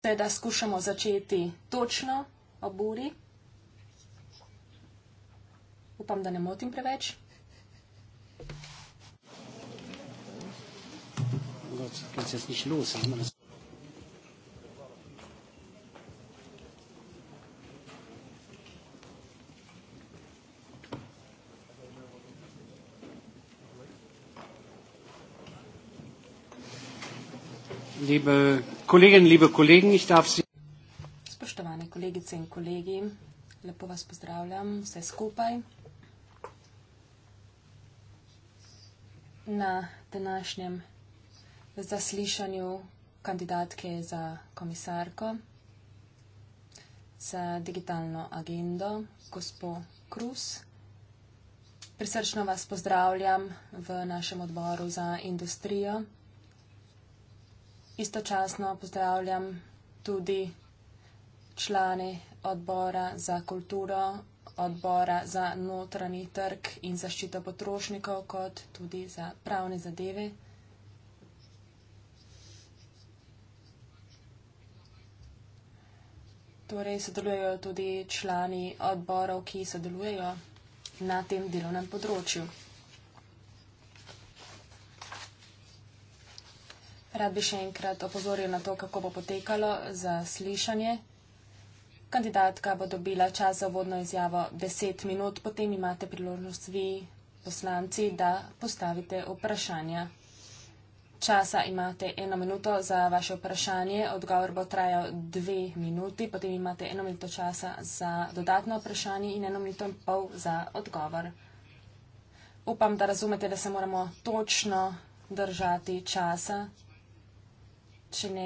Teda skušamo začeti točno ob uri. Upam, da ne motim preveč. Liebe Kolegin, liebe Kollegen, ich darf Sie. Spoštovane kolegice in kolegi, lepo vas pozdravljam vse skupaj. Na današnjem zaslišanju kandidatke za komisarko za digitalno agendo, gospod Krus. Prisrčno vas pozdravljam v našem odboru za industrijo. Istočasno pozdravljam tudi člane odbora za kulturo, odbora za notranji trg in zaščito potrošnikov, kot tudi za pravne zadeve. Torej sodelujejo tudi člani odborov, ki sodelujejo na tem delovnem področju. Rad bi še enkrat opozoril na to, kako bo potekalo za slišanje. Kandidatka bo dobila čas za vodno izjavo 10 minut, potem imate priložnost vi, poslanci, da postavite vprašanja. Časa imate eno minuto za vaše vprašanje, odgovor bo trajal dve minuti, potem imate eno minuto časa za dodatno vprašanje in eno minuto in pol za odgovor. Upam, da razumete, da se moramo točno držati časa če ne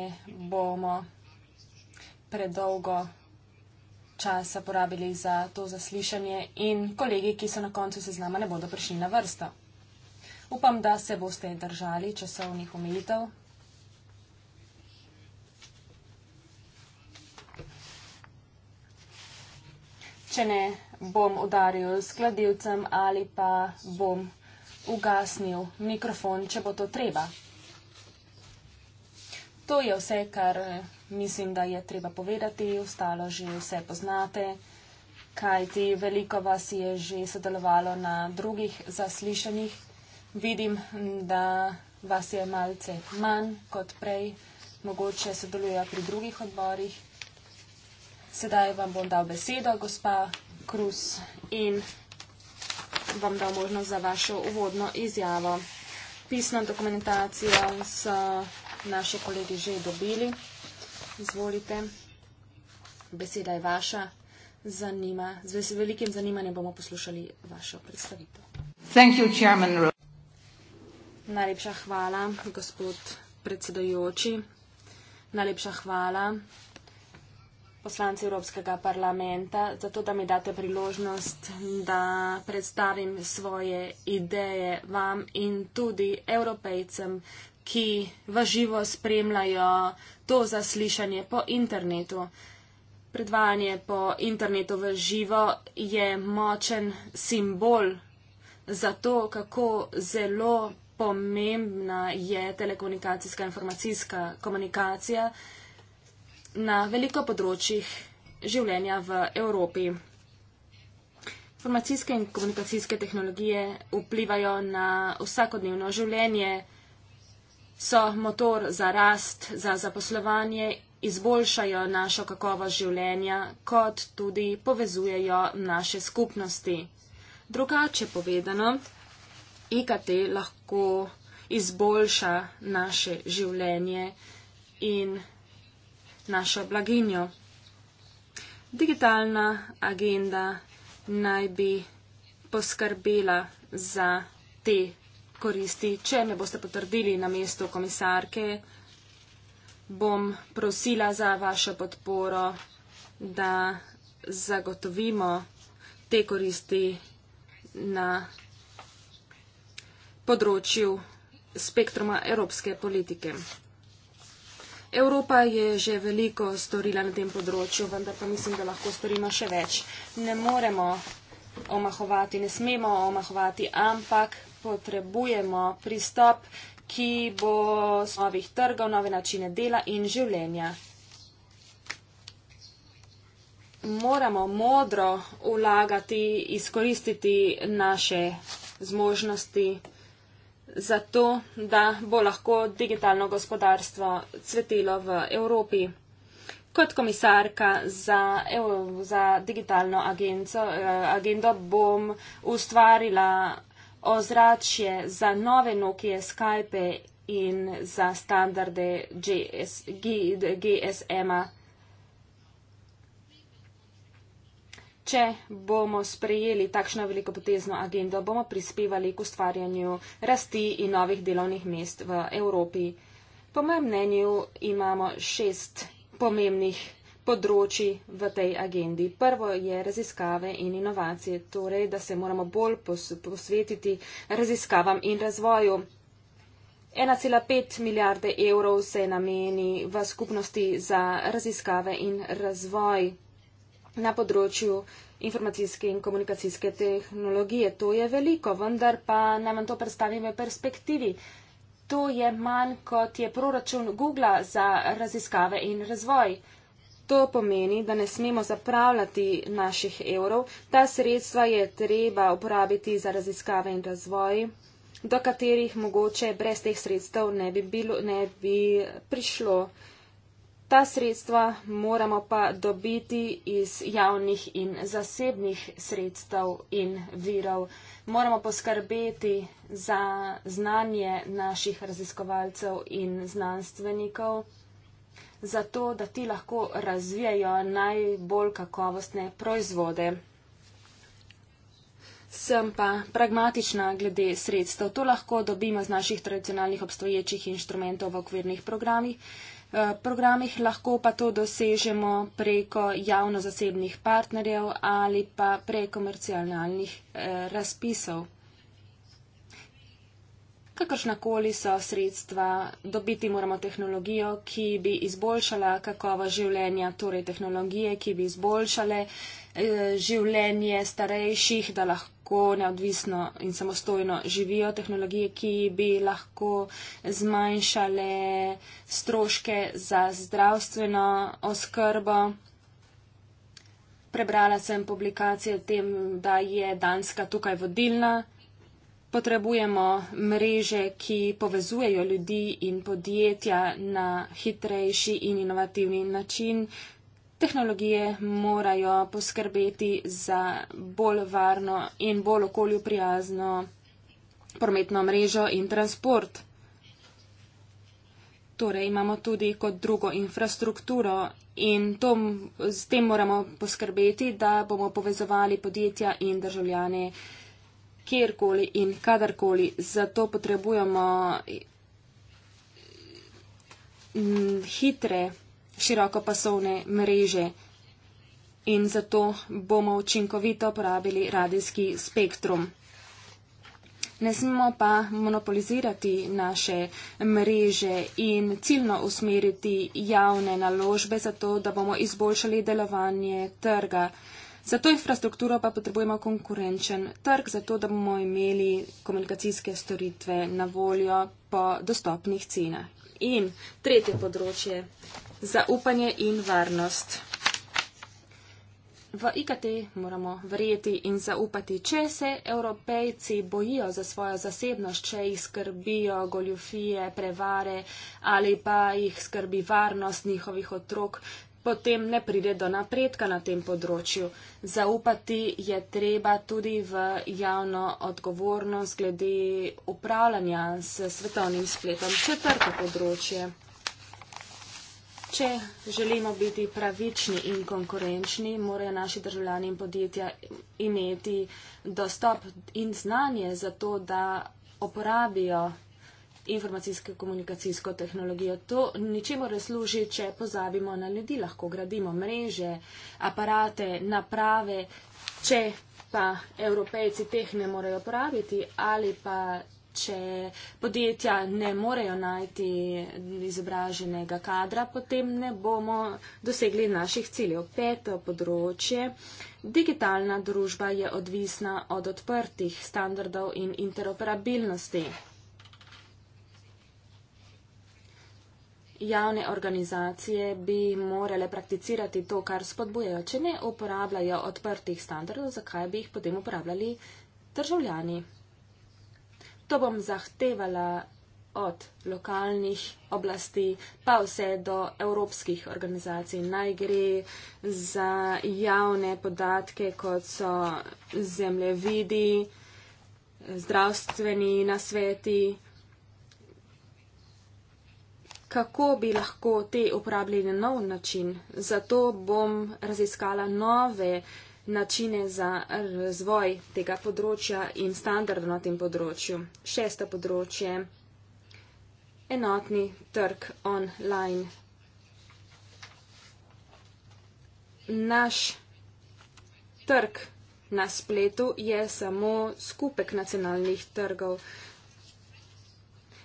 bomo predolgo časa porabili za to zaslišanje in kolegi, ki so na koncu seznama, ne bodo prišli na vrsto. Upam, da se boste držali časovnih omejitev. Če ne, bom udaril s kladivcem ali pa bom ugasnil mikrofon, če bo to treba to je vse, kar eh, mislim, da je treba povedati. Ostalo že vse poznate, kajti veliko vas je že sodelovalo na drugih zaslišanjih. Vidim, da vas je malce manj kot prej, mogoče sodelujejo pri drugih odborih. Sedaj vam bom dal besedo, gospa Krus, in vam dal možnost za vašo uvodno izjavo. Pisno dokumentacijo so naši kolegi že dobili. Izvolite, beseda je vaša. Zanima. Z velikim zanimanjem bomo poslušali vašo predstavitev. You, Najlepša hvala, gospod predsedojoči. Najlepša hvala poslanci Evropskega parlamenta za to, da mi date priložnost, da predstavim svoje ideje vam in tudi evropejcem, ki v živo spremljajo to zaslišanje po internetu. Predvajanje po internetu v živo je močen simbol za to, kako zelo pomembna je telekomunikacijska informacijska komunikacija na veliko področjih življenja v Evropi. Informacijske in komunikacijske tehnologije vplivajo na vsakodnevno življenje so motor za rast, za zaposlovanje, izboljšajo našo kakovost življenja, kot tudi povezujejo naše skupnosti. Drugače povedano, IKT lahko izboljša naše življenje in našo blaginjo. Digitalna agenda naj bi poskrbela za te koristi. Če me boste potrdili na mesto komisarke, bom prosila za vašo podporo, da zagotovimo te koristi na področju spektruma evropske politike. Evropa je že veliko storila na tem področju, vendar pa mislim, da lahko storimo še več. Ne moremo omahovati, ne smemo omahovati, ampak potrebujemo pristop, ki bo z novih trgov, nove načine dela in življenja. Moramo modro ulagati, izkoristiti naše zmožnosti za to, da bo lahko digitalno gospodarstvo cvetelo v Evropi. Kot komisarka za, za digitalno eh, agendo bom ustvarila ozračje za nove Nokia Skype in za standarde GS, G, GSM-a. Če bomo sprejeli takšno veliko potezno agendo, bomo prispevali k ustvarjanju rasti in novih delovnih mest v Evropi. Po mojem mnenju imamo šest pomembnih področji v tej agendi. Prvo je raziskave in inovacije, torej, da se moramo bolj posvetiti raziskavam in razvoju. 1,5 milijarde evrov se nameni v skupnosti za raziskave in razvoj na področju informacijske in komunikacijske tehnologije. To je veliko, vendar pa nam to predstavi v perspektivi. To je manj kot je proračun Google za raziskave in razvoj. To pomeni, da ne smemo zapravljati naših evrov. Ta sredstva je treba uporabiti za raziskave in razvoj, do katerih mogoče brez teh sredstev ne bi, bilo, ne bi prišlo. Ta sredstva moramo pa dobiti iz javnih in zasebnih sredstev in virov. Moramo poskrbeti za znanje naših raziskovalcev in znanstvenikov zato da ti lahko razvijajo najbolj kakovostne proizvode. Sem pa pragmatična glede sredstev. To lahko dobimo z naših tradicionalnih obstoječih inštrumentov v okvirnih programih. Eh, programih, lahko pa to dosežemo preko javno-zasebnih partnerjev ali pa preko komercialnih eh, razpisov kakršnakoli so sredstva, dobiti moramo tehnologijo, ki bi izboljšala kakovo življenja, torej tehnologije, ki bi izboljšale eh, življenje starejših, da lahko neodvisno in samostojno živijo tehnologije, ki bi lahko zmanjšale stroške za zdravstveno oskrbo. Prebrala sem publikacije o tem, da je Danska tukaj vodilna Potrebujemo mreže, ki povezujejo ljudi in podjetja na hitrejši in inovativni način. Tehnologije morajo poskrbeti za bolj varno in bolj okolju prijazno prometno mrežo in transport. Torej imamo tudi kot drugo infrastrukturo in to, s tem moramo poskrbeti, da bomo povezovali podjetja in državljane kjerkoli in kadarkoli. Zato potrebujemo mm, hitre, širokopasovne mreže in zato bomo učinkovito uporabili radijski spektrum. Ne smemo pa monopolizirati naše mreže in ciljno usmeriti javne naložbe, zato da bomo izboljšali delovanje trga. Za to infrastrukturo pa potrebujemo konkurenčen trg, zato da bomo imeli komunikacijske storitve na voljo po dostopnih cenah. In tretje področje, zaupanje in varnost. V IKT moramo verjeti in zaupati, če se evropejci bojijo za svojo zasebnost, če jih skrbijo goljufije, prevare ali pa jih skrbi varnost njihovih otrok, potem ne pride do napredka na tem področju. Zaupati je treba tudi v javno odgovornost glede upravljanja s svetovnim spletom. Četrto področje. Če želimo biti pravični in konkurenčni, morajo naši državljani in podjetja imeti dostop in znanje za to, da uporabijo informacijsko-komunikacijsko tehnologijo. To ničemu ne služi, če pozabimo na ljudi. Lahko gradimo mreže, aparate, naprave, če pa evropejci teh ne morejo praviti ali pa če podjetja ne morejo najti izobraženega kadra, potem ne bomo dosegli naših ciljev. Peto področje. Digitalna družba je odvisna od odprtih standardov in interoperabilnosti. javne organizacije bi morale prakticirati to, kar spodbujajo. Če ne uporabljajo odprtih standardov, zakaj bi jih potem uporabljali državljani? To bom zahtevala od lokalnih oblasti pa vse do evropskih organizacij. Naj gre za javne podatke, kot so zemljevidi, zdravstveni nasveti, kako bi lahko te uporabljali na nov način. Zato bom raziskala nove načine za razvoj tega področja in standard na tem področju. Šesta področje. Enotni trg online. Naš trg na spletu je samo skupek nacionalnih trgov.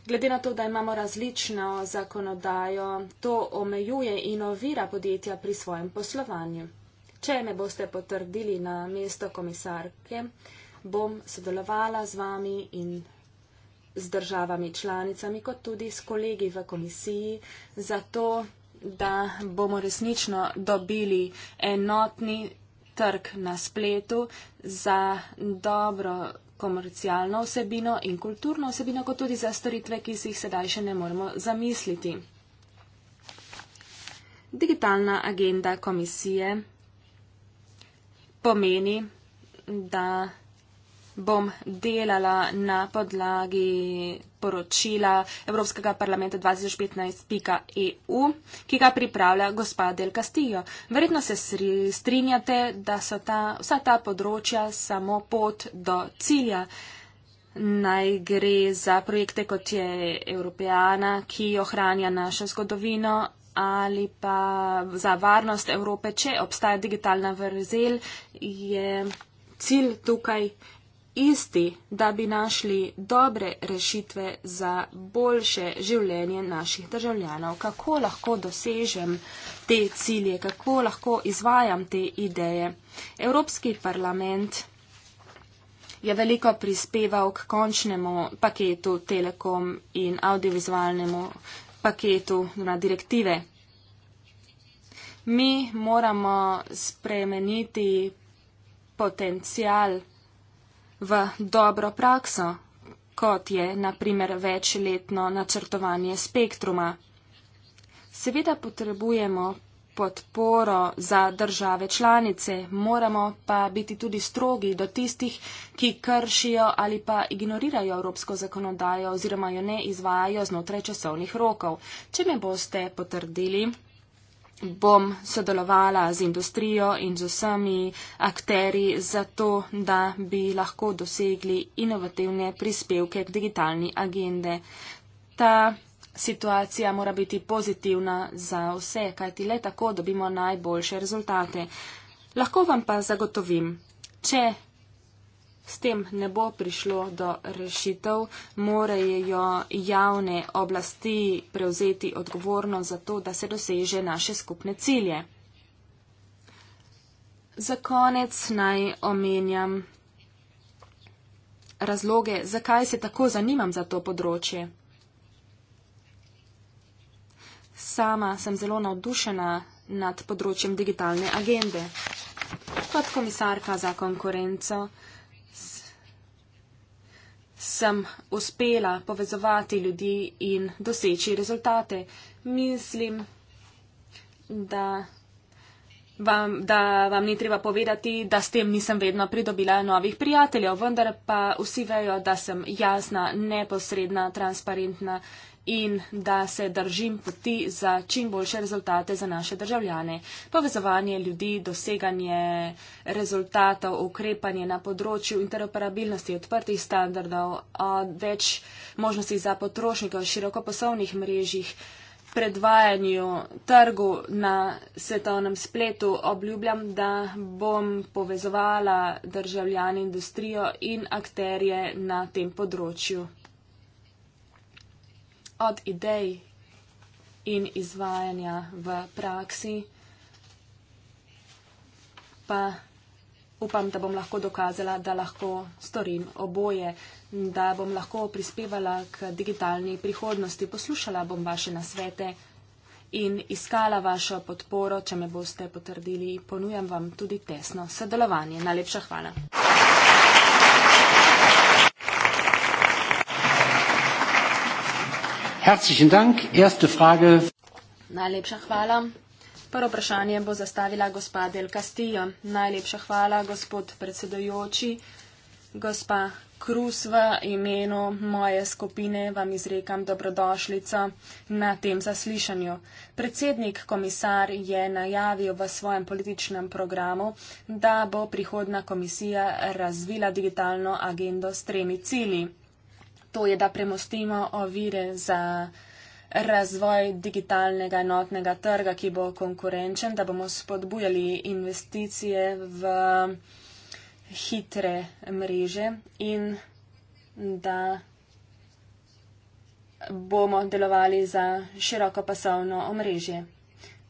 Glede na to, da imamo različno zakonodajo, to omejuje in ovira podjetja pri svojem poslovanju. Če me boste potrdili na mesto komisarke, bom sodelovala z vami in z državami članicami, kot tudi s kolegi v komisiji, zato da bomo resnično dobili enotni trg na spletu za dobro komercialno vsebino in kulturno vsebino, kot tudi za storitve, ki si jih sedaj še ne moremo zamisliti. Digitalna agenda komisije pomeni, da bom delala na podlagi poročila Evropskega parlamenta 2015.eu, e ki ga pripravlja gospa Del Castillo. Verjetno se strinjate, da so ta, vsa ta področja samo pot do cilja. Naj gre za projekte, kot je Evropejana, ki ohranja našo zgodovino ali pa za varnost Evrope, če obstaja digitalna vrzel, je cilj tukaj isti, da bi našli dobre rešitve za boljše življenje naših državljanov. Kako lahko dosežem te cilje, kako lahko izvajam te ideje. Evropski parlament je veliko prispeval k končnemu paketu Telekom in audiovizualnemu paketu na direktive. Mi moramo spremeniti potencial v dobro prakso, kot je naprimer večletno načrtovanje spektruma. Seveda potrebujemo podporo za države članice, moramo pa biti tudi strogi do tistih, ki kršijo ali pa ignorirajo evropsko zakonodajo oziroma jo ne izvajajo znotraj časovnih rokov. Če me boste potrdili bom sodelovala z industrijo in z vsemi akteri za to, da bi lahko dosegli inovativne prispevke k digitalni agende. Ta situacija mora biti pozitivna za vse, kajti le tako dobimo najboljše rezultate. Lahko vam pa zagotovim, če S tem ne bo prišlo do rešitev, morajo javne oblasti prevzeti odgovorno za to, da se doseže naše skupne cilje. Za konec naj omenjam razloge, zakaj se tako zanimam za to področje. Sama sem zelo navdušena nad področjem digitalne agende. Kot komisarka za konkurenco, sem uspela povezovati ljudi in doseči rezultate. Mislim, da vam, da vam ni treba povedati, da s tem nisem vedno pridobila novih prijateljev, vendar pa vsi vejo, da sem jasna, neposredna, transparentna in da se držim poti za čim boljše rezultate za naše državljane. Povezovanje ljudi, doseganje rezultatov, ukrepanje na področju interoperabilnosti, odprtih standardov, več možnosti za potrošnike v širokoposovnih mrežjih, predvajanju trgu na svetovnem spletu obljubljam, da bom povezovala državljane, industrijo in akterje na tem področju od idej in izvajanja v praksi, pa upam, da bom lahko dokazala, da lahko storim oboje, da bom lahko prispevala k digitalni prihodnosti. Poslušala bom vaše nasvete in iskala vašo podporo, če me boste potrdili. Ponujam vam tudi tesno sodelovanje. Najlepša hvala. Thank you. Herzlichen Dank. Erste Frage. Najlepša hvala. Prvo vprašanje bo zastavila gospa Del Castillo. Najlepša hvala, gospod predsedojoči. Gospa Krus v imenu moje skupine vam izrekam dobrodošlico na tem zaslišanju. Predsednik komisar je najavil v svojem političnem programu, da bo prihodna komisija razvila digitalno agendo s tremi cilji to je, da premostimo ovire za razvoj digitalnega enotnega trga, ki bo konkurenčen, da bomo spodbujali investicije v hitre mreže in da bomo delovali za široko pasovno omrežje.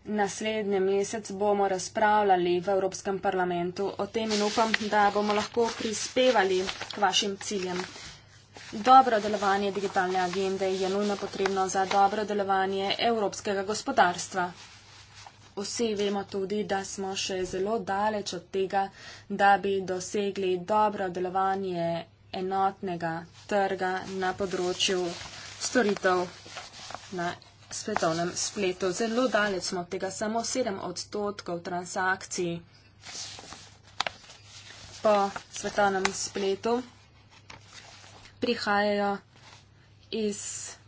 Naslednji mesec bomo razpravljali v Evropskem parlamentu o tem in upam, da bomo lahko prispevali k vašim ciljem. Dobro delovanje digitalne agende je nujno potrebno za dobro delovanje evropskega gospodarstva. Vsi vemo tudi, da smo še zelo daleč od tega, da bi dosegli dobro delovanje enotnega trga na področju storitev na svetovnem spletu. Zelo daleč smo od tega, samo 7 odstotkov transakcij po svetovnem spletu prihajajo iz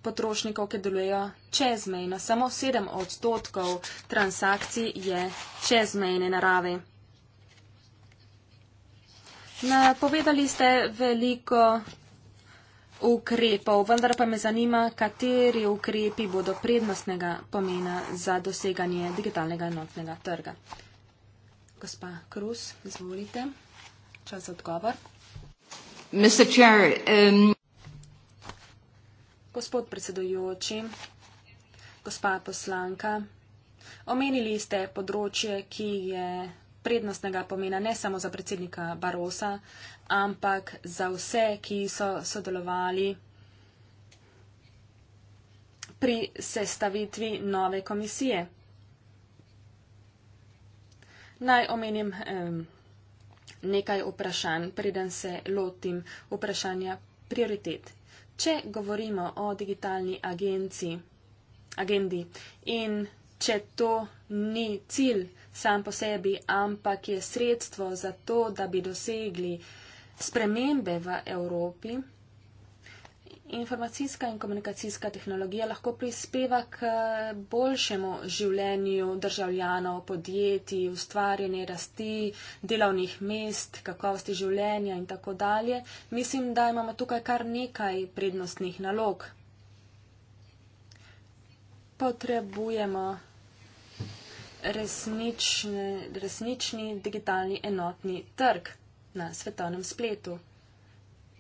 potrošnikov, ki delujejo čezmejno. Samo 7 odstotkov transakcij je čezmejne narave. Povedali ste veliko ukrepov, vendar pa me zanima, kateri ukrepi bodo prednostnega pomena za doseganje digitalnega enotnega trga. Gospa Krus, izvolite. Čas za odgovor. Um, Gospod predsedujoči, gospa poslanka, omenili ste področje, ki je prednostnega pomena ne samo za predsednika Barosa, ampak za vse, ki so sodelovali pri sestavitvi nove komisije. Naj omenim. Eh, nekaj vprašanj, preden se lotim vprašanja prioritet. Če govorimo o digitalni agenciji, agendi in če to ni cilj sam po sebi, ampak je sredstvo za to, da bi dosegli spremembe v Evropi, informacijska in komunikacijska tehnologija lahko prispeva k eh, boljšemu življenju državljanov, podjetij, ustvarjanje rasti, delovnih mest, kakovosti življenja in tako dalje. Mislim, da imamo tukaj kar nekaj prednostnih nalog. Potrebujemo resnične, resnični digitalni enotni trg na svetovnem spletu.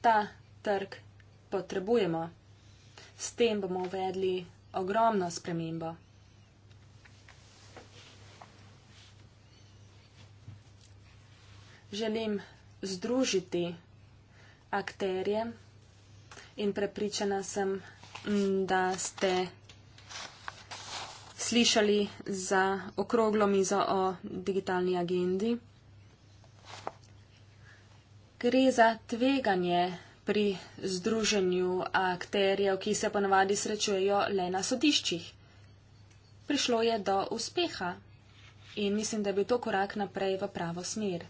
Ta trg potrebujemo. S tem bomo uvedli ogromno spremembo. Želim združiti akterje in prepričana sem, da ste slišali za okroglo mizo o digitalni agendi. Gre za tveganje pri združenju akterjev, ki se ponavadi srečujejo le na sodiščih. Prišlo je do uspeha in mislim, da bi to korak naprej v pravo smer.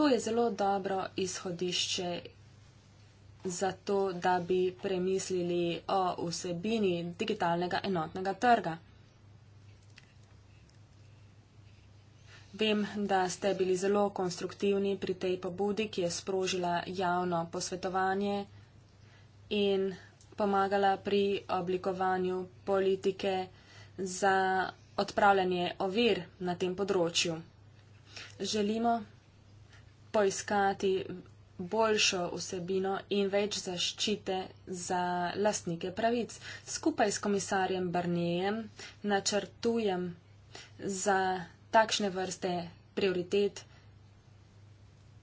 To je zelo dobro izhodišče za to, da bi premislili o vsebini digitalnega enotnega trga. vem, da ste bili zelo konstruktivni pri tej pobudi, ki je sprožila javno posvetovanje in pomagala pri oblikovanju politike za odpravljanje ovir na tem področju. Želimo poiskati boljšo vsebino in več zaščite za lastnike pravic. Skupaj s komisarjem Barnijem načrtujem za takšne vrste prioritet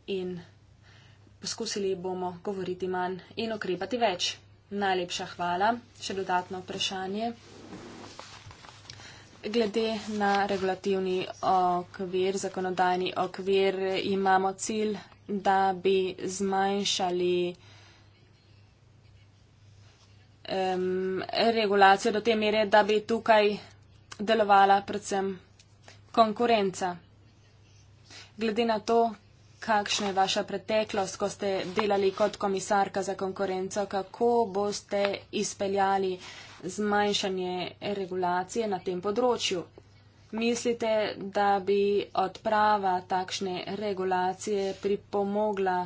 in poskusili bomo govoriti manj in okrepati več. Najlepša hvala. Še dodatno vprašanje. Glede na regulativni okvir, zakonodajni okvir, imamo cilj, da bi zmanjšali um, regulacijo do te mere, da bi tukaj delovala predvsem Konkurenca. Glede na to, kakšna je vaša preteklost, ko ste delali kot komisarka za konkurenco, kako boste izpeljali zmanjšanje regulacije na tem področju? Mislite, da bi odprava takšne regulacije pripomogla,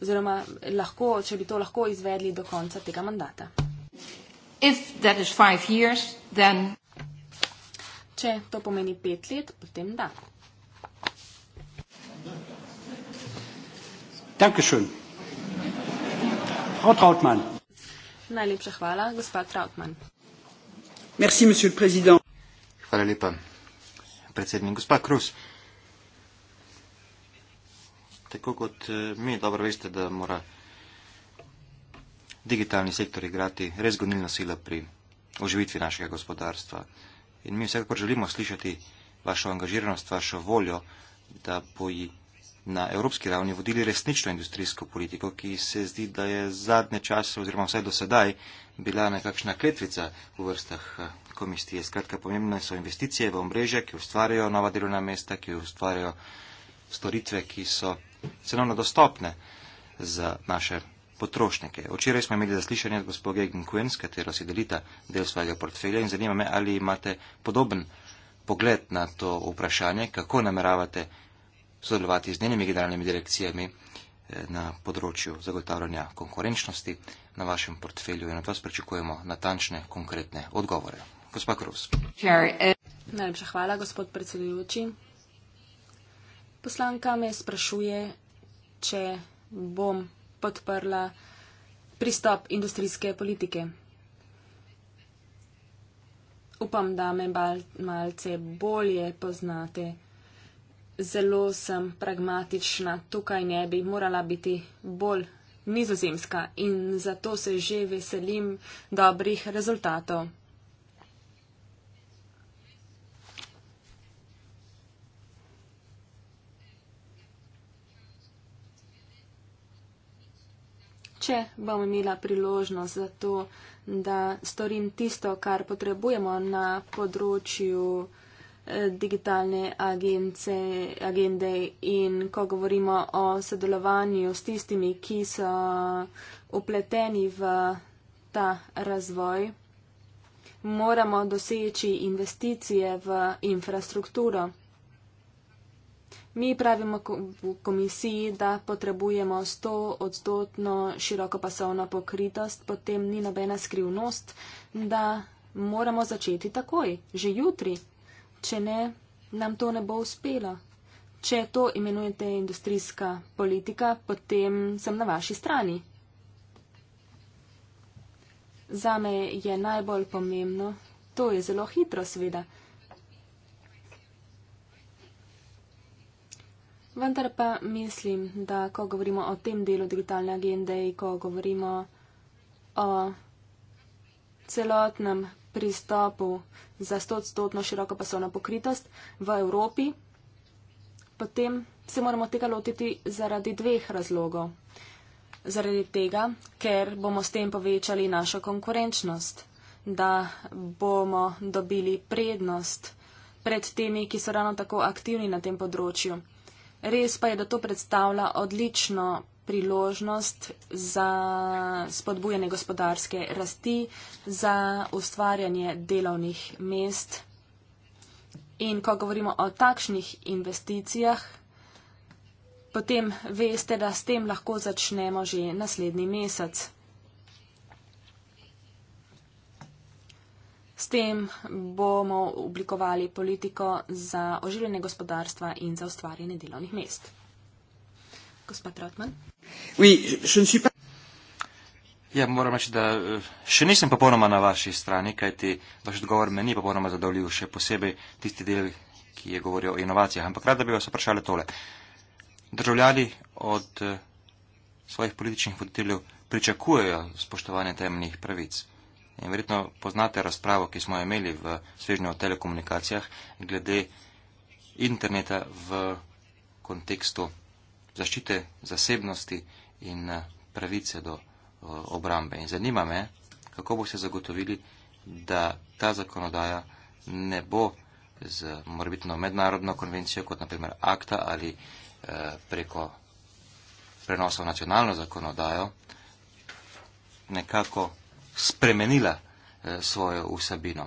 oziroma lahko, če bi to lahko izvedli do konca tega mandata? Če to pomeni pet let, potem da. Dankeschön. Frau Trautmann. Najlepša hvala, gospa Trautmann. Merci, monsieur le président. Hvala lepa, predsednik. Gospa Kruz, tako kot eh, mi dobro veste, da mora digitalni sektor igrati res gonilna sila pri oživitvi našega gospodarstva in mi vsekakor želimo slišati vašo angažiranost, vašo voljo, da boji na evropski ravni vodili resnično industrijsko politiko, ki se zdi, da je zadnje čase oziroma vsaj do sedaj bila nekakšna kletvica v vrstah eh, komisije. Skratka, pomembne so investicije v omrežje, ki ustvarjajo nova delovna mesta, ki ustvarjajo storitve, ki so cenovno dostopne za naše potrošnike. Včeraj smo imeli zaslišanje z gospodje Ginkuen, s katero si delita del svojega portfelja in zanima me, ali imate podoben pogled na to vprašanje, kako nameravate sodelovati z njenimi generalnimi direkcijami eh, na področju zagotavljanja konkurenčnosti na vašem portfelju in od vas pričakujemo natančne, konkretne odgovore. Gospa Kruz. Eh. Najlepša hvala, gospod predsedujoči. Poslanka me sprašuje, če bom podprla pristop industrijske politike. Upam, da me bal, malce bolje poznate. Zelo sem pragmatična, tukaj ne bi morala biti bolj nizozemska in zato se že veselim dobrih rezultatov. če bom imela priložnost za to, da storim tisto, kar potrebujemo na področju eh, digitalne agence, agende in ko govorimo o sodelovanju s tistimi, ki so upleteni v ta razvoj, moramo doseči investicije v infrastrukturo. Mi pravimo v komisiji, da potrebujemo 100 odstotno širokopasovno pokritost, potem ni nobena skrivnost, da moramo začeti takoj, že jutri. Če ne, nam to ne bo uspelo. Če to imenujete industrijska politika, potem sem na vaši strani. Zame je najbolj pomembno, to je zelo hitro, seveda. Vendar pa mislim, da ko govorimo o tem delu digitalne agende, ko govorimo o celotnem pristopu za 100-odstotno široko pasovno pokritost v Evropi, potem se moramo tega lotiti zaradi dveh razlogov. Zaradi tega, ker bomo s tem povečali našo konkurenčnost, da bomo dobili prednost pred temi, ki so ravno tako aktivni na tem področju. Res pa je, da to predstavlja odlično priložnost za spodbujanje gospodarske rasti, za ustvarjanje delovnih mest. In ko govorimo o takšnih investicijah, potem veste, da s tem lahko začnemo že naslednji mesec. S tem bomo oblikovali politiko za oživljanje gospodarstva in za ustvarjanje delovnih mest. Gospod Trotman. Oui, je ne suis pas. Ja, moram reči, da eh, še nisem popolnoma na vaši strani, kajti vaš odgovor me ni popolnoma zadovoljil, še posebej tisti del, ki je govoril o inovacijah. Ampak rada bi vas vprašala tole. Državljani od eh, svojih političnih voditeljev pričakujejo spoštovanje temeljnih pravic. In verjetno poznate razpravo, ki smo imeli v svežnju o telekomunikacijah glede interneta v kontekstu zaščite zasebnosti in eh, pravice do eh, obrambe. In zanima me, kako boste zagotovili, da ta zakonodaja ne bo z morbitno mednarodno konvencijo, kot naprimer akta ali eh, preko prenosa v nacionalno zakonodajo, nekako spremenila eh, svojo vsebino.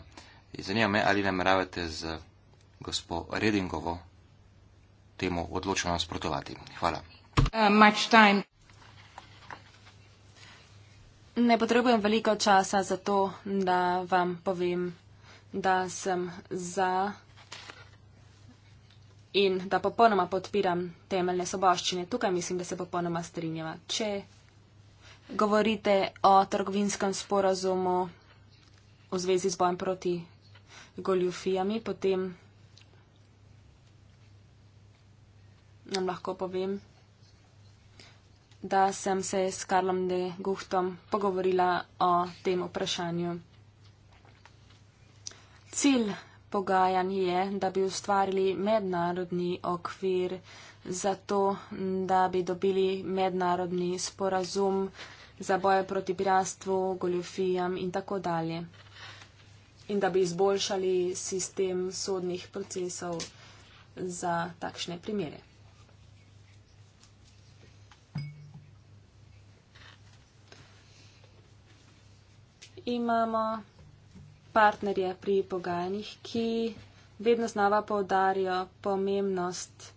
Zanima me, ali nameravate z gospo Redingovo temu odločeno nasprotovati. Hvala. Uh, ne potrebujem veliko časa za to, da vam povem, da sem za in da popolnoma podpiram temeljne soboščine. Tukaj mislim, da se popolnoma strinjava. Če govorite o trgovinskem sporazumu v zvezi z bojem proti goljufijami, potem nam lahko povem, da sem se s Karlom de Guhtom pogovorila o tem vprašanju. Cilj pogajanj je, da bi ustvarili mednarodni okvir za to, da bi dobili mednarodni sporazum za boje proti piratstvu, goljofijam in tako dalje. In da bi izboljšali sistem sodnih procesov za takšne primere. Imamo partnerje pri pogajanjih, ki vedno znova poudarijo pomembnost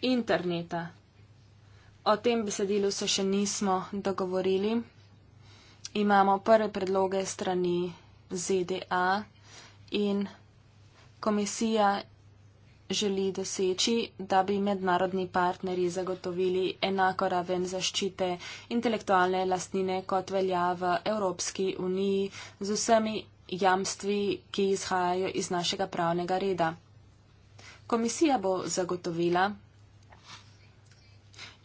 interneta O tem besedilu se še nismo dogovorili. Imamo prve predloge strani ZDA in komisija želi doseči, da bi mednarodni partnerji zagotovili enako raven zaščite intelektualne lastnine, kot velja v Evropski uniji z vsemi jamstvi, ki izhajajo iz našega pravnega reda. Komisija bo zagotovila,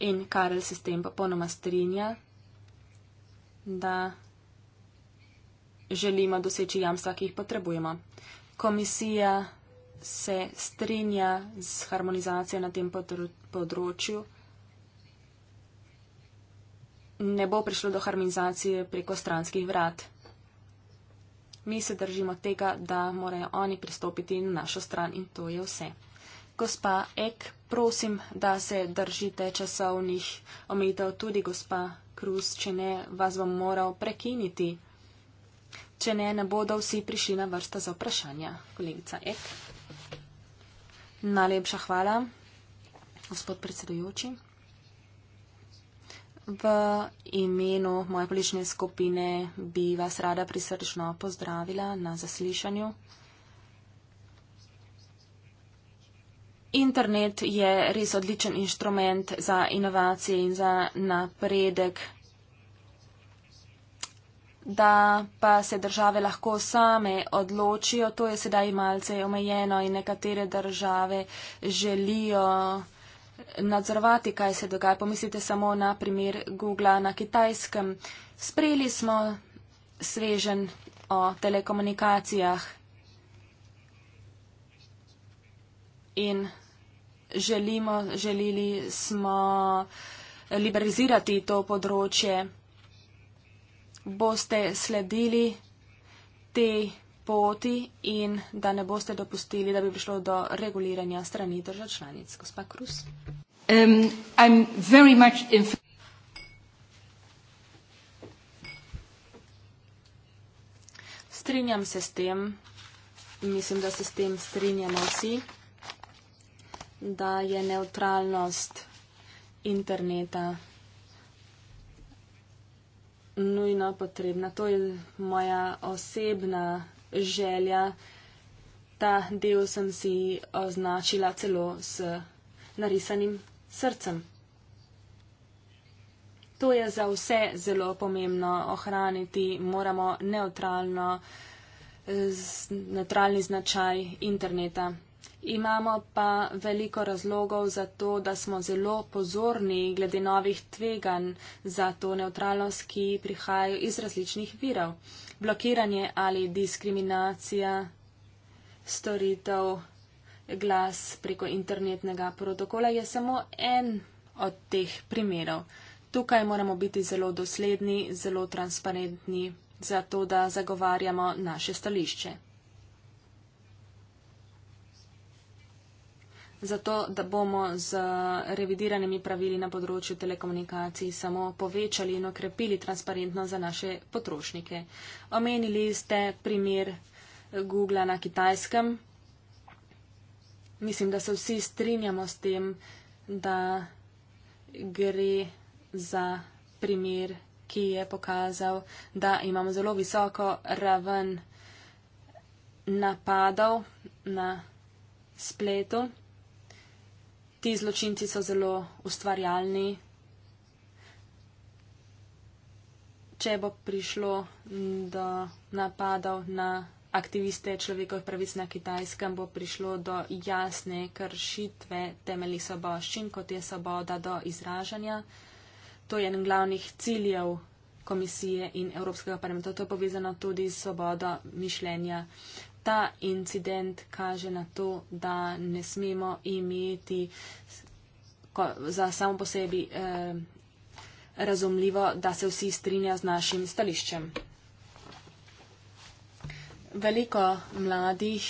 In Karel se s tem popolnoma strinja, da želimo doseči jamstva, ki jih potrebujemo. Komisija se strinja z harmonizacijo na tem področju. Ne bo prišlo do harmonizacije preko stranskih vrat. Mi se držimo tega, da morajo oni pristopiti na našo stran in to je vse. Gospa Ek prosim, da se držite časovnih omejitev tudi gospa Kruz, če ne, vas bom moral prekiniti. Če ne, ne bodo vsi prišli na vrsto za vprašanja. Kolegica Ek. Najlepša hvala, gospod predsedujoči. V imenu moje politične skupine bi vas rada prisrčno pozdravila na zaslišanju. Internet je res odličen inštrument za inovacije in za napredek, da pa se države lahko same odločijo. To je sedaj malce omejeno in nekatere države želijo nadzorovati, kaj se dogaja. Pomislite samo na primer Google na kitajskem. Sprejeli smo svežen o telekomunikacijah. in želimo, želili smo liberalizirati to področje. Boste sledili te poti in da ne boste dopustili, da bi prišlo do reguliranja strani držav članic. Gospa Krus. Um, Strinjam se s tem, mislim, da se s tem strinjamo vsi da je neutralnost interneta nujno potrebna. To je moja osebna želja. Ta del sem si označila celo s narisanim srcem. To je za vse zelo pomembno ohraniti. Moramo neutralno, neutralni značaj interneta. Imamo pa veliko razlogov za to, da smo zelo pozorni glede novih tveganj za to neutralnost, ki prihajajo iz različnih virov. Blokiranje ali diskriminacija storitev glas preko internetnega protokola je samo en od teh primerov. Tukaj moramo biti zelo dosledni, zelo transparentni, zato da zagovarjamo naše stališče. zato da bomo z revidiranimi pravili na področju telekomunikacij samo povečali in okrepili transparentno za naše potrošnike. Omenili ste primer Google na kitajskem. Mislim, da se vsi strinjamo s tem, da gre za primer, ki je pokazal, da imamo zelo visoko raven napadov na spletu ti zločinci so zelo ustvarjalni. Če bo prišlo do napadov na aktiviste človekovih pravic na kitajskem, bo prišlo do jasne kršitve temeljih soboščin, kot je svoboda do izražanja. To je en glavnih ciljev komisije in Evropskega parlamenta. To je povezano tudi s svobodo mišljenja ta incident kaže na to, da ne smemo imeti ko, za samo po sebi eh, razumljivo, da se vsi strinja z našim stališčem. Veliko mladih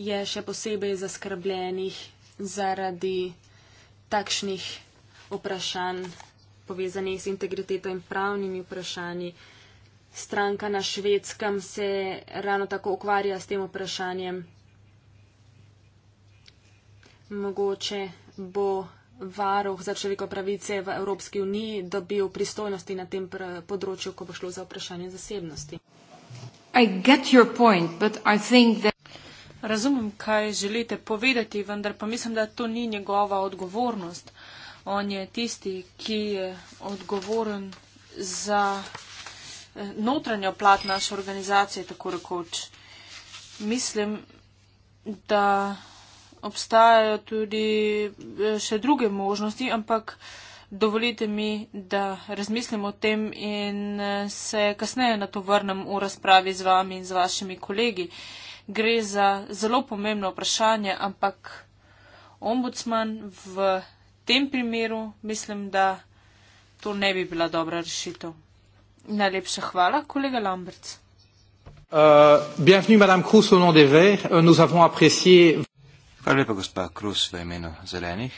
je še posebej zaskrbljenih zaradi takšnih vprašanj povezanih z integriteto in pravnimi vprašanji. Eh, stranka na švedskem se ravno tako ukvarja s tem vprašanjem. Mogoče bo varuh za človeko pravice v Evropski uniji dobil pristojnosti na tem področju, ko bo šlo za vprašanje zasebnosti. Point, that... Razumem, kaj želite povedati, vendar pa mislim, da to ni njegova odgovornost. On je tisti, ki je odgovoren za Eh, notranjo plat naše organizacije, tako rekoč. Mislim, da obstajajo tudi eh, še druge možnosti, ampak dovolite mi, da razmislim o tem in eh, se kasneje na to vrnem v razpravi z vami in z vašimi kolegi. Gre za zelo pomembno vprašanje, ampak ombudsman v tem primeru mislim, da to ne bi bila dobra rešitev. Najlepša hvala, kolega Lambert. Uh, bienvenue, madame Cruz, au nom des Verts. Euh, nous avons apprécié. Hvala lepa, gospa Cruz, v imenu zelenih.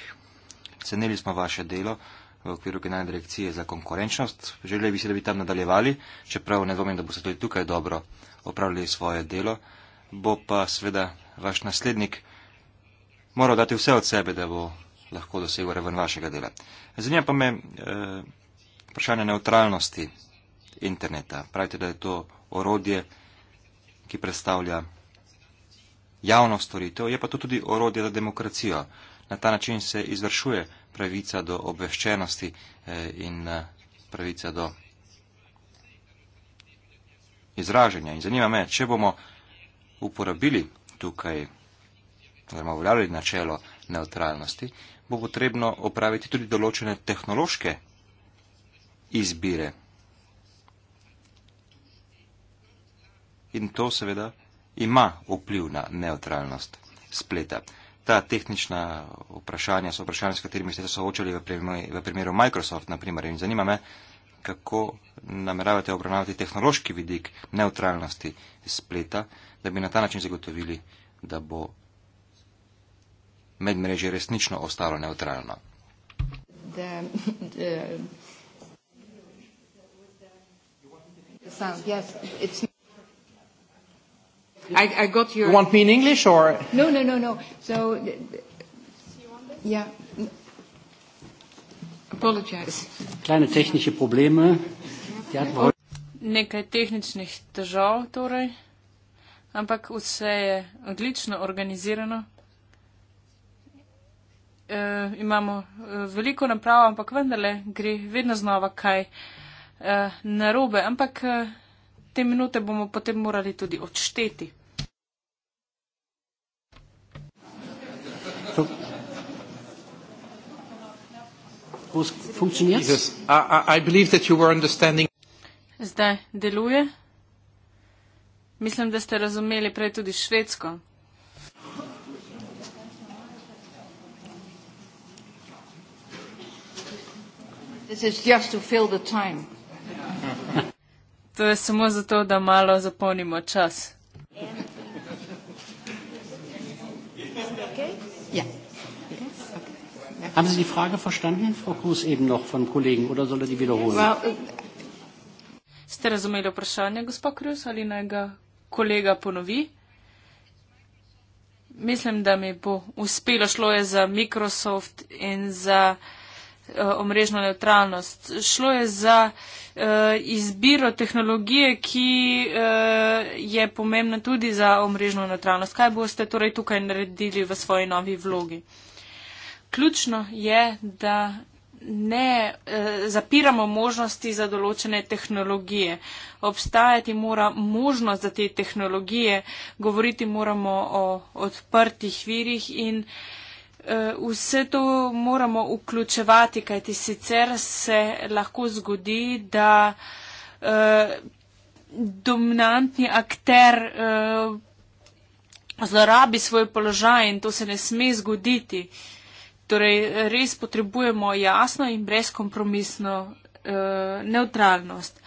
Cenili smo vaše delo v okviru generalne direkcije za konkurenčnost. Želeli bi se, da bi tam nadaljevali, čeprav ne dvomim, da boste tudi tukaj dobro opravili svoje delo. Bo pa seveda vaš naslednik moral dati vse od sebe, da bo lahko dosegel raven vašega dela. Zanima pa me eh, vprašanje neutralnosti interneta. Pravite, da je to orodje, ki predstavlja javno storitev, je pa to tudi orodje za demokracijo. Na ta način se izvršuje pravica do obveščenosti eh, in eh, pravica do izraženja. In zanima me, če bomo uporabili tukaj, oziroma uveljavili načelo neutralnosti, bo potrebno opraviti tudi določene tehnološke izbire. in to seveda ima vpliv na neutralnost spleta. Ta tehnična vprašanja so vprašanja, s katerimi ste se soočali v primeru, v primeru Microsoft, naprimer, in zanima me, kako nameravate obravnavati tehnološki vidik neutralnosti spleta, da bi na ta način zagotovili, da bo medmrežje resnično ostalo neutralno. The, the... Sound, yes, it's... I, I got your. You want me in English or? No, no, no, no. So. Yeah. Kleine tehnične probleme. Nekaj tehničnih težav torej, ampak vse je odlično organizirano. E, imamo e, veliko naprav, ampak vendarle gre vedno znova kaj e, narobe. Ampak e, te minute bomo potem morali tudi odšteti. So Zdaj deluje. Mislim, da ste razumeli prej tudi švedsko. To je eh, samo zato, da malo zapolnimo čas. Ja. Haben Sie die Frage verstanden, Frau Kruz, eben noch von Kollegen, oder soll er die wiederholen? Uh, Ste razumeli vprašanje, gospod Kruz, ali naj ga kolega ponovi? Mislim, da mi bo uspelo, šlo je za Microsoft in za. Eh, omrežno neutralnost. Šlo je za eh, izbiro tehnologije, ki eh, je pomembna tudi za omrežno neutralnost. Kaj boste torej tukaj naredili v svoji novi vlogi? Ključno je, da ne zapiramo možnosti za določene tehnologije. Obstajati mora možnost za te tehnologije, govoriti moramo o odprtih virih in Eh, vse to moramo vključevati, kajti sicer se lahko zgodi, da eh, dominantni akter eh, zlorabi svoj položaj in to se ne sme zgoditi. Torej, res potrebujemo jasno in brezkompromisno neutralnost.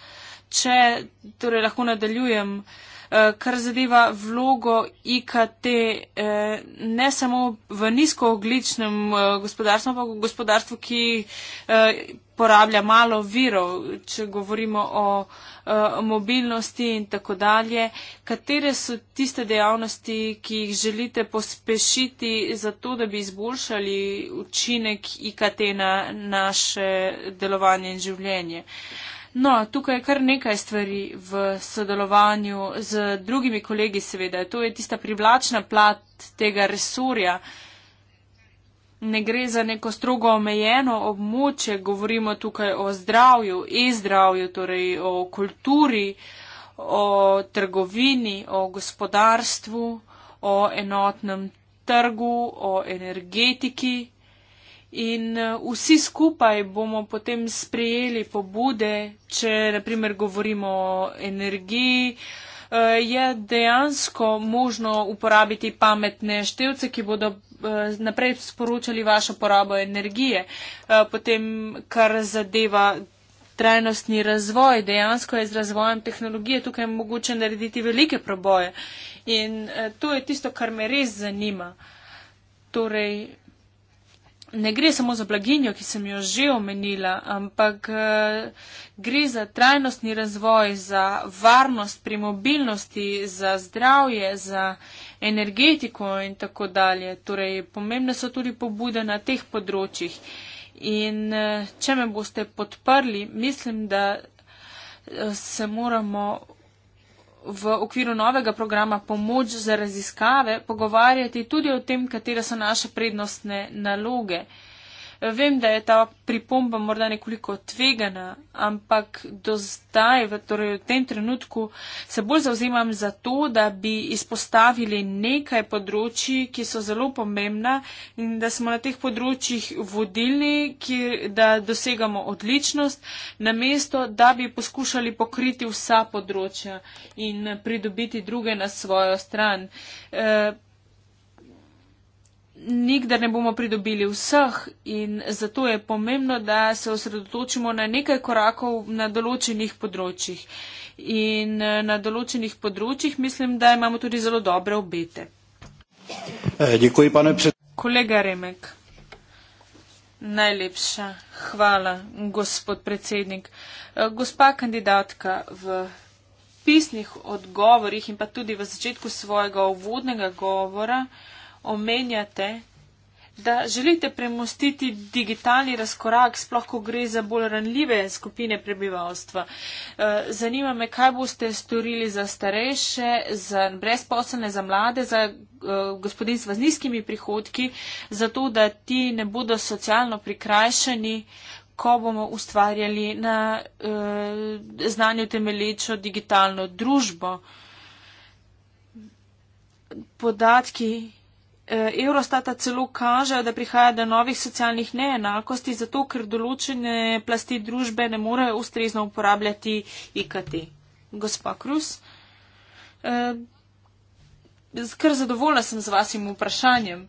Če torej lahko nadaljujem, Eh, kar zadeva vlogo IKT eh, ne samo v nizkoogličnem eh, gospodarstvu, ampak v gospodarstvu, ki porablja malo virov, če govorimo o mobilnosti in tako dalje. Katere so tiste dejavnosti, ki jih želite pospešiti za to, da bi izboljšali učinek IKT na naše delovanje in življenje? Uh, No, tukaj je kar nekaj stvari v sodelovanju z drugimi kolegi, seveda. To je tista privlačna plat tega resurja. Ne gre za neko strogo omejeno območje, govorimo tukaj o zdravju, e-zdravju, torej o kulturi, o trgovini, o gospodarstvu, o enotnem trgu, o energetiki. In eh, vsi skupaj bomo potem sprejeli pobude, če naprimer govorimo o energiji, eh, je dejansko možno uporabiti pametne števce, ki bodo eh, naprej sporočali vašo porabo energije. Potem, kar zadeva trajnostni razvoj, dejansko je z razvojem tehnologije tukaj mogoče narediti velike proboje. In to je tisto, kar me res zanima. Torej, ne gre samo za blaginjo, ki sem jo že omenila, ampak eh, gre za trajnostni razvoj, za varnost pri mobilnosti, za zdravje, za energetiko in tako dalje. Torej, pomembne so tudi pobude na teh področjih. In eh, če me boste podprli, mislim, da eh, se moramo v okviru novega programa Pomoč za raziskave pogovarjati tudi o tem, katere so naše prednostne naloge. Vem, da je ta pripomba morda nekoliko tvegana, ampak do zdaj, v, torej v tem trenutku, se bolj zauzemam za to, da bi izpostavili nekaj področji, ki so zelo pomembna in da smo na teh področjih vodilni, kjer, da dosegamo odličnost, namesto, da bi poskušali pokriti vsa področja in pridobiti druge na svojo stran. E, nikdar ne bomo pridobili vseh in zato je pomembno, da se osredotočimo na nekaj korakov na določenih področjih. In eh, na določenih področjih mislim, da imamo tudi zelo dobre obete. Eh, děkuji, pane pred... Kolega Remek, najlepša hvala, gospod predsednik. Eh, gospa kandidatka, v pisnih odgovorih in pa tudi v začetku svojega uvodnega govora, omenjate, da želite premustiti digitalni razkorak, sploh ko gre za bolj ranljive skupine prebivalstva. Eh, zanima me, kaj boste storili za starejše, za brezposelne, za mlade, za eh, gospodinstva z nizkimi prihodki, zato da ti ne bodo socialno prikrajšani, ko bomo ustvarjali na eh, znanju temelječo digitalno družbo. Podatki E, Eurostata celo kaže, da prihaja do novih socialnih neenakosti, zato ker določene plasti družbe ne morejo ustrezno uporabljati IKT. Gospa Krus, eh, kar zadovoljna sem z vašim vprašanjem.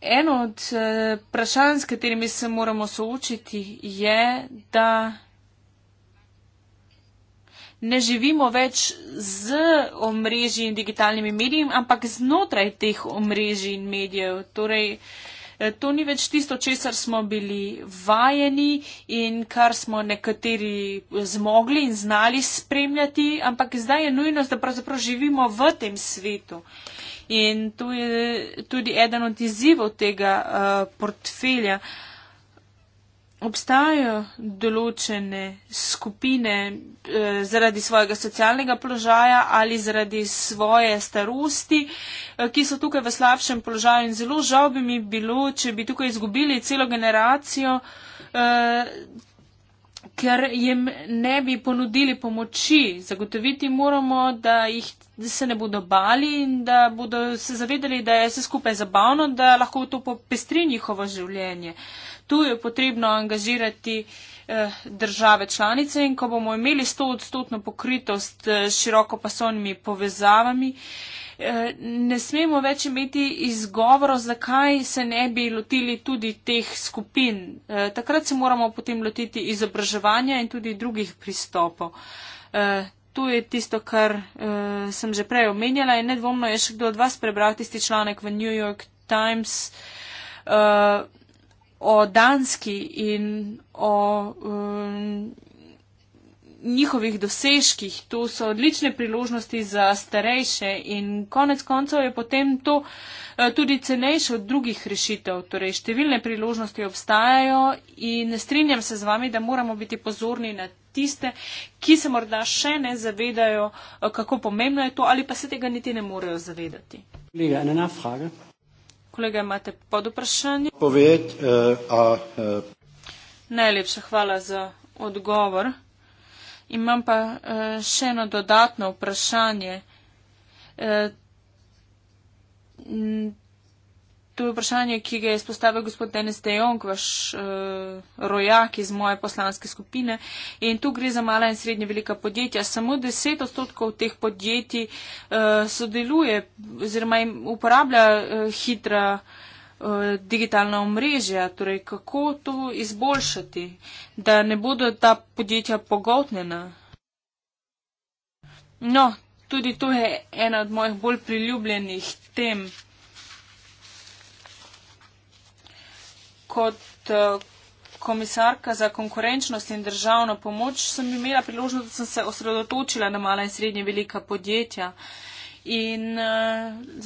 Eno od e, vprašanj, eh, s katerimi se moramo soočiti, je, da ne živimo več z omrežji in digitalnimi mediji, ampak znotraj teh omrežji in medijev. Torej, eh, to ni več tisto, česar smo bili vajeni in kar smo nekateri zmogli in znali spremljati, ampak zdaj je nujnost, da pravzaprav živimo v tem svetu. In to je tudi eden od izzivov tega uh, portfelja. Uh, obstajajo določene skupine eh, zaradi svojega socialnega položaja ali zaradi svoje starosti, eh, ki so tukaj v slabšem položaju in zelo žal bi mi bilo, če bi tukaj izgubili celo generacijo, eh, ker jim ne bi ponudili pomoči. Zagotoviti moramo, da jih da se ne bodo bali in da bodo se zavedali, da je vse skupaj zabavno, da lahko to popestri njihovo življenje. Eh, Tu je potrebno angažirati eh, države članice in ko bomo imeli 100-odstotno pokritost eh, s eh, širokopasovnimi povezavami, eh, Ne smemo več imeti izgovora, zakaj se ne bi lotili tudi teh skupin. Eh, takrat se moramo potem lotiti izobraževanja in tudi drugih pristopov. To je tisto, kar sem že prej omenjala in nedvomno je še kdo od vas prebral tisti članek v New York Times o Danski in o um, njihovih dosežkih. To so odlične priložnosti za starejše in konec koncev je potem to eh, tudi cenejše od drugih rešitev. Torej, številne priložnosti obstajajo in ne strinjam se z vami, da moramo biti pozorni na tiste, ki se morda še ne zavedajo, eh, kako pomembno je to ali pa se tega niti ne morejo zavedati. Lega, ena vprašanja. Kolega, imate pod vprašanje? Poved, uh, a, uh. Najlepša hvala za odgovor. Imam pa uh, še eno dodatno vprašanje. Uh, To je vprašanje, ki ga je izpostavil gospod Denis De Jong, vaš uh, rojak iz moje poslanske skupine. In tu gre za mala in srednje velika podjetja. Samo 10 odstotkov teh podjetij uh, sodeluje oziroma uporablja uh, hitra uh, digitalna omrežja. Torej, kako to izboljšati, da ne bodo ta podjetja pogotnjena? No, tudi to je ena od mojih bolj priljubljenih tem. kot eh, komisarka za konkurenčnost in državno pomoč sem imela priložnost, da sem se osredotočila na mala in srednje velika podjetja. In uh,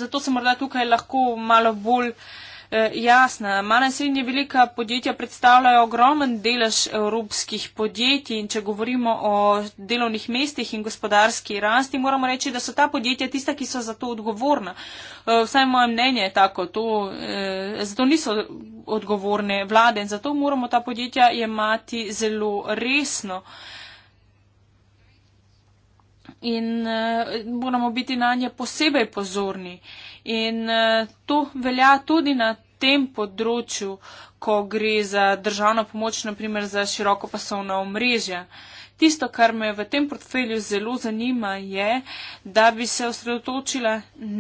zato sem morda tukaj lahko malo bolj uh, Eh, jasna. Mala in srednje velika podjetja predstavljajo ogromen delež evropskih podjetij in če govorimo o delovnih mestih in gospodarski rasti, moramo reči, da so ta podjetja tista, ki so za to odgovorna. Eh, vsaj moje mnenje je tako, to, eh, zato niso odgovorne vlade in zato moramo ta podjetja jemati zelo resno. In moramo biti na nje posebej pozorni. Uh, In eh, to velja tudi na tem področju, ko gre za državno pomoč, naprimer za široko pasovna omrežja. Tisto, kar me v tem portfelju zelo zanima, je, da bi se osredotočila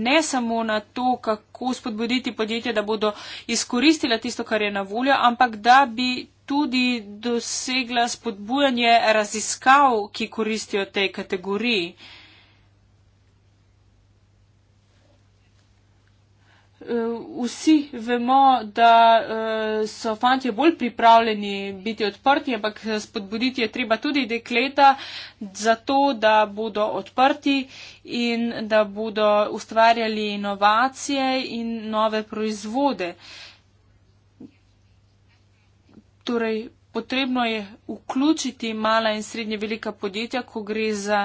ne samo na to, kako spodbuditi podjetje, da bodo izkoristila tisto, kar je na voljo, ampak da bi tudi dosegla spodbujanje raziskav, ki koristijo tej kategoriji. Uh, Eh, vsi vemo, da eh, so fanti bolj pripravljeni biti odprti, ampak spodbuditi je treba tudi dekleta za to, da bodo odprti in da bodo ustvarjali inovacije in nove proizvode. Torej, potrebno je vključiti mala in srednje velika podjetja, ko gre za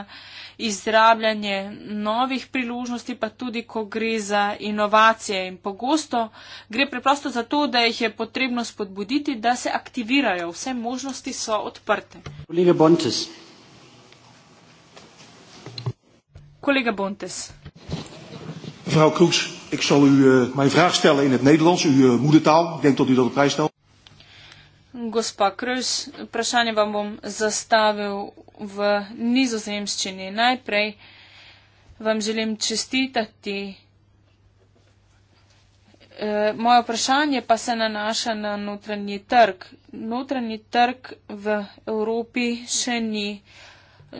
izrabljanje novih priložnosti, pa tudi, ko gre za inovacije. In pogosto gre preprosto za to, da jih je potrebno spodbuditi, da se aktivirajo. Vse možnosti so odprte. Kolega Bontes. Kolega Bontes. Mevrouw Kroes, ik zal u uh, mijn vraag stellen in het Nederlands, uw uh, moedertaal. Ik denk dat u dat op prijs stelt gospa Krš, vprašanje vam bom zastavil v nizozemščini. Najprej vam želim čestitati. E, moje vprašanje pa se nanaša na notranji trg. Notranji trg v Evropi še ni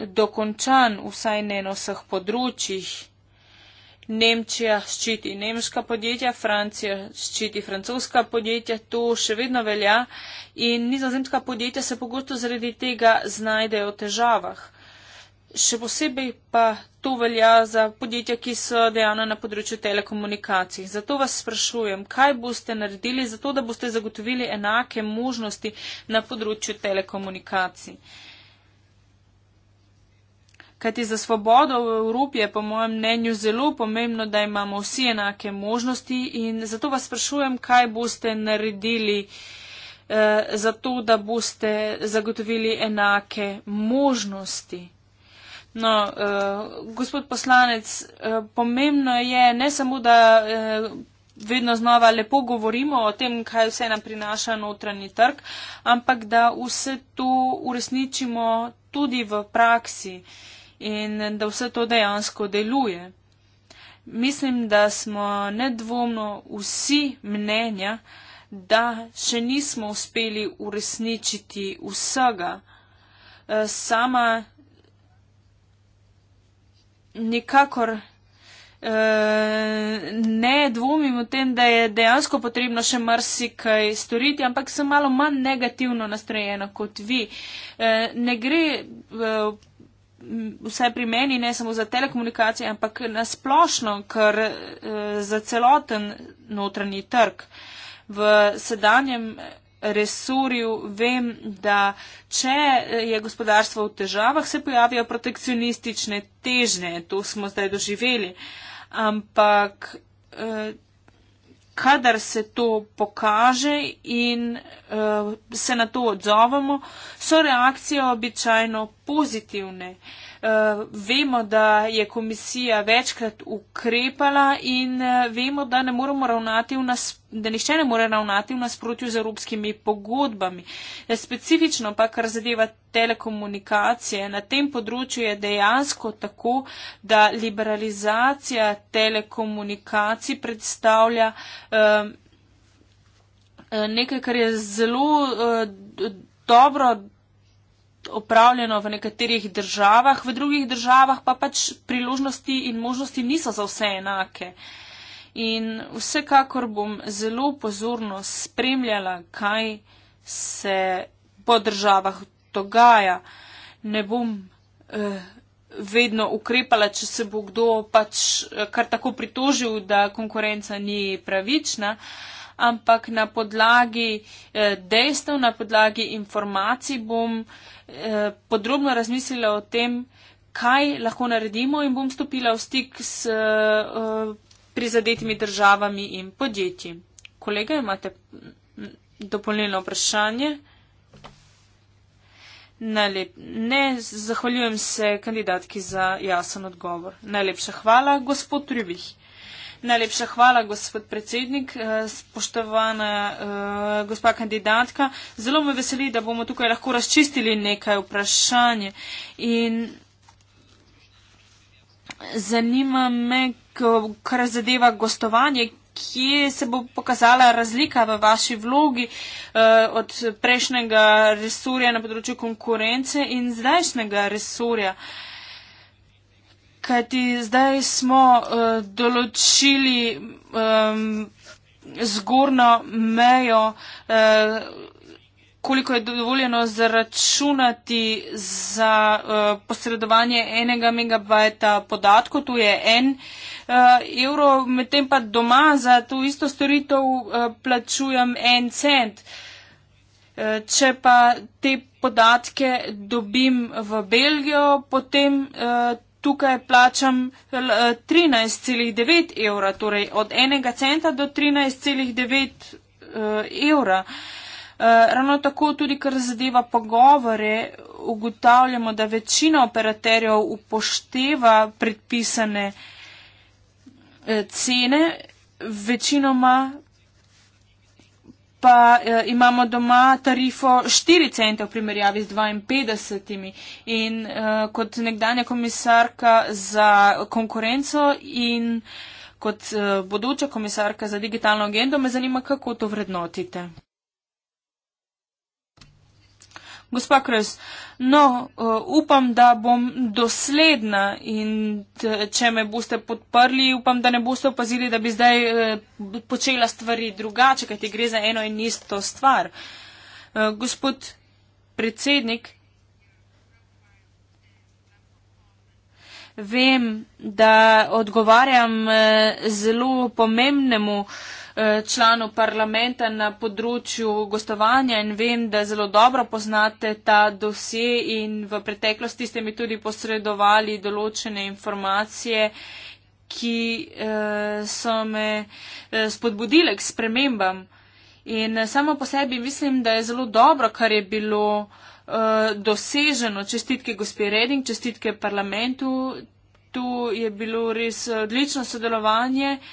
dokončan, vsaj ne na vseh področjih. Nemčija ščiti nemška podjetja, Francija ščiti francoska podjetja, to še vedno velja in nizozemska podjetja se pogosto zaradi tega znajdejo v težavah. Še posebej pa to velja za podjetja, ki so dejavna na področju telekomunikacij. Zato vas sprašujem, kaj boste naredili za to, da boste zagotovili enake možnosti na področju telekomunikacij. Kajti za svobodo v Evropi je, po mojem mnenju, zelo pomembno, da imamo vsi enake možnosti in zato vas sprašujem, kaj boste naredili eh, za to, da boste zagotovili enake možnosti. No, eh, gospod poslanec, eh, pomembno je ne samo, da eh, vedno znova lepo govorimo o tem, kaj vse nam prinaša notranji trg, ampak da vse to uresničimo tudi v praksi in da vse to dejansko deluje. Mislim, da smo nedvomno vsi mnenja, da še nismo uspeli uresničiti vsega. E, sama nikakor e, ne dvomim o tem, da je dejansko potrebno še marsikaj storiti, ampak sem malo manj negativno nastrojena kot vi. E, ne gre vse pri meni, ne samo za telekomunikacije, ampak nasplošno, ker eh, za celoten notranji trg v sedanjem resurju vem, da če je gospodarstvo v težavah, se pojavijo protekcionistične težnje, to smo zdaj doživeli, ampak eh, kadar se to pokaže in uh, se na to odzovemo, so reakcije običajno pozitivne. Uh, Eh, vemo, da je komisija večkrat ukrepala in eh, vemo, da ne moramo ravnati v nas da nišče ne more ravnati v nasprotju z evropskimi pogodbami. Eh, specifično pa, kar zadeva telekomunikacije, na tem področju je dejansko tako, da liberalizacija telekomunikacij predstavlja um, nekaj, kar je zelo uh, dobro opravljeno v nekaterih državah, v drugih državah pa pač priložnosti in možnosti niso za vse enake. In vsekakor bom zelo pozorno spremljala, kaj se po državah dogaja. Ne bom eh, vedno ukrepala, če se bo kdo pač eh, kar tako pritožil, da konkurenca ni pravična, ampak na podlagi eh, dejstev, na podlagi informacij bom eh, Eh, podrobno razmislila o tem, kaj lahko naredimo in bom stopila v stik s eh, prizadetimi državami in podjetji. Kolega, imate dopolnilno vprašanje? Najlep, ne, zahvaljujem se kandidatki za jasen odgovor. Najlepša hvala, gospod Rubih. Najlepša hvala, gospod predsednik, eh, spoštovana uh, gospa kandidatka. Zelo me veseli, da bomo tukaj lahko razčistili nekaj vprašanje. In zanima me, kar zadeva gostovanje, kje se bo pokazala razlika v vaši vlogi uh, od prejšnjega resurja na področju konkurence in zdajšnjega resurja. Uh, kajti zdaj smo uh, določili um, zgornjo mejo, uh, koliko je dovoljeno zaračunati za uh, posredovanje enega megabajta podatkov, tu je en uh, evro, medtem pa doma za to isto storitev uh, plačujem en cent. Če pa te podatke dobim v Belgijo, potem eh, tukaj plačam 13,9 eh, evra, torej od enega centa do 13,9 eh, evra. Eh, ravno tako tudi, kar zadeva pogovore, ugotavljamo, da večina operaterjev upošteva predpisane cene, večinoma pa eh, imamo doma tarifo 4 centov v primerjavi z 52. In eh, kot nekdanja komisarka za konkurenco in kot eh, bodoča komisarka za digitalno agendo me zanima, kako to vrednotite. Gospa Kres, no, eh, upam, da bom dosledna in če me boste podprli, upam, da ne boste opazili, da bi zdaj eh, počela stvari drugače, kajti gre za eno in isto stvar. Eh, gospod predsednik, vem, da odgovarjam zelo pomembnemu članov parlamenta na področju gostovanja in vem, da zelo dobro poznate ta dosje in v preteklosti ste mi tudi posredovali določene informacije, ki eh, so me eh, spodbudile k spremembam. In eh, samo po sebi mislim, da je zelo dobro, kar je bilo eh, doseženo. Čestitke gospe Reding, čestitke parlamentu. Tu je bilo res eh, odlično sodelovanje. Eh,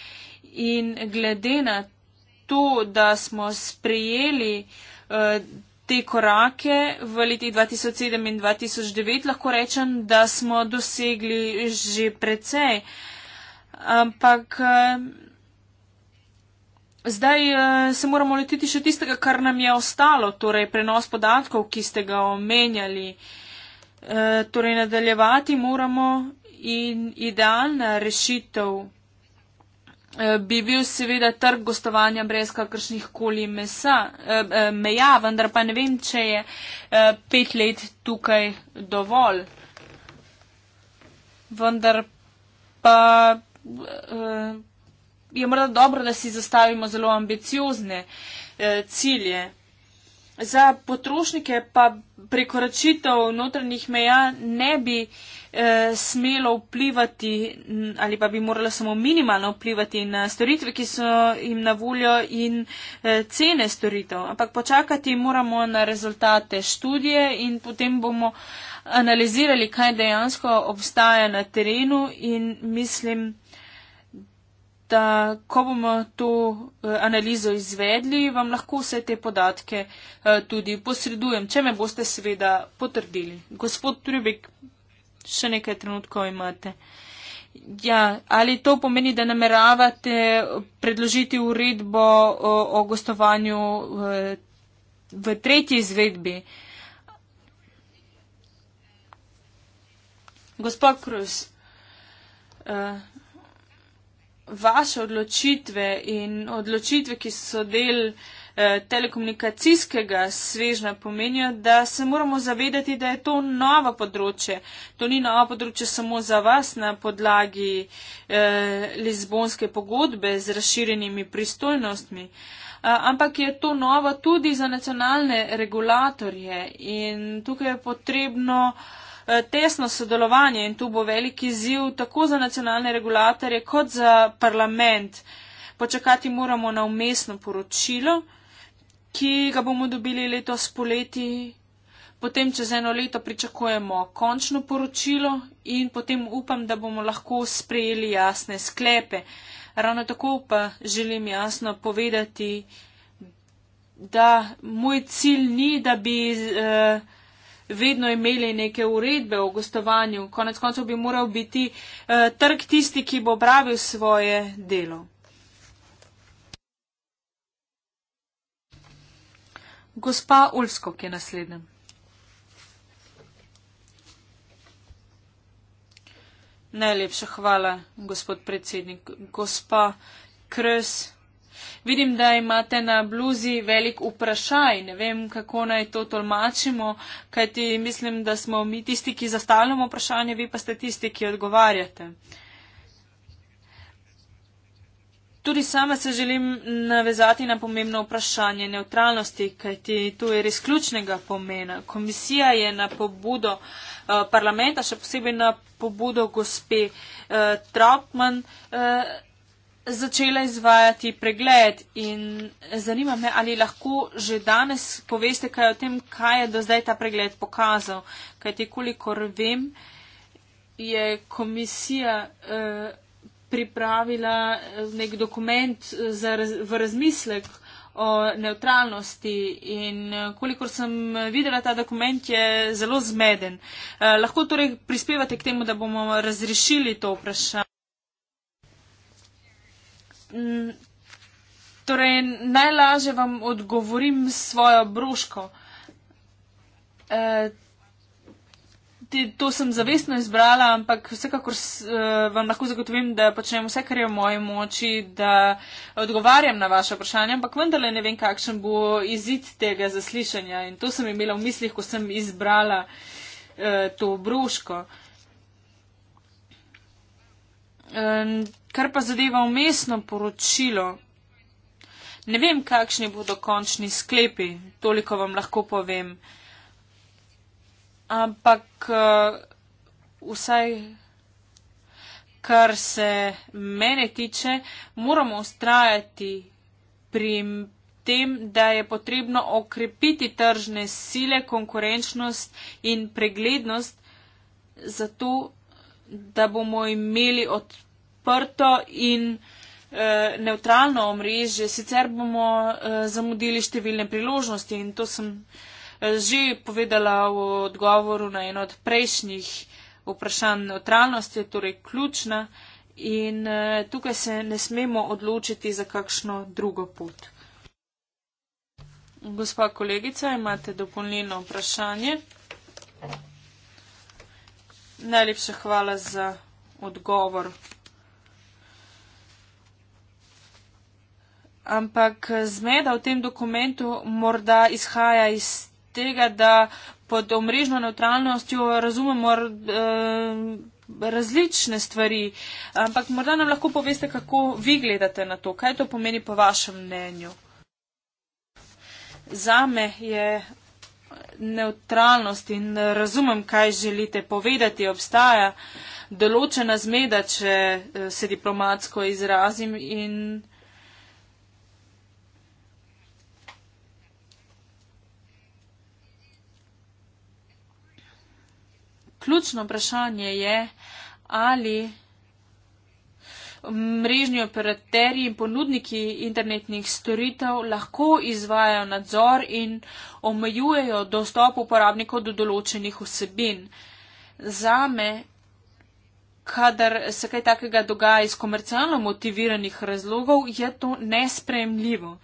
In glede na to, da smo sprejeli eh, te korake v letih 2007 in 2009, lahko rečem, da smo dosegli že precej. Ampak eh, zdaj eh, se moramo letiti še tistega, kar nam je ostalo, torej prenos podatkov, ki ste ga omenjali. Torej nadaljevati moramo in idealna rešitev Eh, bi bil seveda trg gostovanja brez kakršnih koli mesa, eh, eh, meja, vendar pa ne vem, če je pet let tukaj dovolj. Vendar pa je morda dobro, da si zastavimo zelo ambiciozne cilje. Za potrošnike pa prekoračitev notranjih meja ne bi. Eh, smelo vplivati ali pa bi moralo samo minimalno vplivati na storitve, ki so jim na voljo in eh, cene storitev. Ampak počakati moramo na rezultate študije in potem bomo analizirali, kaj dejansko obstaja na terenu in mislim, da ko bomo to eh, analizo izvedli, vam lahko vse te podatke tudi posredujem, če me boste seveda potrdili. Gospod Trubik, še nekaj trenutkov imate. Ja, ali to pomeni, da nameravate predložiti uredbo o, o gostovanju v, v tretji izvedbi? Gospod Kruz, uh, eh, vaše odločitve in odločitve, ki so del uh, Eh, telekomunikacijskega svežna pomenijo, da se moramo zavedati, da je to novo področje. To ni novo področje samo za vas na podlagi eh, Lizbonske pogodbe z razširjenimi pristojnostmi, eh, ampak je to novo tudi za nacionalne regulatorje in tukaj je potrebno eh, tesno sodelovanje in tu bo veliki ziv tako za nacionalne regulatorje kot za parlament. Počakati moramo na umestno poročilo ki ga bomo dobili letos poleti, potem čez eno leto pričakujemo končno poročilo in potem upam, da bomo lahko sprejeli jasne sklepe. Ravno tako pa želim jasno povedati, da moj cilj ni, da bi eh, vedno imeli neke uredbe o gostovanju. Konec koncev bi moral biti eh, trg tisti, ki bo pravil svoje delo. Gospa Ulskok je naslednja. Najlepša hvala, gospod predsednik. Gospa Krs, vidim, da imate na bluzi velik vprašaj. Ne vem, kako naj to tolmačimo, kajti mislim, da smo mi tisti, ki zastavljamo vprašanje, vi pa ste tisti, ki odgovarjate. Uh, Tudi sama se želim navezati na pomembno vprašanje neutralnosti, kajti tu je res ključnega pomena. Komisija je na pobudo eh, parlamenta, še posebej na pobudo gospe eh, Trautmann, eh, začela izvajati pregled in zanima me, ali lahko že danes poveste kaj o tem, kaj je do zdaj ta pregled pokazal. Kajti kolikor vem, je komisija pripravila eh, nek dokument eh, za, v razmislek o neutralnosti in eh, kolikor sem videla, ta dokument je zelo zmeden. Lahko torej prispevate k temu, da bomo razrešili to vprašanje. Mm, torej, najlaže vam odgovorim svojo broško te, to sem zavestno izbrala, ampak vsekakor s, uh, vam lahko zagotovim, da počnem vse, kar je v moji moči, da odgovarjam na vaše vprašanje, ampak vendarle ne vem, kakšen bo izid tega zaslišanja in to sem imela v mislih, ko sem izbrala uh, to broško. Um, kar pa zadeva umestno poročilo. Ne vem, kakšni bodo končni sklepi, toliko vam lahko povem ampak uh, vsaj, kar se mene tiče, moramo ustrajati pri tem, da je potrebno okrepiti tržne sile, konkurenčnost in preglednost, zato da bomo imeli odprto in eh, Neutralno omrežje, sicer bomo eh, zamudili številne priložnosti in to sem že povedala v odgovoru na eno od prejšnjih vprašanj. Neutralnost je torej ključna in eh, tukaj se ne smemo odločiti za kakšno drugo pot. Gospa kolegica, imate dopolnilno vprašanje. Najlepša hvala za odgovor. Ampak eh, zmeda v tem dokumentu morda izhaja iz tega, da pod omrežno neutralnostjo razumemo eh, različne stvari, ampak morda nam lahko poveste, kako vi gledate na to, kaj to pomeni po vašem mnenju. Zame je neutralnost in razumem, kaj želite povedati, obstaja določena zmeda, če eh, se diplomatsko izrazim in. ključno vprašanje je, ali mrežni operaterji in ponudniki internetnih storitev lahko izvajajo nadzor in omejujejo dostop uporabnikov do določenih vsebin. Zame, kadar se kaj takega dogaja iz komercialno motiviranih razlogov, je to nespremljivo.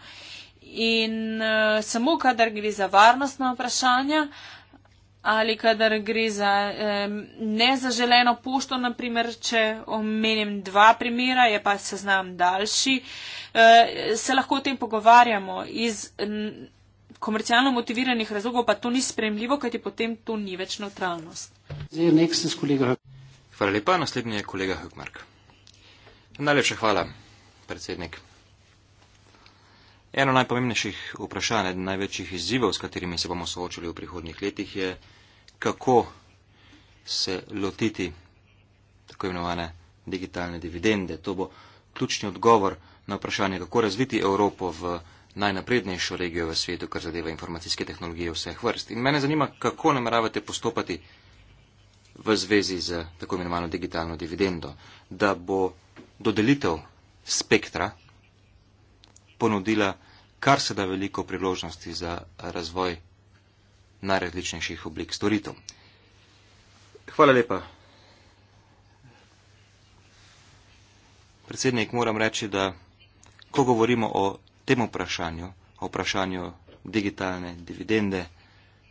In uh, samo kadar gre za varnostna vprašanja, uh, ali kadar gre za eh, nezaželeno pošto, naprimer, če omenim dva primera, je pa seznam daljši, eh, se lahko o tem pogovarjamo. Iz eh, komercialno motiviranih razlogov pa to ni spremljivo, kajti potem to ni več neutralnost. Zdaj, Hvala lepa, naslednji je kolega Hökmark. Najlepša hvala, predsednik. Eno najpomembnejših vprašanj, eden največjih izzivov, s katerimi se bomo soočili v prihodnih letih, je, kako se lotiti tako imenovane digitalne dividende. To bo ključni odgovor na vprašanje, kako razviti Evropo v najnaprednejšo regijo v svetu, kar zadeva informacijske tehnologije vseh vrst. In mene zanima, kako nameravate postopati v zvezi z tako imenovano digitalno dividendo, da bo dodelitev spektra, ponudila kar se da veliko priložnosti za razvoj najrazličnejših oblik storitev. Hvala lepa. Predsednik, moram reči, da ko govorimo o tem vprašanju, o vprašanju digitalne dividende,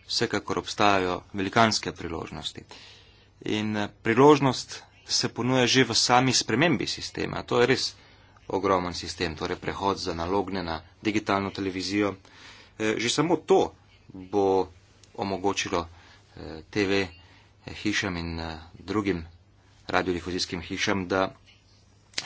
vsekakor obstajajo velikanske priložnosti. In eh, priložnost se ponuja že v sami spremembi sistema. To je res ogromen sistem, torej prehod z analogne na digitalno televizijo. Eh, že samo to bo omogočilo eh, TV eh, hišam in drugim radiodifuzijskim hišam, da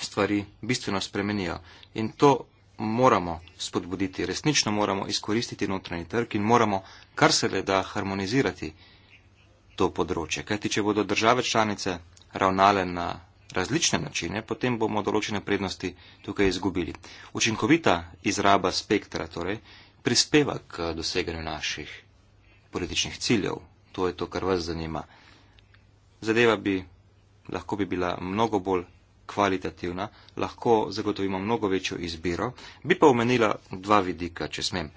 stvari bistveno spremenijo. In to moramo spodbuditi, resnično moramo izkoristiti notranji trg in moramo kar se le da harmonizirati to področje. Kajti, če bodo države članice ravnale na različne načine, potem bomo določene prednosti tukaj izgubili. Učinkovita izraba spektra torej prispeva k doseganju naših političnih ciljev. To je to, kar vas zanima. Zadeva bi lahko bi bila mnogo bolj kvalitativna, lahko zagotovimo mnogo večjo izbiro, bi pa omenila dva vidika, če smem.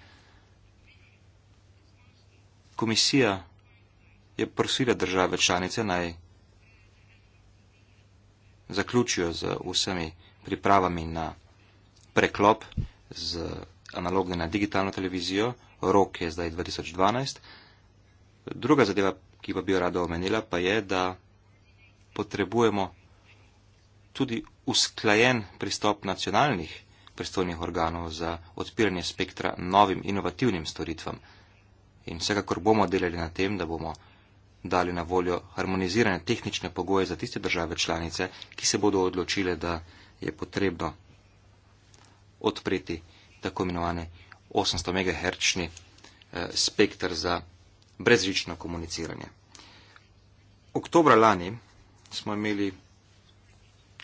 Komisija je prosila države članice naj zaključijo z vsemi pripravami na preklop z analogne na digitalno televizijo, rok je zdaj 2012. Druga zadeva, ki pa bi jo rada omenila, pa je, da potrebujemo tudi usklajen pristop nacionalnih pristojnih organov za odpiranje spektra novim inovativnim storitvam. In vsekakor bomo delali na tem, da bomo dali na voljo harmonizirane tehnične pogoje za tiste države članice, ki se bodo odločile, da je potrebno odpreti tako imenovane 800 MHz spektr za brezžično komuniciranje. Oktobra lani smo imeli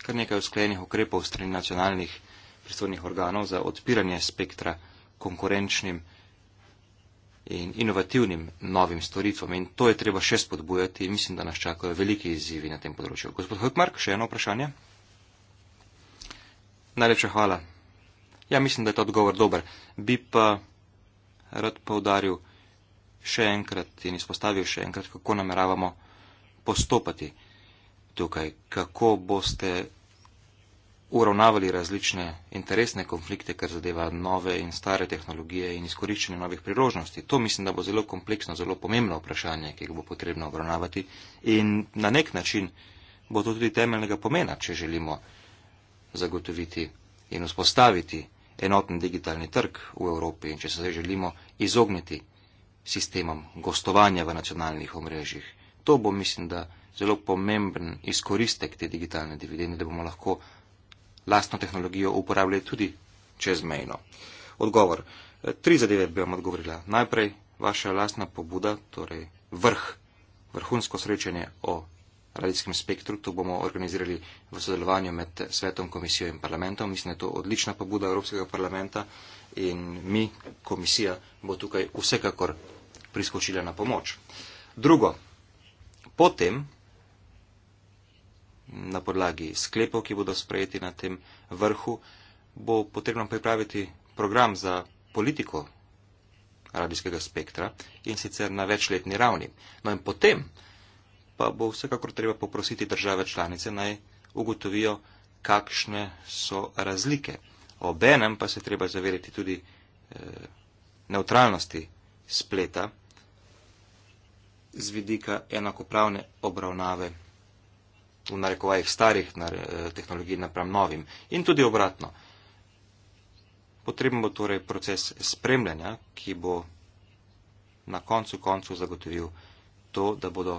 kar nekaj usklenih ukrepov strani nacionalnih pristojnih organov za odpiranje spektra konkurenčnim in inovativnim novim storitvam in to je treba še spodbujati in mislim, da nas čakajo veliki izzivi na tem področju. Gospod Hökmark, še eno vprašanje? Najlepša hvala. Ja, mislim, da je ta odgovor dober. Bi pa rad povdaril še enkrat in izpostavil še enkrat, kako nameravamo postopati tukaj, kako boste uravnavali različne interesne konflikte, kar zadeva nove in stare tehnologije in izkoriščenje novih priložnosti. To mislim, da bo zelo kompleksno, zelo pomembno vprašanje, ki ga bo potrebno obravnavati in na nek način bo to tudi temeljnega pomena, če želimo zagotoviti in vzpostaviti enoten digitalni trg v Evropi in če se zdaj želimo izogniti sistemom gostovanja v nacionalnih omrežjih. To bo, mislim, da zelo pomemben izkoristek te digitalne dividende, da bomo lahko lastno tehnologijo uporabljali tudi čezmejno. Odgovor. E, tri zadeve bi vam odgovorila. Najprej vaša lastna pobuda, torej vrh, vrhunsko srečanje o radijskem spektru. To bomo organizirali v sodelovanju med svetom, komisijo in parlamentom. Mislim, da je to odlična pobuda Evropskega parlamenta in mi, komisija, bo tukaj vsekakor priskočila na pomoč. Drugo, potem na podlagi sklepov, ki bodo sprejeti na tem vrhu, bo potrebno pripraviti program za politiko radijskega spektra in sicer na večletni ravni. No in potem pa bo vsekakor treba poprositi države članice naj ugotovijo, kakšne so razlike. Obenem pa se treba zaveriti tudi e, eh, neutralnosti spleta z vidika enakopravne obravnave v narekovajih starih na, eh, tehnologij napram novim in tudi obratno. Potreben bo torej proces spremljanja, ki bo na koncu koncu zagotovil to, da bodo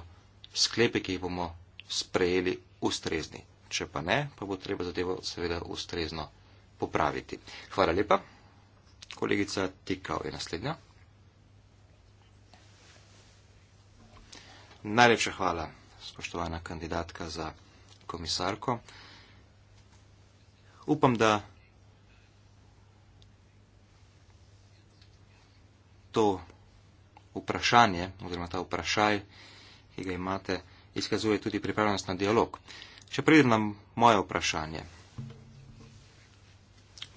sklepe, ki jih bomo sprejeli, ustrezni. Če pa ne, pa bo treba zadevo seveda ustrezno popraviti. Hvala lepa. Kolegica Tikal je naslednja. Najlepša hvala spoštovana kandidatka za komisarko. Upam, da to vprašanje oziroma ta vprašaj, ki ga imate, izkazuje tudi pripravljenost na dialog. Še preden nam moje vprašanje.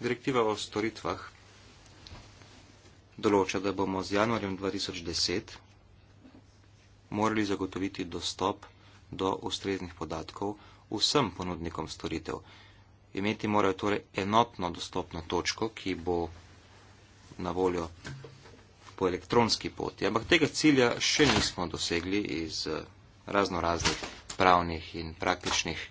Direktiva o storitvah določa, da bomo z januarjem 2010 morali zagotoviti dostop do ustreznih podatkov vsem ponudnikom storitev. Imeti morajo torej enotno dostopno točko, ki bo na voljo po elektronski poti. Ampak tega cilja še nismo dosegli iz eh, razno raznih pravnih in praktičnih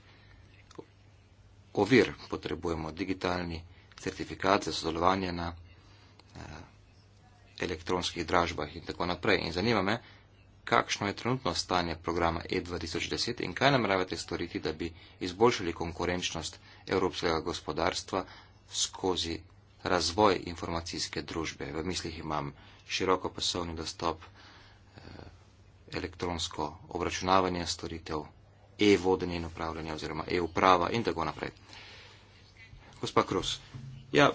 ovir. Potrebujemo digitalni certifikat za sodelovanje na eh, elektronskih dražbah in tako naprej. In zanima me, kakšno je trenutno stanje programa E2010 in kaj nameravate storiti, da bi izboljšali konkurenčnost evropskega gospodarstva skozi razvoj informacijske družbe. V mislih imam široko pasovni dostop, eh, elektronsko obračunavanje storitev, e-vodenje in upravljanje oziroma e-uprava in tako naprej. Gospa Kruz, ja,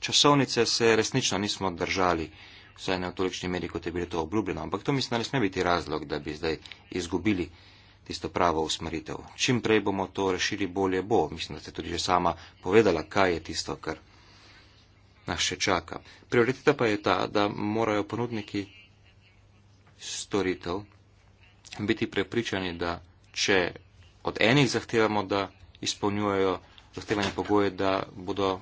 časovnice se resnično nismo držali vsaj ne v tolikšni meri, kot je bilo to obljubljeno. Ampak to mislim, da ne sme biti razlog, da bi zdaj izgubili tisto pravo usmeritev. Čim prej bomo to rešili, bolje bo. Mislim, da ste tudi že sama povedala, kaj je tisto, kar nas še čaka. Prioriteta pa je ta, da morajo ponudniki storitev biti prepričani, da če od enih zahtevamo, da izpolnjujejo zahtevane pogoje, da bodo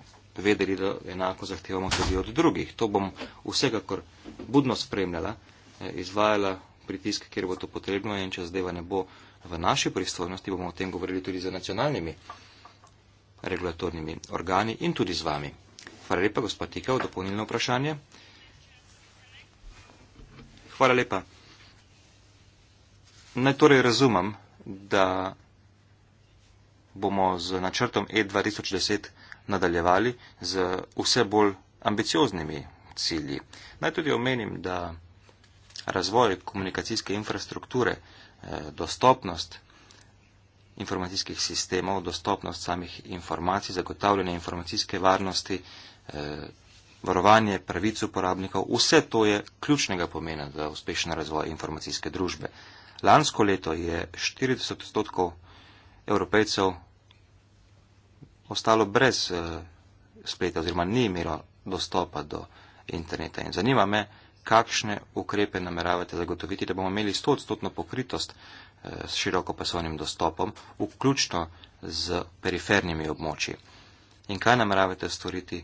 vedeli, da enako zahtevamo tudi od drugih. To bom vsekakor budno spremljala, eh, izvajala pritisk, kjer bo to potrebno in če zadeva ne bo v naši pristojnosti, bomo o tem govorili tudi z nacionalnimi regulatornimi organi in tudi z vami. Hvala lepa, gospod Tikev, dopolnilno vprašanje. Hvala lepa. Naj torej razumem, da bomo z načrtom E2010 nadaljevali z vse bolj ambicioznimi cilji. Naj tudi omenim, da razvoj komunikacijske infrastrukture, eh, dostopnost informacijskih sistemov, dostopnost samih informacij, zagotavljanje informacijske varnosti, eh, varovanje pravic uporabnikov, vse to je ključnega pomena za uspešen razvoj informacijske družbe. Lansko leto je 40 odstotkov evropejcev ostalo brez eh, spleta oziroma ni imelo dostopa do interneta. In zanima me, kakšne ukrepe nameravate zagotoviti, da bomo imeli 100-stotno pokritost eh, s širokopasovnim dostopom, vključno z perifernimi območji. In kaj nameravate storiti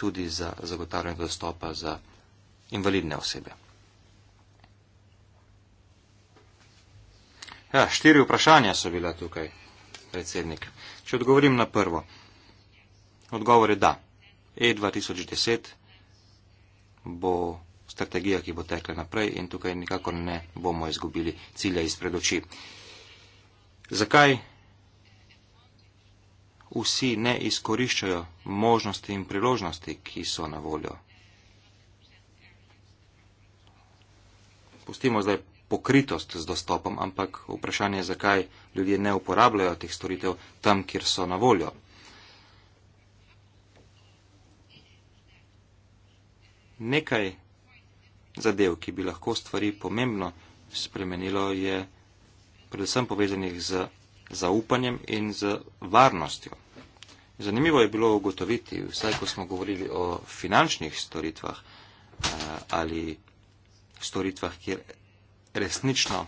tudi za zagotavljanje dostopa za invalidne osebe? Ja, štiri vprašanja so bila tukaj predsednik. Če odgovorim na prvo, odgovor je da. E2010 bo strategija, ki bo tekla naprej in tukaj nikakor ne bomo izgubili cilja izpred oči. Zakaj vsi ne izkoriščajo možnosti in priložnosti, ki so na voljo? Pustimo zdaj pokritost z dostopom, ampak vprašanje je, zakaj ljudje ne uporabljajo teh storitev tam, kjer so na voljo. Nekaj zadev, ki bi lahko stvari pomembno spremenilo, je predvsem povezanih z zaupanjem in z varnostjo. Zanimivo je bilo ugotoviti, vsaj ko smo govorili o finančnih storitvah eh, ali storitvah, kjer resnično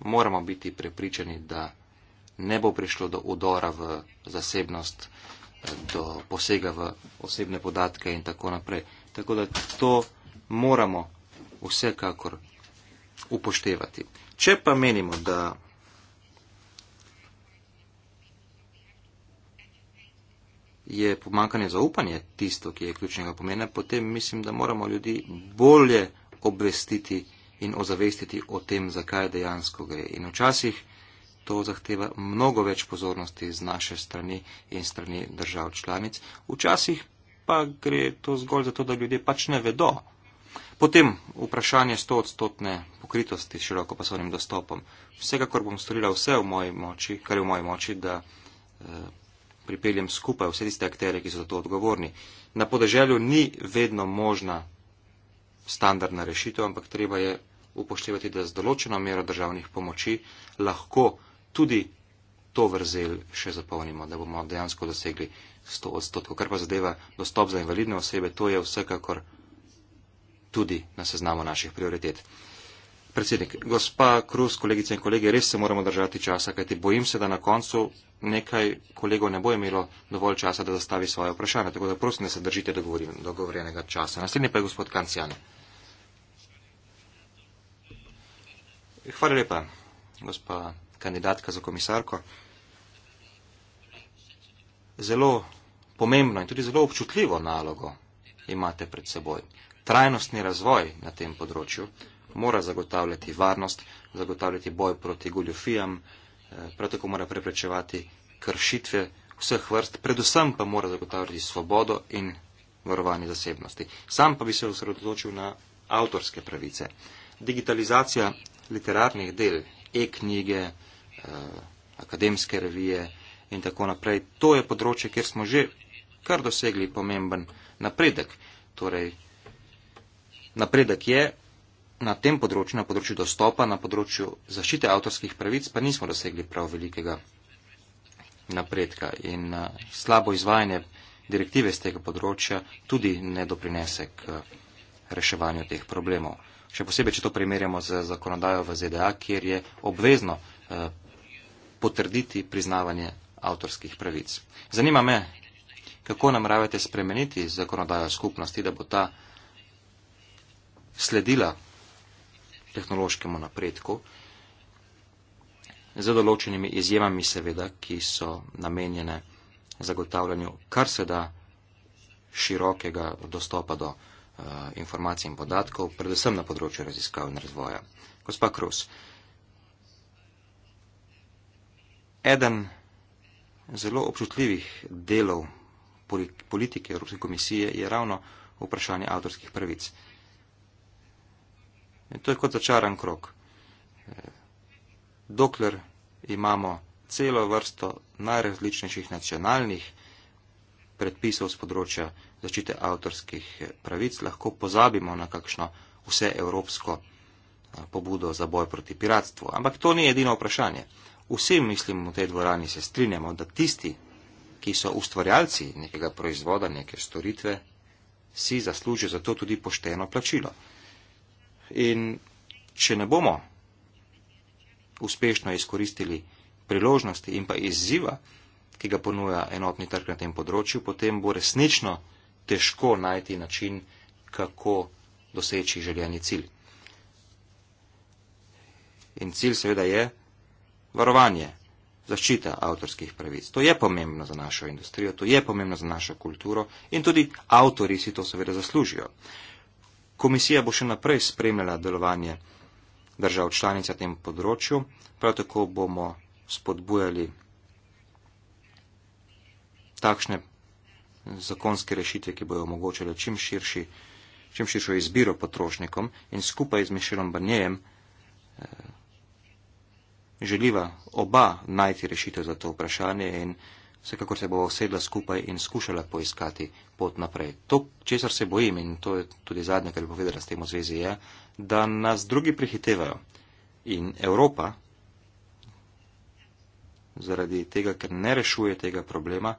moramo biti prepričani, da ne bo prišlo do udora v zasebnost, do posega v osebne podatke in tako naprej. Tako da to moramo vsekakor upoštevati. Če pa menimo, da je pomankanje zaupanja tisto, ki je ključnega pomena, potem mislim, da moramo ljudi bolje obvestiti, in ozavestiti o tem, zakaj dejansko gre. In včasih to zahteva mnogo več pozornosti z naše strani in strani držav članic, včasih pa gre to zgolj zato, da ljudje pač ne vedo. Potem vprašanje 100 odstotne pokritosti s širokopasovnim dostopom. Vsekakor bom storila vse v moji moči, kar je v moji moči, da eh, pripeljem skupaj vse tiste akterje, ki so za to odgovorni. Na podeželju ni vedno možna standardna rešitev, ampak treba je upoštevati, da z določeno mero državnih pomoči lahko tudi to vrzel še zapolnimo, da bomo dejansko dosegli 100 odstotkov. Kar pa zadeva dostop za invalidne osebe, to je vsekakor tudi na seznamu naših prioritet predsednik. Gospa Kruz, kolegice in kolege, res se moramo držati časa, kajti bojim se, da na koncu nekaj kolegov ne bo imelo dovolj časa, da zastavi svoje vprašanje. Tako da prosim, da se držite dogovorjenega časa. Naslednji pa je gospod Kancijan. Hvala lepa, gospa kandidatka za komisarko. Zelo pomembno in tudi zelo občutljivo nalogo imate pred seboj. Trajnostni razvoj na tem področju mora zagotavljati varnost, zagotavljati boj proti goljofijam, eh, prav tako mora preprečevati kršitve vseh vrst, predvsem pa mora zagotavljati svobodo in varovanje zasebnosti. Sam pa bi se osredotočil na avtorske pravice. Digitalizacija literarnih del, e-knjige, eh, akademske revije in tako naprej, to je področje, kjer smo že kar dosegli pomemben napredek. Torej, napredek je, na tem področju, na področju dostopa, na področju zaščite avtorskih pravic, pa nismo dosegli prav velikega napredka in eh, slabo izvajanje direktive z tega področja tudi ne doprinese k eh, reševanju teh problemov. Še posebej, če to primerjamo z zakonodajo v ZDA, kjer je obvezno eh, potrditi priznavanje avtorskih pravic. Zanima me, kako namravate spremeniti zakonodajo skupnosti, da bo ta sledila tehnološkemu napredku, z določenimi izjemami seveda, ki so namenjene zagotavljanju kar se da širokega dostopa do uh, informacij in podatkov, predvsem na področju raziskav in razvoja. Gospa Krus, eden zelo občutljivih delov politike Evropske komisije je ravno vprašanje avtorskih pravic. Uh, In to je kot začaran krok. Dokler imamo celo vrsto najrazličnejših nacionalnih predpisov z področja zaščite avtorskih pravic, lahko pozabimo na kakšno vseevropsko eh, pobudo za boj proti piratstvu. Ampak to ni edino vprašanje. Vsi, mislim, v tej dvorani se strinjamo, da tisti, ki so ustvarjalci nekega proizvoda, neke storitve, si zaslužijo za to tudi pošteno plačilo. In če ne bomo uspešno izkoristili priložnosti in pa izziva, ki ga ponuja enotni trg na tem področju, potem bo resnično težko najti način, kako doseči željeni cilj. In cilj seveda je varovanje, zaščita avtorskih pravic. To je pomembno za našo industrijo, to je pomembno za našo kulturo in tudi avtori si to seveda zaslužijo. Komisija bo še naprej spremljala delovanje držav članic na tem področju, prav tako bomo spodbujali takšne zakonske rešitve, ki bojo omogočile čim, širši, čim širšo izbiro potrošnikom in skupaj z Mišelom Banjejem eh, želiva oba najti rešitev za to vprašanje in eh, Vsekakor se bova sedla skupaj in skušala poiskati pot naprej. To, česar se bojim, in to je tudi zadnje, kar bi povedala s tem v zvezi, je, da nas drugi prehitevajo. In Evropa, zaradi tega, ker ne rešuje tega problema,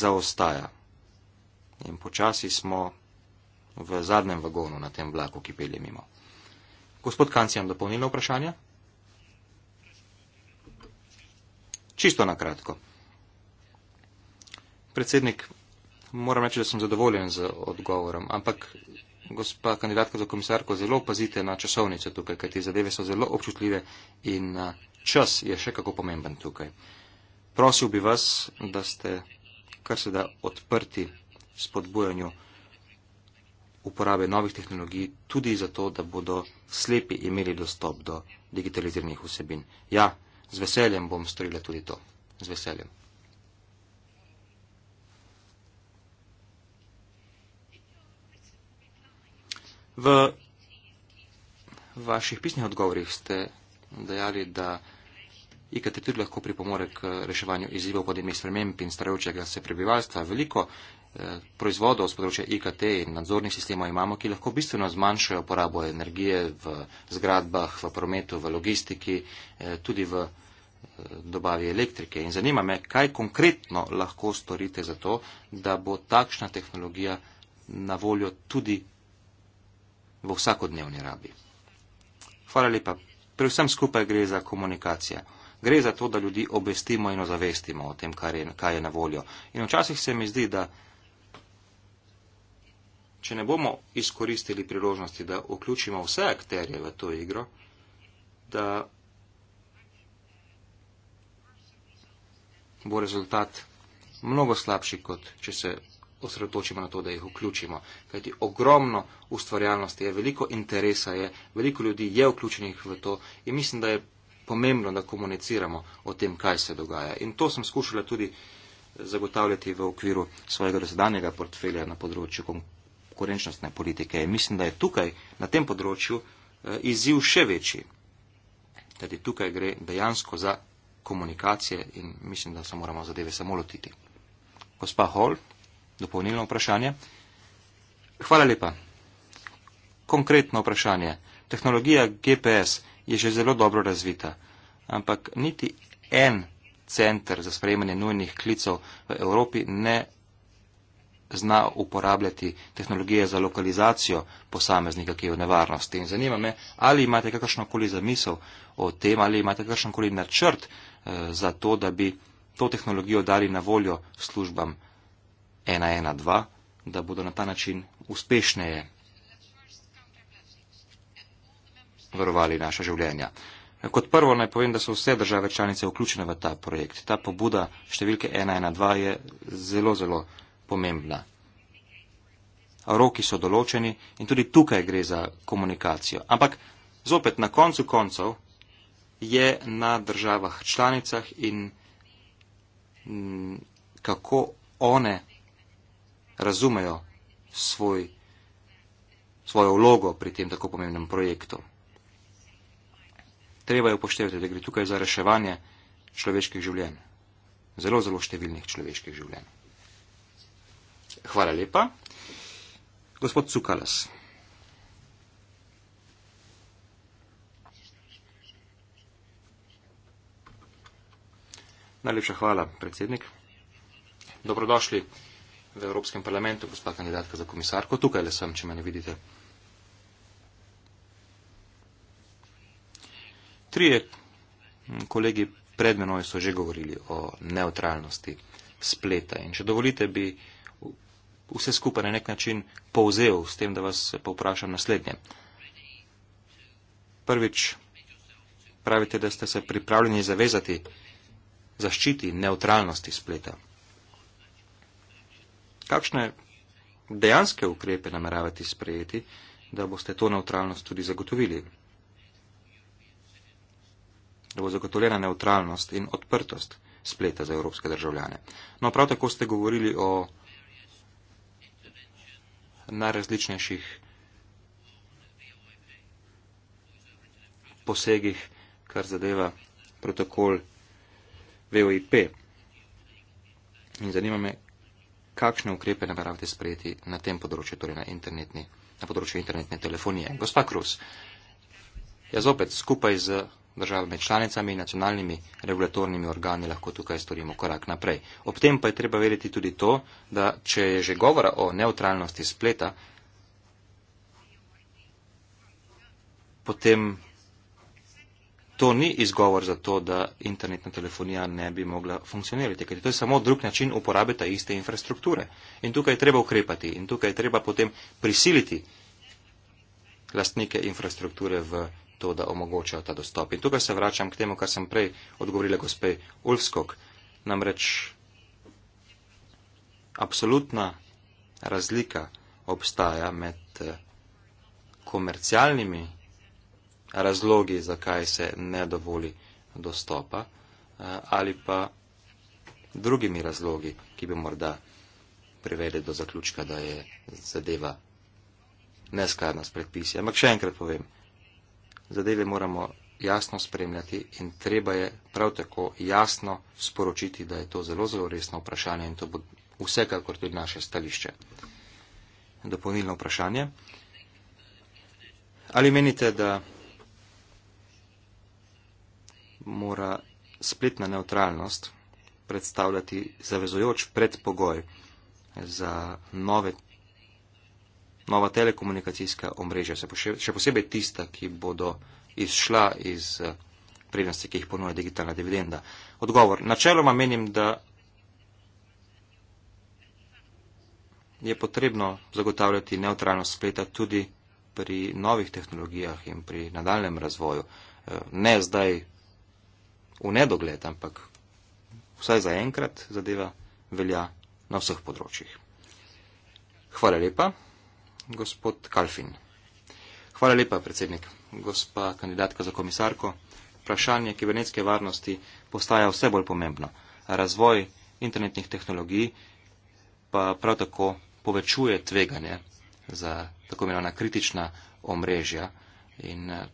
zaostaja. In počasi smo v zadnjem vagonu na tem vlaku, ki pelje mimo. Gospod Kanc, imam dopolnilno vprašanje? Čisto na kratko. Predsednik, moram reči, da sem zadovoljen z odgovorom, ampak gospa kandidatka za komisarko, zelo pazite na časovnice tukaj, ker te zadeve so zelo občutljive in čas je še kako pomemben tukaj. Prosil bi vas, da ste kar se da odprti spodbujanju uporabe novih tehnologij tudi zato, da bodo slepi imeli dostop do digitaliziranih vsebin. Ja, z veseljem bom storila tudi to. Z veseljem. V vaših pisnih odgovorih ste dejali, da IKT tudi lahko pripomore k reševanju izzivov podnebnih sprememb in starajočega se prebivalstva. Veliko eh, proizvodov z področja IKT in nadzornih sistemov imamo, ki lahko bistveno zmanjšajo porabo energije v zgradbah, v prometu, v logistiki, eh, tudi v eh, dobavi elektrike. In zanima me, kaj konkretno lahko storite za to, da bo takšna tehnologija na voljo tudi v vsakodnevni rabi. Hvala lepa. Pri vsem skupaj gre za komunikacijo. Gre za to, da ljudi obvestimo in ozavestimo o tem, kaj je, kaj je na voljo. In včasih se mi zdi, da če ne bomo izkoristili priložnosti, da vključimo vse akterje v to igro, da bo rezultat mnogo slabši, kot če se osredotočimo na to, da jih vključimo. Kajti ogromno ustvarjalnosti je, veliko interesa je, veliko ljudi je vključenih v to in mislim, da je pomembno, da komuniciramo o tem, kaj se dogaja. In to sem skušala tudi eh, zagotavljati v okviru svojega razdanjega portfelja na področju konkurenčnostne politike. In mislim, da je tukaj na tem področju eh, izziv še večji. Kajti tukaj gre dejansko za komunikacije in mislim, da se moramo zadeve samo lotiti. Gospa Holt dopolnilno vprašanje. Hvala lepa. Konkretno vprašanje. Tehnologija GPS je že zelo dobro razvita, ampak niti en center za sprejemanje nujnih klicev v Evropi ne zna uporabljati tehnologije za lokalizacijo posameznika, ki je v nevarnosti. In zanima me, ali imate kakšno koli zamisel o tem, ali imate kakšen koli načrt eh, za to, da bi to tehnologijo dali na voljo službam. 1-1-2, da bodo na ta način uspešneje varovali naša življenja. Kot prvo naj povem, da so vse države članice vključene v ta projekt. Ta pobuda številke 112 je zelo, zelo pomembna. Roki so določeni in tudi tukaj gre za komunikacijo. Ampak zopet na koncu koncev je na državah članicah in kako one razumejo svoj, svojo vlogo pri tem tako pomembnem projektu. Treba je upoštevati, da gre tukaj za reševanje človeških življenj, zelo, zelo številnih človeških življenj. Hvala lepa. Gospod Cukalas. Najlepša hvala, predsednik. Dobrodošli v Evropskem parlamentu, gospa kandidatka za komisarko. Tukaj le sem, če me ne vidite. Trije kolegi pred menoj so že govorili o neutralnosti spleta in če dovolite, bi vse skupaj na nek način povzel s tem, da vas povprašam naslednje. Prvič, pravite, da ste se pripravljeni zavezati zaščiti neutralnosti spleta kakšne dejanske ukrepe nameravati sprejeti, da boste to neutralnost tudi zagotovili? Da bo zagotovljena neutralnost in odprtost spleta za evropske državljane. No, prav tako ste govorili o najrazličnejših posegih, kar zadeva protokol VOIP. In zanima me, kakšne ukrepe nameravate sprejeti na tem področju, torej na, na področju internetne telefonije. Gospa Krus, jaz opet skupaj z državami članicami in nacionalnimi regulatornimi organi lahko tukaj storimo korak naprej. Ob tem pa je treba veriti tudi to, da če je že govora o neutralnosti spleta, potem to ni izgovor za to, da internetna telefonija ne bi mogla funkcionirati, ker to je samo drug način uporabe ta iste infrastrukture. In tukaj je treba ukrepati in tukaj je treba potem prisiliti lastnike infrastrukture v to, da omogočajo ta dostop. In tukaj se vračam k temu, kar sem prej odgovorila gospe Ulfskog. Namreč absolutna razlika obstaja med eh, komercialnimi razlogi, zakaj se ne dovoli dostopa eh, ali pa drugimi razlogi, ki bi morda privedli do zaključka, da je zadeva neskladna s predpisi. Ampak še enkrat povem, zadeve moramo jasno spremljati in treba je prav tako jasno sporočiti, da je to zelo, zelo resno vprašanje in to bo vsekakor tudi naše stališče. Dopolnilno vprašanje. Ali menite, da mora spletna neutralnost predstavljati zavezojoč predpogoj za nove, nova telekomunikacijska omrežja, še, še posebej tista, ki bodo izšla iz eh, prednosti, ki jih ponuja digitalna dividenda. Odgovor. Načeloma menim, da je potrebno zagotavljati neutralnost spleta tudi pri novih tehnologijah in pri nadaljem razvoju. Eh, ne zdaj v nedogled, ampak vsaj za enkrat zadeva velja na vseh področjih. Hvala lepa, gospod Kalfin. Hvala lepa, predsednik, gospa kandidatka za komisarko. Vprašanje kibernetske varnosti postaja vse bolj pomembno. Razvoj internetnih tehnologij pa prav tako povečuje tveganje za tako imenovana kritična omrežja in eh,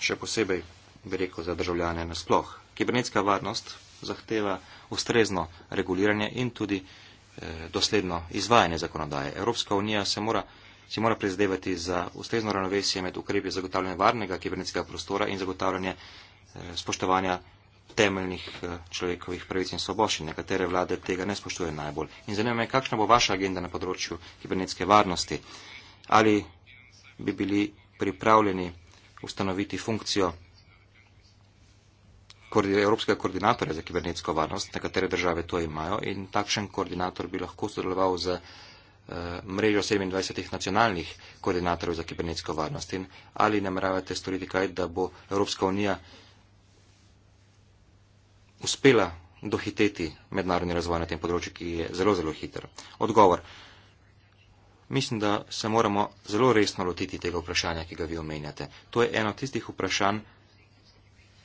še posebej bi rekel, za državljane nasploh. Kibernetska varnost zahteva ustrezno reguliranje in tudi eh, dosledno izvajanje zakonodaje. Evropska unija se mora, si mora prizadevati za ustrezno ravnovesje med ukrepi zagotavljanja varnega kibernetskega prostora in zagotavljanje eh, spoštovanja temeljnih eh, človekovih pravic in svoboščin. Nekatere vlade tega ne spoštujejo najbolj. In zanima me, kakšna bo vaša agenda na področju kibernetske varnosti? Ali bi bili pripravljeni ustanoviti funkcijo evropskega koordinatorja za kibernetsko varnost, nekatere države to imajo in takšen koordinator bi lahko sodeloval z eh, mrežo 27 nacionalnih koordinatorjev za kibernetsko varnost. In ali nameravate storiti kaj, da bo Evropska unija uspela dohiteti mednarodni razvoj na tem področju, ki je zelo, zelo hiter? Odgovor. Mislim, da se moramo zelo resno lotiti tega vprašanja, ki ga vi omenjate. To je eno tistih vprašanj,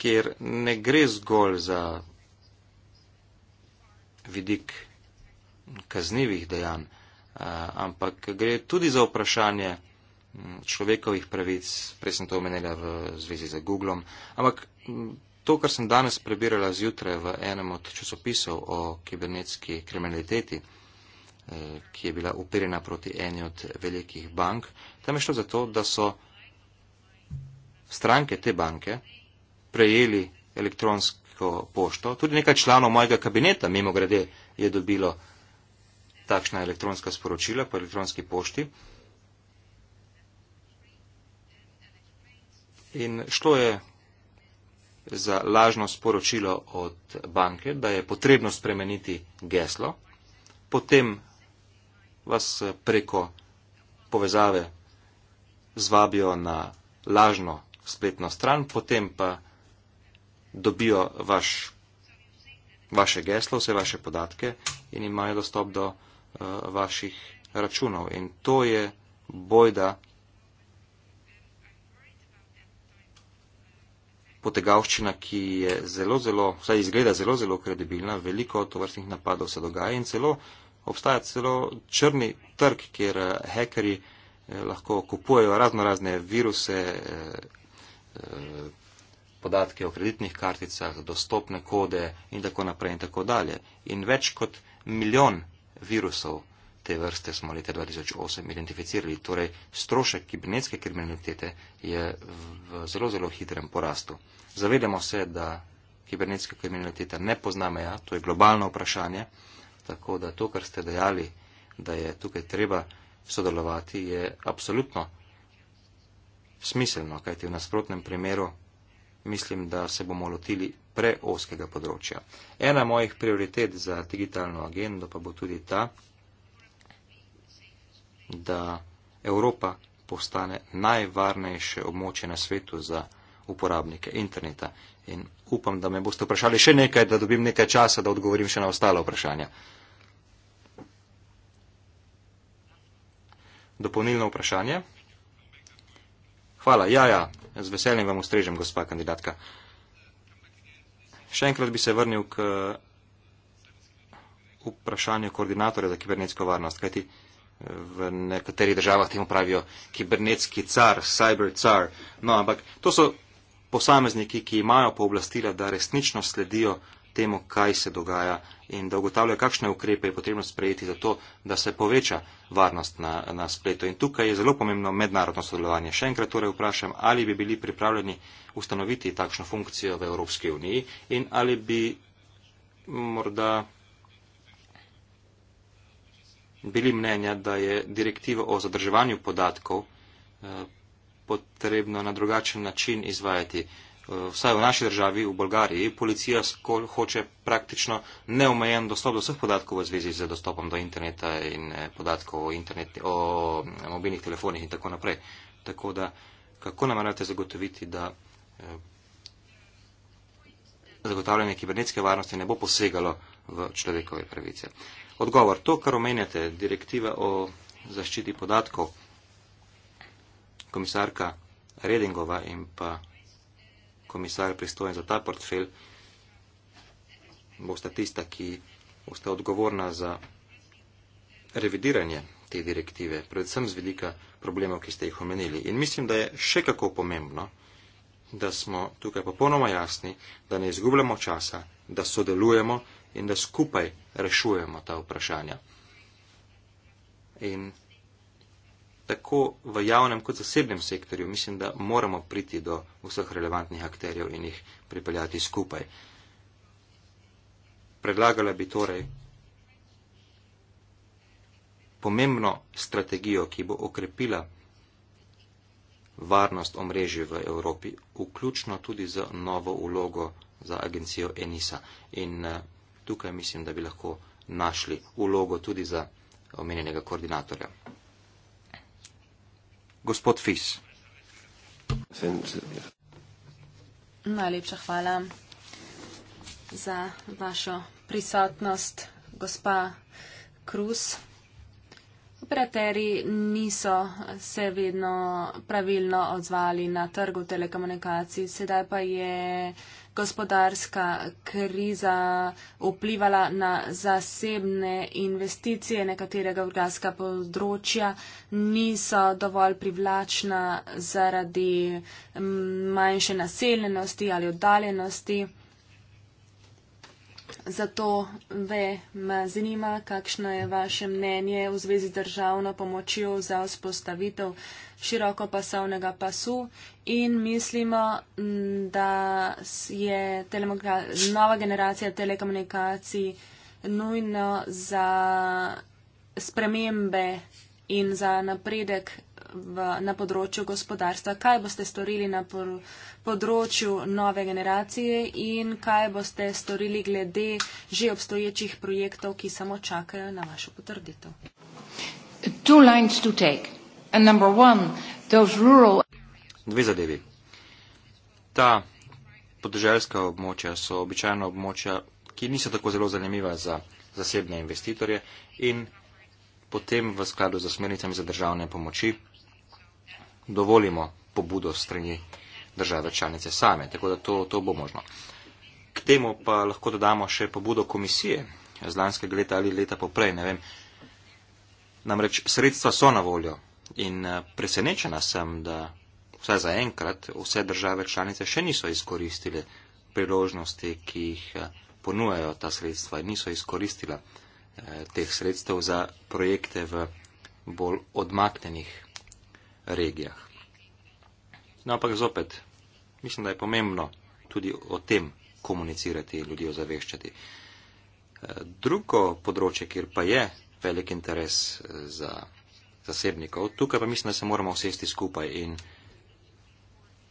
kjer ne gre zgolj za vidik kaznivih dejanj, eh, ampak gre tudi za vprašanje mm, človekovih pravic, prej sem to omenila v zvezi z Googlom, ampak mm, to, kar sem danes prebirala zjutraj v enem od časopisov o kibernetski kriminaliteti, eh, ki je bila uperjena proti eni od velikih bank, tam je šlo za to, da so stranke te banke, prejeli elektronsko pošto. Tudi nekaj članov mojega kabineta, mimo grede, je dobilo takšna elektronska sporočila po elektronski pošti. In šlo je za lažno sporočilo od banke, da je potrebno spremeniti geslo, potem vas preko povezave zvabijo na lažno spletno stran, potem pa dobijo vaš, vaše geslo, vse vaše podatke in imajo dostop do uh, vaših računov. In to je bojda potegavščina, ki je zelo, zelo, vsaj izgleda zelo, zelo kredibilna, veliko tovrstnih napadov se dogaja in celo obstaja celo črni trg, kjer hekeri eh, eh, lahko kupujejo razno razne viruse. Eh, eh, podatke o kreditnih karticah, dostopne kode in tako naprej in tako dalje. In več kot milijon virusov te vrste smo leta 2008 identificirali. Torej, strošek kibernetske kriminalitete je v zelo, zelo hitrem porastu. Zavedamo se, da kibernetska kriminaliteta ne pozna meja, to je globalno vprašanje, tako da to, kar ste dejali, da je tukaj treba sodelovati, je absolutno smiselno, kajti v nasprotnem primeru mislim, da se bomo lotili preoskega področja. Ena mojih prioritet za digitalno agendo pa bo tudi ta, da Evropa postane najvarnejše območje na svetu za uporabnike interneta. In upam, da me boste vprašali še nekaj, da dobim nekaj časa, da odgovorim še na ostale vprašanja. Dopolnilno vprašanje. Hvala. Ja, ja, Z veseljem vam ustrežem, gospa kandidatka. Še enkrat bi se vrnil k vprašanju koordinatorja za kibernetsko varnost, kajti eh, v nekaterih državah temu pravijo kibernetski car, cyber car. No, ampak to so posamezniki, ki imajo pooblastila, da resnično sledijo temu, kaj se dogaja in da ugotavlja, kakšne ukrepe je potrebno sprejeti za to, da se poveča varnost na, na spletu. In tukaj je zelo pomembno mednarodno sodelovanje. Še enkrat torej vprašam, ali bi bili pripravljeni ustanoviti takšno funkcijo v Evropski uniji in ali bi morda bili mnenja, da je direktivo o zadrževanju podatkov eh, potrebno na drugačen način izvajati. Eh, vsaj v naši državi, v Bolgariji, policija hoče praktično neomejen dostop do vseh podatkov v zvezi z dostopom do interneta in eh, podatkov o, internet, o eh, mobilnih telefonih in tako naprej. Tako da, kako nameravate zagotoviti, da eh, zagotavljanje kibernetske varnosti ne bo posegalo v človekove pravice? Odgovor, to, kar omenjate, direktiva o zaščiti podatkov, komisarka Redingova in pa komisar pristojen za ta portfelj, boste tista, ki boste odgovorna za revidiranje te direktive, predvsem z vidika problemov, ki ste jih omenili. In mislim, da je še kako pomembno, da smo tukaj popolnoma jasni, da ne izgubljamo časa, da sodelujemo in da skupaj rešujemo ta vprašanja. In tako v javnem kot zasebnem sektorju, mislim, da moramo priti do vseh relevantnih akterjev in jih pripeljati skupaj. Predlagala bi torej pomembno strategijo, ki bo okrepila varnost omrežja v Evropi, vključno tudi z novo ulogo za agencijo Enisa. In eh, tukaj mislim, da bi lahko našli ulogo tudi za omenjenega koordinatorja gospod Fis. Najlepša hvala za vašo prisotnost, gospa Krus. Operaterji niso se vedno pravilno odzvali na trgu telekomunikacij, sedaj pa je gospodarska kriza vplivala na zasebne investicije, nekatere geografska področja niso dovolj privlačna zaradi mm, manjše naseljenosti ali oddaljenosti. Zato ve, me zanima, kakšno je vaše mnenje v zvezi z državno pomočjo za vzpostavitev širokopasovnega pasu in mislimo, da je nova generacija telekomunikacij nujno za spremembe in za napredek v, na področju gospodarstva. Kaj boste storili na pol, področju nove generacije in kaj boste storili glede že obstoječih projektov, ki samo čakajo na vašo potrditev? Two lines to take. Dve zadevi. Ta podeželska območja so običajno območja, ki niso tako zelo zanimiva za zasebne investitorje in potem v skladu z smernicami za državne pomoči dovolimo pobudo strani države članice same. Tako da to, to bo možno. K temu pa lahko dodamo še pobudo komisije z lanskega leta ali leta poprej, ne vem. Namreč sredstva so na voljo In eh, presenečena sem, da vsaj za enkrat vse države članice še niso izkoristile priložnosti, ki jih eh, ponujajo ta sredstva in niso izkoristila eh, teh sredstev za projekte v bolj odmaknenih regijah. No, ampak zopet, mislim, da je pomembno tudi o tem komunicirati, ljudi ozaveščati. Drugo področje, kjer pa je velik interes za zasebnikov. Tukaj pa mislim, da se moramo sesti skupaj in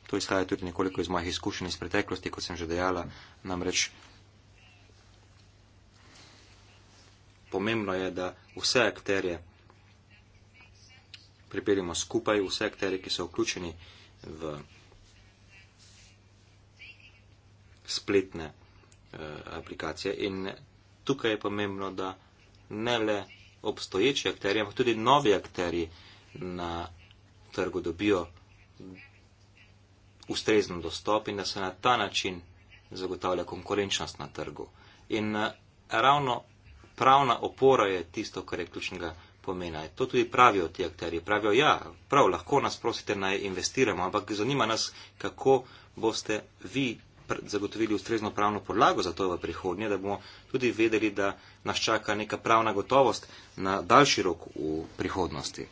to izhaja tudi nekoliko iz mojih izkušenj iz preteklosti, kot sem že dejala, namreč pomembno je, da vse akterje pripeljemo skupaj, vse akterje, ki so vključeni v spletne uh, aplikacije in tukaj je pomembno, da ne le obstoječi akteri, ampak tudi novi akteri na trgu dobijo ustrezen dostop in da se na ta način zagotavlja konkurenčnost na trgu. In eh, ravno pravna opora je tisto, kar je ključnega pomena. To tudi pravijo ti akteri. Pravijo, ja, prav, lahko nas prosite, naj investiramo, ampak zanima nas, kako boste vi zagotovili ustrezno pravno podlago za to v prihodnje, da bomo tudi vedeli, da nas čaka neka pravna gotovost na daljši rok v prihodnosti.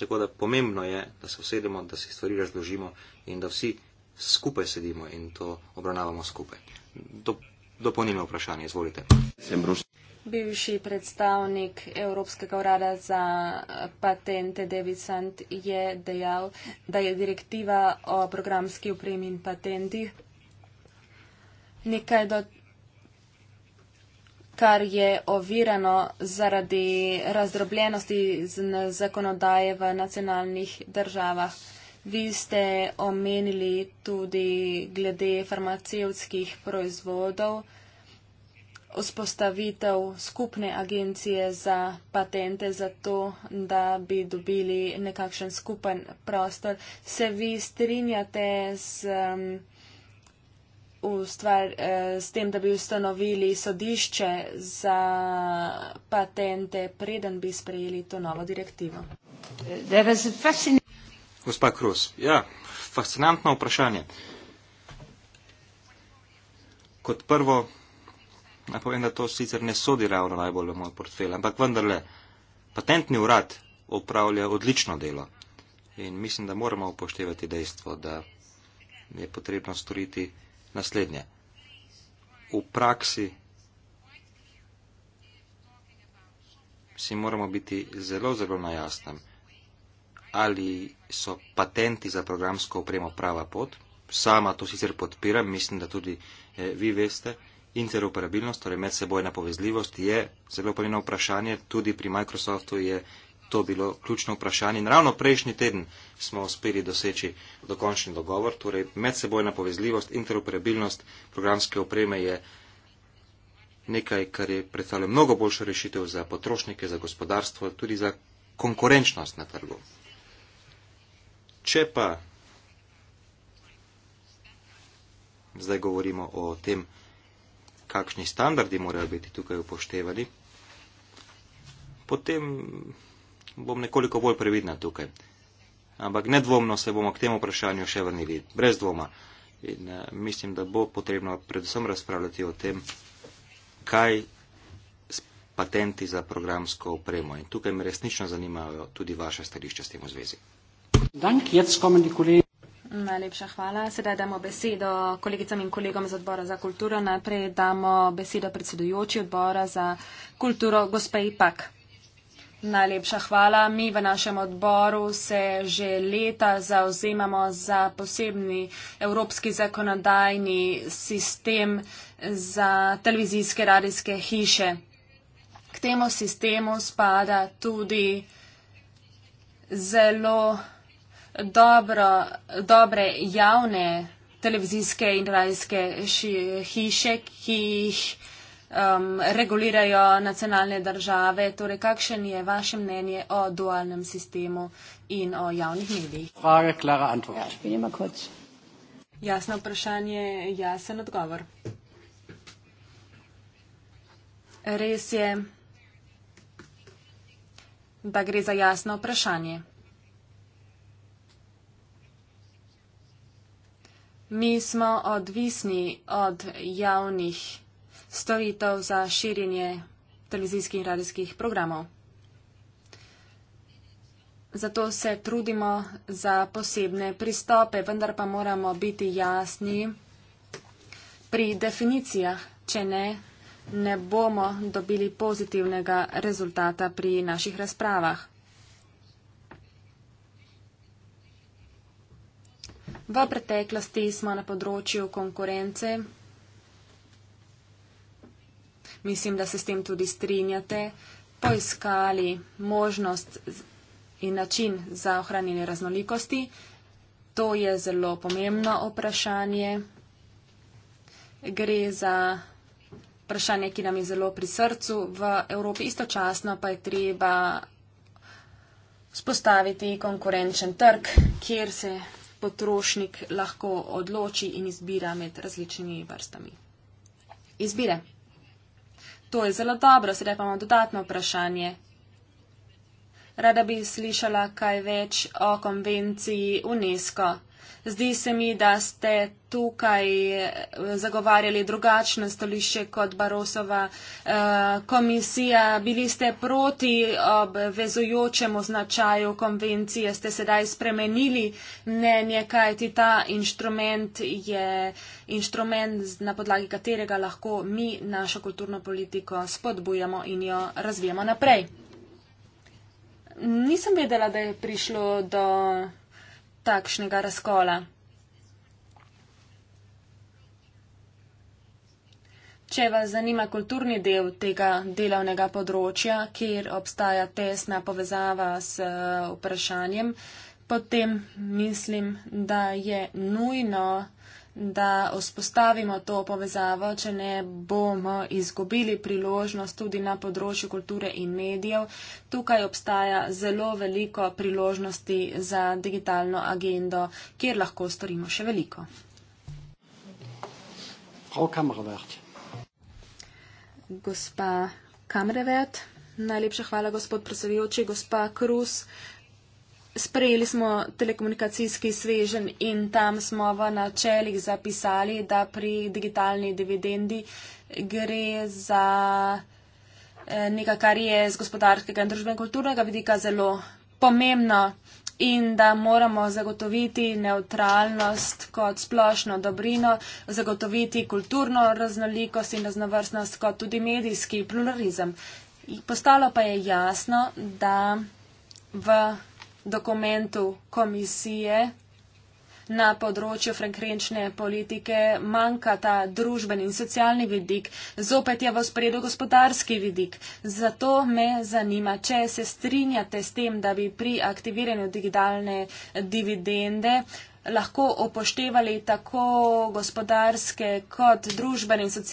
Tako da pomembno je, da se usedemo, da si stvari razložimo in da vsi skupaj sedimo in to obravnavamo skupaj. Do Dopolnilno vprašanje, izvolite. Bivši predstavnik Evropskega urada za patente David Sant je dejal, da je direktiva o programski upremi in patentih nekaj, do, kar je ovirano zaradi razdrobljenosti zakonodaje v nacionalnih državah. Vi ste omenili tudi glede farmacevskih proizvodov vzpostavitev skupne agencije za patente za to, da bi dobili nekakšen skupen prostor. Se vi strinjate s, um, stvar, uh, eh, s tem, da bi ustanovili sodišče za patente, preden bi sprejeli to novo direktivo? Gospa Kruz, ja, fascinantno vprašanje. Kot prvo, naj povem, da to sicer ne sodi ravno najbolj v moj portfelj, ampak vendarle, patentni urad opravlja odlično delo. In mislim, da moramo upoštevati dejstvo, da je potrebno storiti naslednje. V praksi si moramo biti zelo, zelo na jasnem ali so patenti za programsko opremo prava pot. Sama to sicer podpiram, mislim, da tudi eh, vi veste. Interoperabilnost, torej medsebojna povezljivost, je zelo pomembno vprašanje. Tudi pri Microsoftu je to bilo ključno vprašanje. In ravno prejšnji teden smo uspeli doseči dokončni dogovor. Torej, medsebojna povezljivost, interoperabilnost programske opreme je nekaj, kar je predstavljalo mnogo boljšo rešitev za potrošnike, za gospodarstvo, tudi za konkurenčnost na trgu. Če pa zdaj govorimo o tem, kakšni standardi morajo biti tukaj upoštevani, potem bom nekoliko bolj previdna tukaj. Ampak nedvomno se bomo k temu vprašanju še vrnili, brez dvoma. In eh, mislim, da bo potrebno predvsem razpravljati o tem, kaj patenti za programsko opremo. In tukaj me resnično zanimajo tudi vaše stališče s tem v zvezi. Dank, jetzt kommen die Kollegen. Najlepša hvala. Sedaj damo besedo kolegicam in kolegom z odbora za kulturo. Najprej damo besedo predsedujoči odbora za kulturo, gospej Pak. Najlepša hvala. Mi v našem odboru se že leta zauzemamo za posebni evropski zakonodajni sistem za televizijske radijske hiše. K temu sistemu spada tudi zelo dobro, dobre javne televizijske in radijske hiše, ki jih um, regulirajo nacionalne države. Torej, kakšen je vaše mnenje o dualnem sistemu in o javnih medijih? Frage, klara antwort. Ja, jasno vprašanje, jasen odgovor. Res je, da gre za jasno vprašanje. Mi smo odvisni od javnih storitev za širjenje televizijskih in radijskih programov. Zato se trudimo za posebne pristope, vendar pa moramo biti jasni pri definicijah, če ne, ne bomo dobili pozitivnega rezultata pri naših razpravah. V preteklosti smo na področju konkurence, mislim, da se s tem tudi strinjate, poiskali možnost in način za ohranjanje raznolikosti. To je zelo pomembno vprašanje. Gre za vprašanje, ki nam je zelo pri srcu v Evropi. Istočasno pa je treba spostaviti konkurenčen trg, kjer se potrošnik lahko odloči in izbira med različnimi vrstami. Izbire. To je zelo dobro, sedaj pa imamo dodatno vprašanje. Rada bi slišala kaj več o konvenciji UNESCO. Zdi se mi, da ste tukaj eh, zagovarjali drugačne stališče kot Barosova eh, komisija. Bili ste proti obvezujočemu značaju konvencije, ste sedaj spremenili mnenje, kaj ti ta inštrument je inštrument, na podlagi katerega lahko mi našo kulturno politiko spodbujamo in jo razvijemo naprej. Nisem vedela, da je prišlo do takšnega razkola. Če vas zanima kulturni del tega delovnega področja, kjer obstaja tesna povezava s eh, vprašanjem, potem mislim, da je nujno, da vzpostavimo to povezavo, če ne bomo izgubili priložnost tudi na področju kulture in medijev. Tukaj obstaja zelo veliko priložnosti za digitalno agendo, kjer lahko storimo še veliko. Gospa Kamrevet, najlepša hvala, gospod predsedujoči, gospa Krus sprejeli smo telekomunikacijski svežen in tam smo v načelih zapisali, da pri digitalni dividendi gre za eh, nekaj, kar je z gospodarskega in družbeno-kulturnega vidika zelo pomembno in da moramo zagotoviti neutralnost kot splošno dobrino, zagotoviti kulturno raznolikost in raznovrstnost kot tudi medijski pluralizem. Postalo pa je jasno, da v dokumentu komisije na področju frankrenčne politike manjka ta družben in socialni vidik. Zopet je v spredu gospodarski vidik. Zato me zanima, če se strinjate s tem, da bi pri aktiviranju digitalne dividende eh, lahko upoštevali tako gospodarske kot družbene in,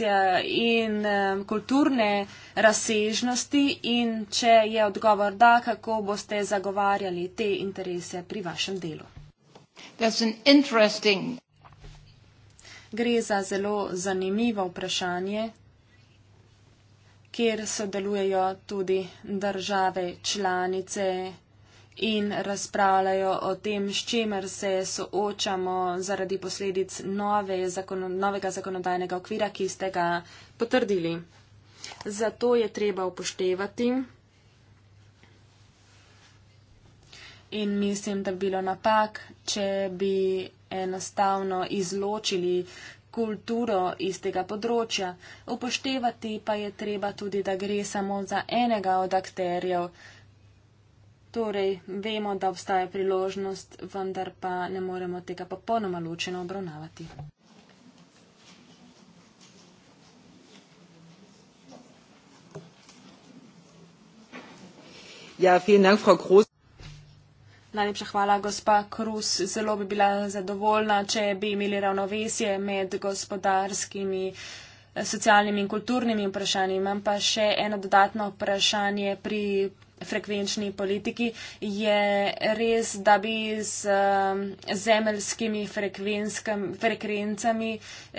in eh, kulturne razsežnosti in če je odgovor da, kako boste zagovarjali te interese pri vašem delu. Interesting... Gre za zelo zanimivo vprašanje, kjer sodelujejo tudi države članice in razpravljajo o tem, s čemer se soočamo zaradi posledic nove, zakon, novega zakonodajnega okvira, ki ste ga potrdili. Zato je treba upoštevati in mislim, da bi bilo napak, če bi enostavno izločili kulturo iz tega področja. Upoštevati pa je treba tudi, da gre samo za enega od akterjev, Torej, vemo, da obstaja priložnost, vendar pa ne moremo tega popolnoma ločeno obravnavati. Ja, dank, Najlepša hvala, gospa Krus. Zelo bi bila zadovoljna, če bi imeli ravnovesje med gospodarskimi, eh, socialnimi in kulturnimi vprašanji. Imam pa še eno dodatno vprašanje pri frekvenčni politiki, je res, da bi z um, zemeljskimi frekvencami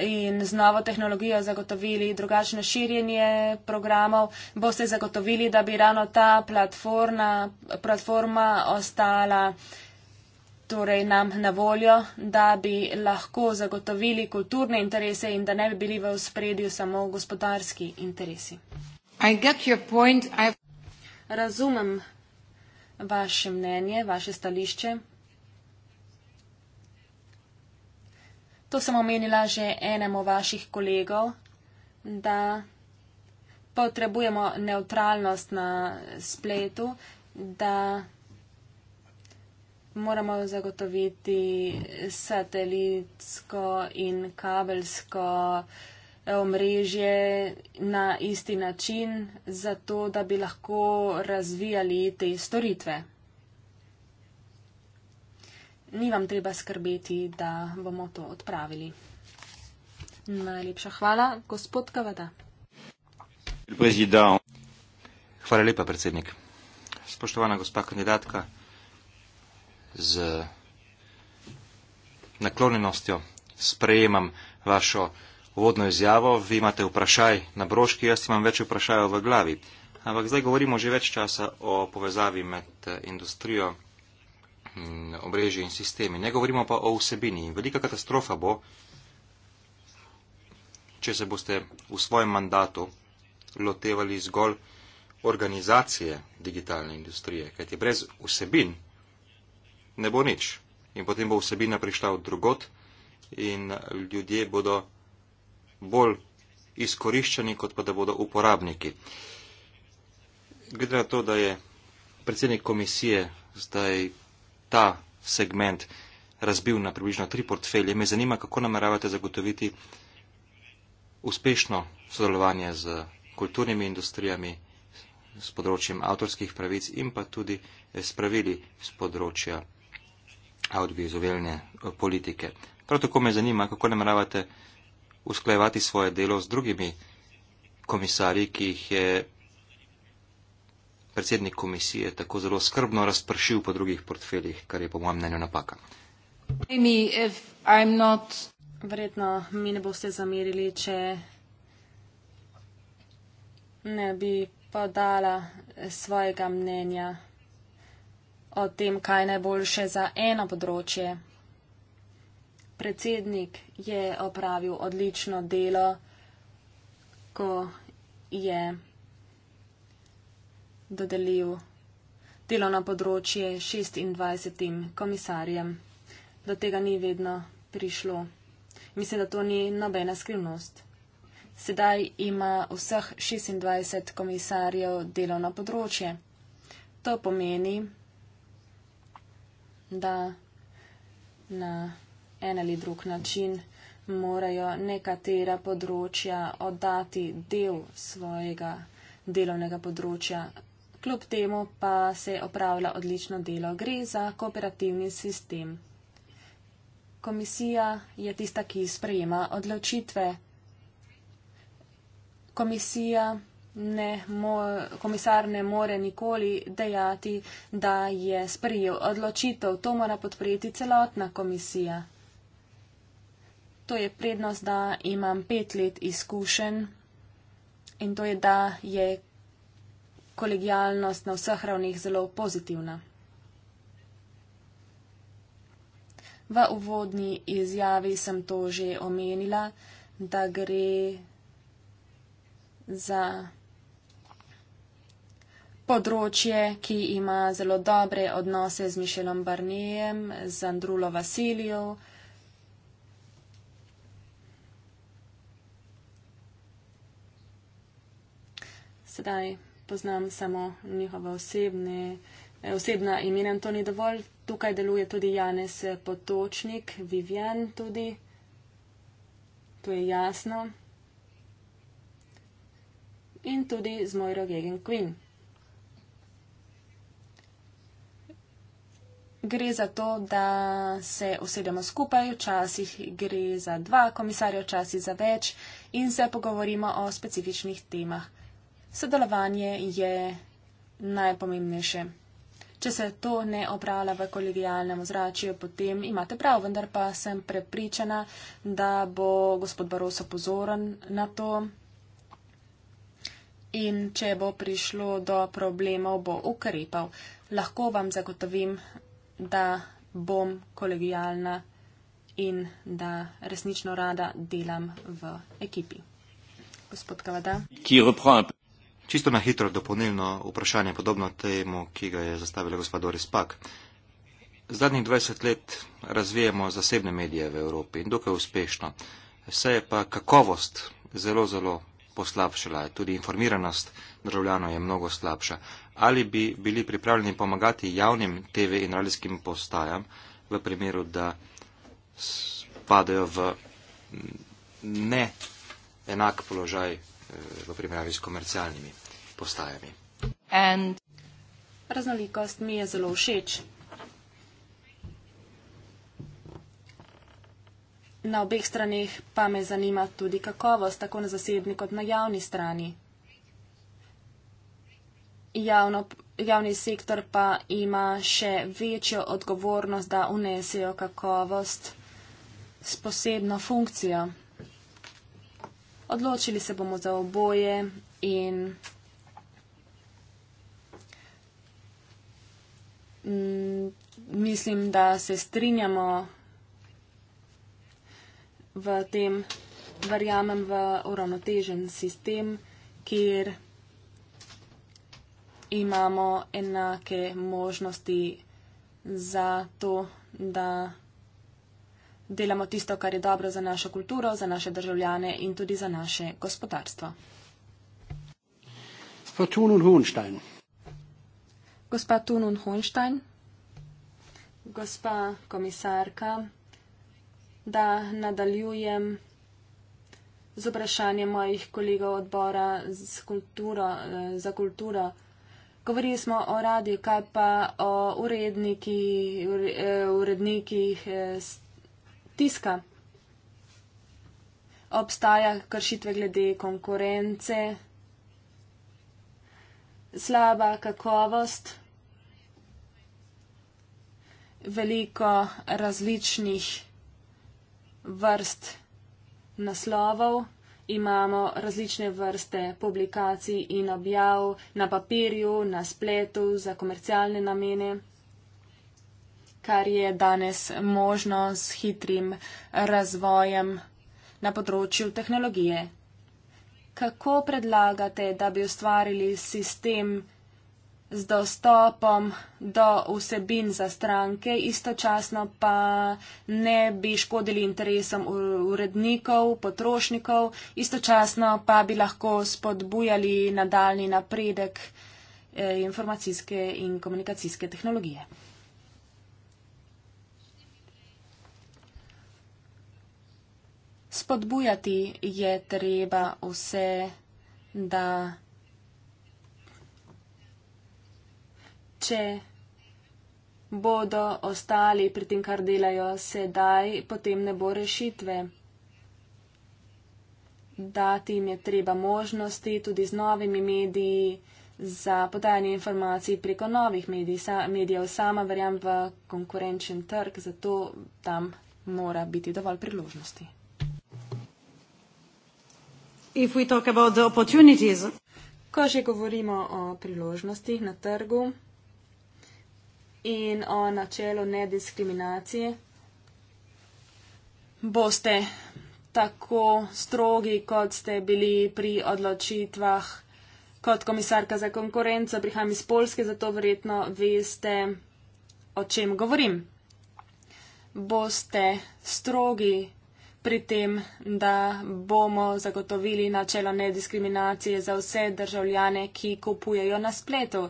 in z novo tehnologijo zagotovili drugačno širjenje programov, boste zagotovili, da bi ravno ta platforma, platforma ostala torej nam na voljo, da bi lahko zagotovili kulturne interese in da ne bi bili v spredju samo gospodarski interesi. I get your point. I've razumem vaše mnenje, vaše stališče. To sem omenila že enemu vaših kolegov, da potrebujemo neutralnost na spletu, da moramo zagotoviti satelitsko in kabelsko uh, omrežje na isti način, zato da bi lahko razvijali te storitve. Ni vam treba skrbeti, da bomo to odpravili. Najlepša hvala, gospod Kavada. Hvala lepa, predsednik. Spoštovana gospa kandidatka, z naklonjenostjo sprejemam vašo vodno izjavo, vi imate vprašaj na broški, jaz imam več vprašaj v glavi. Ampak zdaj govorimo že več časa o povezavi med eh, industrijo, mm, obrežji in sistemi. Ne govorimo pa o vsebini. Velika katastrofa bo, če se boste v svojem mandatu lotevali zgolj organizacije digitalne industrije, kajti brez vsebin ne bo nič. In potem bo vsebina prišla od drugot in ljudje bodo bolj izkoriščeni, kot pa da bodo uporabniki. Glede na to, da je predsednik komisije zdaj ta segment razbil na približno tri portfelje, me zanima, kako nameravate zagotoviti uspešno sodelovanje z kulturnimi industrijami, s področjem avtorskih pravic in pa tudi s pravili z področja audiovizualne politike. Prav tako me zanima, kako nameravate usklajevati svoje delo z drugimi komisarji, ki jih je predsednik komisije tako zelo skrbno razpršil po drugih portfeljih, kar je po mojem mnenju napaka. Amy, not... Verjetno mi ne boste zamerili, če ne bi podala svojega mnenja o tem, kaj je najboljše za eno področje predsednik je opravil odlično delo, ko je dodelil delovno področje 26 komisarjem, da tega ni vedno prišlo. Mislim, da to ni nobena skrivnost. Sedaj ima vseh 26 komisarjev delovno področje. To pomeni, da na en ali drug način morajo nekatera področja oddati del svojega delovnega področja. Kljub temu pa se opravlja odlično delo. Gre za kooperativni sistem. Komisija je tista, ki sprejema odločitve. Komisija ne more, komisar ne more nikoli dejati, da je sprejel odločitev. To mora podpreti celotna komisija to je prednost, da imam pet let izkušenj in to je, da je kolegijalnost na vseh ravnih zelo pozitivna. V uvodni izjavi sem to že omenila, da gre za področje, ki ima zelo dobre odnose z Mišelom Barnejem, z Andrulo Vasilijo, sedaj poznam samo njihove osebne, eh, osebna imena in to ni dovolj. Tukaj deluje tudi Janez Potočnik, Vivian tudi. To je jasno. In tudi z Mojro Gegen Queen. Gre za to, da se usedemo skupaj, včasih gre za dva komisarja, včasih za več in se pogovorimo o specifičnih temah. Sodelovanje je najpomembnejše. Če se to ne opravlja v kolegijalnem ozračju, potem imate prav, vendar pa sem prepričana, da bo gospod Baroso pozoren na to. In če bo prišlo do problemov, bo ukrepal. Lahko vam zagotovim, da bom kolegijalna in da resnično rada delam v ekipi. Gospod Kavada. Čisto na hitro dopolnilno vprašanje, podobno temu, ki ga je zastavila gospod Doris Pak. Zadnjih 20 let razvijamo zasebne medije v Evropi in dokaj uspešno. Vse je pa kakovost zelo, zelo poslabšala, tudi informiranost državljanov je mnogo slabša. Ali bi bili pripravljeni pomagati javnim TV in radijskim postajam v primeru, da spadajo v ne enak položaj v primerjavi s komercialnimi postajami. And... Raznolikost mi je zelo všeč. Na obeh straneh pa me zanima tudi kakovost, tako na zasebni kot na javni strani. Javno, javni sektor pa ima še večjo odgovornost, da unesejo kakovost s posebno funkcijo odločili se bomo za oboje in mm, mislim, da se strinjamo v tem, verjamem v uravnotežen sistem, kjer imamo enake možnosti za to, da delamo tisto, kar je dobro za našo kulturo, za naše državljane in tudi za naše gospodarstvo. Gospa Tunun Hunštajn, gospa komisarka, da nadaljujem z vprašanjem mojih kolegov odbora za kulturo. Eh, za kulturo. Govorili smo o radiju, kaj pa o uredniki, eh, urednikih, eh, tiska. Obstaja kršitve glede konkurence, slaba kakovost, veliko različnih vrst naslovov, imamo različne vrste publikacij in objav na papirju, na spletu, za komercialne namene kar je danes možno s hitrim razvojem na področju tehnologije. Kako predlagate, da bi ustvarili sistem z dostopom do vsebin za stranke, istočasno pa ne bi škodili interesom urednikov, potrošnikov, istočasno pa bi lahko spodbujali nadaljni napredek eh, informacijske in komunikacijske tehnologije? spodbujati je treba vse, da če bodo ostali pri tem, kar delajo sedaj, potem ne bo rešitve. Dati jim je treba možnosti tudi z novimi mediji za podajanje informacij preko novih medij, sa, medijev. Sama verjam v konkurenčen trg, zato tam mora biti dovolj priložnosti. Ko že govorimo o priložnostih na trgu in o načelu nediskriminacije, boste tako strogi, kot ste bili pri odločitvah kot komisarka za konkurenco. Prihajam iz Polske, zato verjetno veste, o čem govorim. Boste strogi pri tem, da bomo zagotovili načelo nediskriminacije za vse državljane, ki kupujejo na spletu.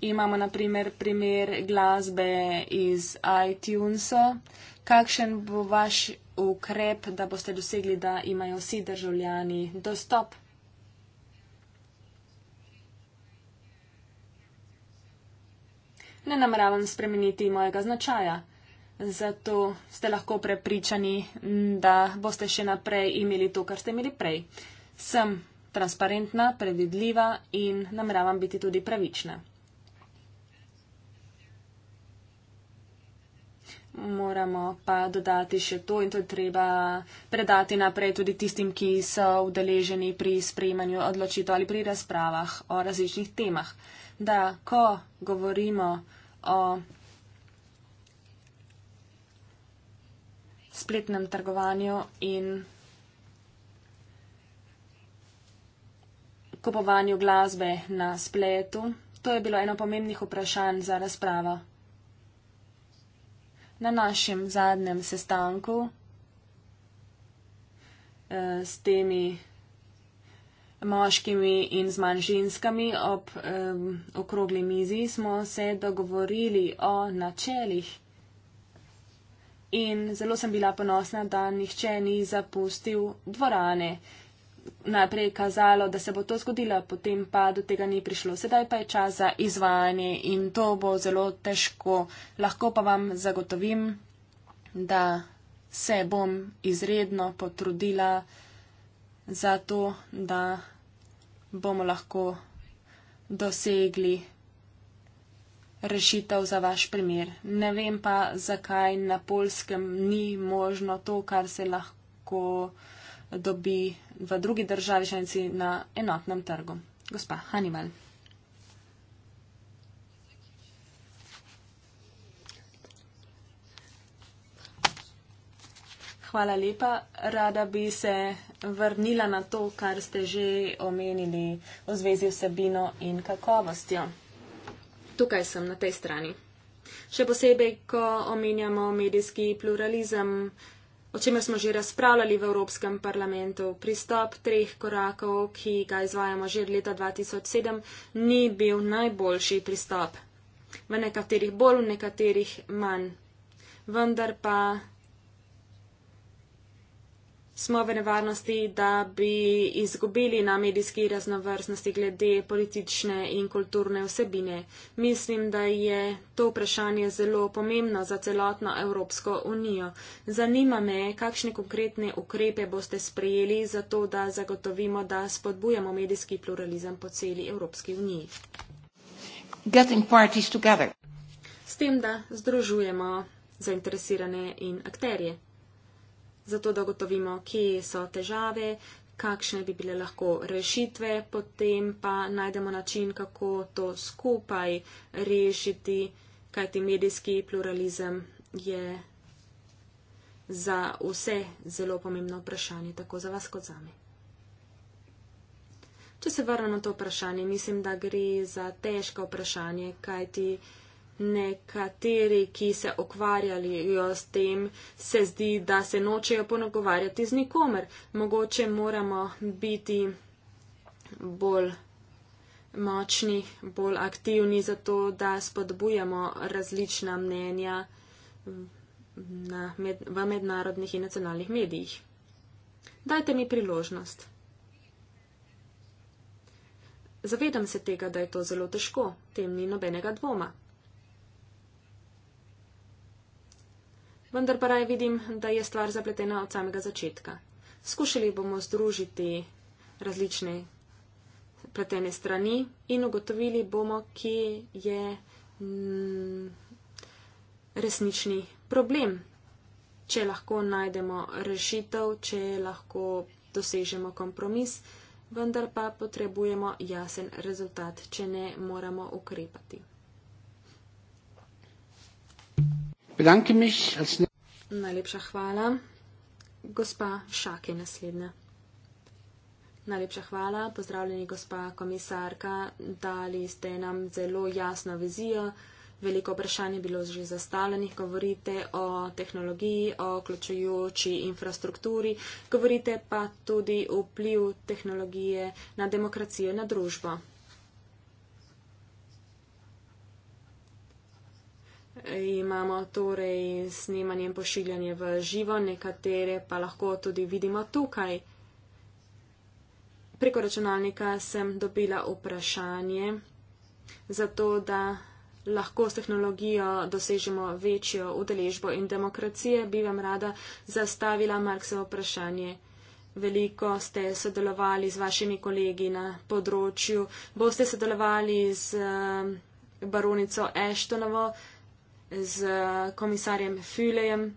Imamo na primer primer glasbe iz iTunesa. Kakšen bo vaš ukrep, da boste dosegli, da imajo vsi državljani dostop? Ne nameravam spremeniti mojega značaja zato ste lahko prepričani, da boste še naprej imeli to, kar ste imeli prej. Sem transparentna, predvidljiva in nameravam biti tudi pravična. Moramo pa dodati še to in to je treba predati naprej tudi tistim, ki so udeleženi pri sprejemanju odločitev ali pri razpravah o različnih temah. Da, ko govorimo o spletnem trgovanju in kupovanju glasbe na spletu. To je bilo eno pomembnih vprašanj za razpravo. Na našem zadnjem sestanku eh, s temi moškimi in z manj ženskami ob eh, okrogli mizi smo se dogovorili o načelih in zelo sem bila ponosna, da nihče ni zapustil dvorane. Najprej je kazalo, da se bo to zgodilo, potem pa do tega ni prišlo. Sedaj pa je čas za izvajanje in to bo zelo težko. Lahko pa vam zagotovim, da se bom izredno potrudila za to, da bomo lahko dosegli rešitev za vaš primer. Ne vem pa, zakaj na polskem ni možno to, kar se lahko dobi v drugi državi članici na enotnem trgu. Gospa Hannibal. Hvala lepa. Rada bi se vrnila na to, kar ste že omenili v zvezi vsebino in kakovostjo tukaj sem, na tej strani. Še posebej, ko omenjamo medijski pluralizem, o čemer smo že razpravljali v Evropskem parlamentu, pristop treh korakov, ki ga izvajamo že od leta 2007, ni bil najboljši pristop. V nekaterih bolj, v nekaterih manj. Vendar pa smo v nevarnosti, da bi izgubili na medijski raznovrstnosti glede politične in kulturne vsebine. Mislim, da je to vprašanje zelo pomembno za celotno Evropsko unijo. Zanima me, kakšne konkretne ukrepe boste sprejeli za to, da zagotovimo, da spodbujamo medijski pluralizem po celi Evropski uniji. S tem, da združujemo zainteresirane in akterje zato da gotovimo, kje so težave, kakšne bi bile lahko rešitve, potem pa najdemo način, kako to skupaj rešiti, kajti medijski pluralizem je za vse zelo pomembno vprašanje, tako za vas kot zame. Če se vrnemo na to vprašanje, mislim, da gre za težko vprašanje, kajti nekateri, ki se okvarjali s tem, se zdi, da se nočejo ponagovarjati z nikomer. Mogoče moramo biti bolj močni, bolj aktivni, zato da spodbujamo različna mnenja na, med, v mednarodnih in nacionalnih medijih. Dajte mi priložnost. Zavedam se tega, da je to zelo težko, tem ni nobenega dvoma. vendar pa raje vidim, da je stvar zapletena od samega začetka. Skušali bomo združiti različne pletene strani in ugotovili bomo, kje je mm, resnični problem, če lahko najdemo rešitev, če lahko dosežemo kompromis, vendar pa potrebujemo jasen rezultat, če ne moramo ukrepati. Bedanke mich als Najlepša hvala. Gospa Šak je naslednja. Najlepša hvala. Pozdravljeni, gospa komisarka. Dali ste nam zelo jasno vizijo. Veliko vprašanj je bilo že zastavljenih. Govorite o tehnologiji, o vključujoči infrastrukturi, govorite pa tudi o vpliv tehnologije na demokracijo in na družbo. imamo torej snemanje in pošiljanje v živo, nekatere pa lahko tudi vidimo tukaj. Preko računalnika sem dobila vprašanje za to, da lahko s tehnologijo dosežemo večjo udeležbo in demokracije, bi vam rada zastavila Marksovo vprašanje. Veliko ste sodelovali z vašimi kolegi na področju, boste sodelovali z eh, baronico Eštonovo, z komisarjem Fülejem,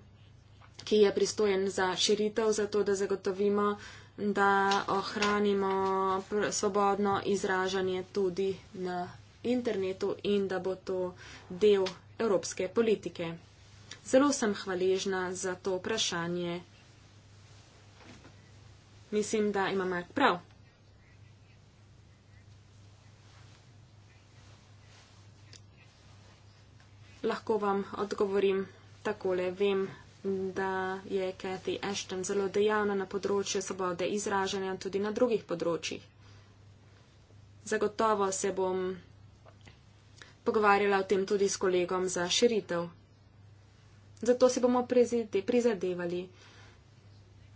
ki je pristojen za širitev, zato da zagotovimo, da ohranimo svobodno izražanje tudi na internetu in da bo to del evropske politike. Zelo sem hvaležna za to vprašanje. Mislim, da ima Mark prav. lahko vam odgovorim takole. Vem, da je Kathy Ashton zelo dejavna na področju svobode izražanja tudi na drugih področjih. Zagotovo se bom pogovarjala o tem tudi s kolegom za širitev. Zato si bomo prizadevali.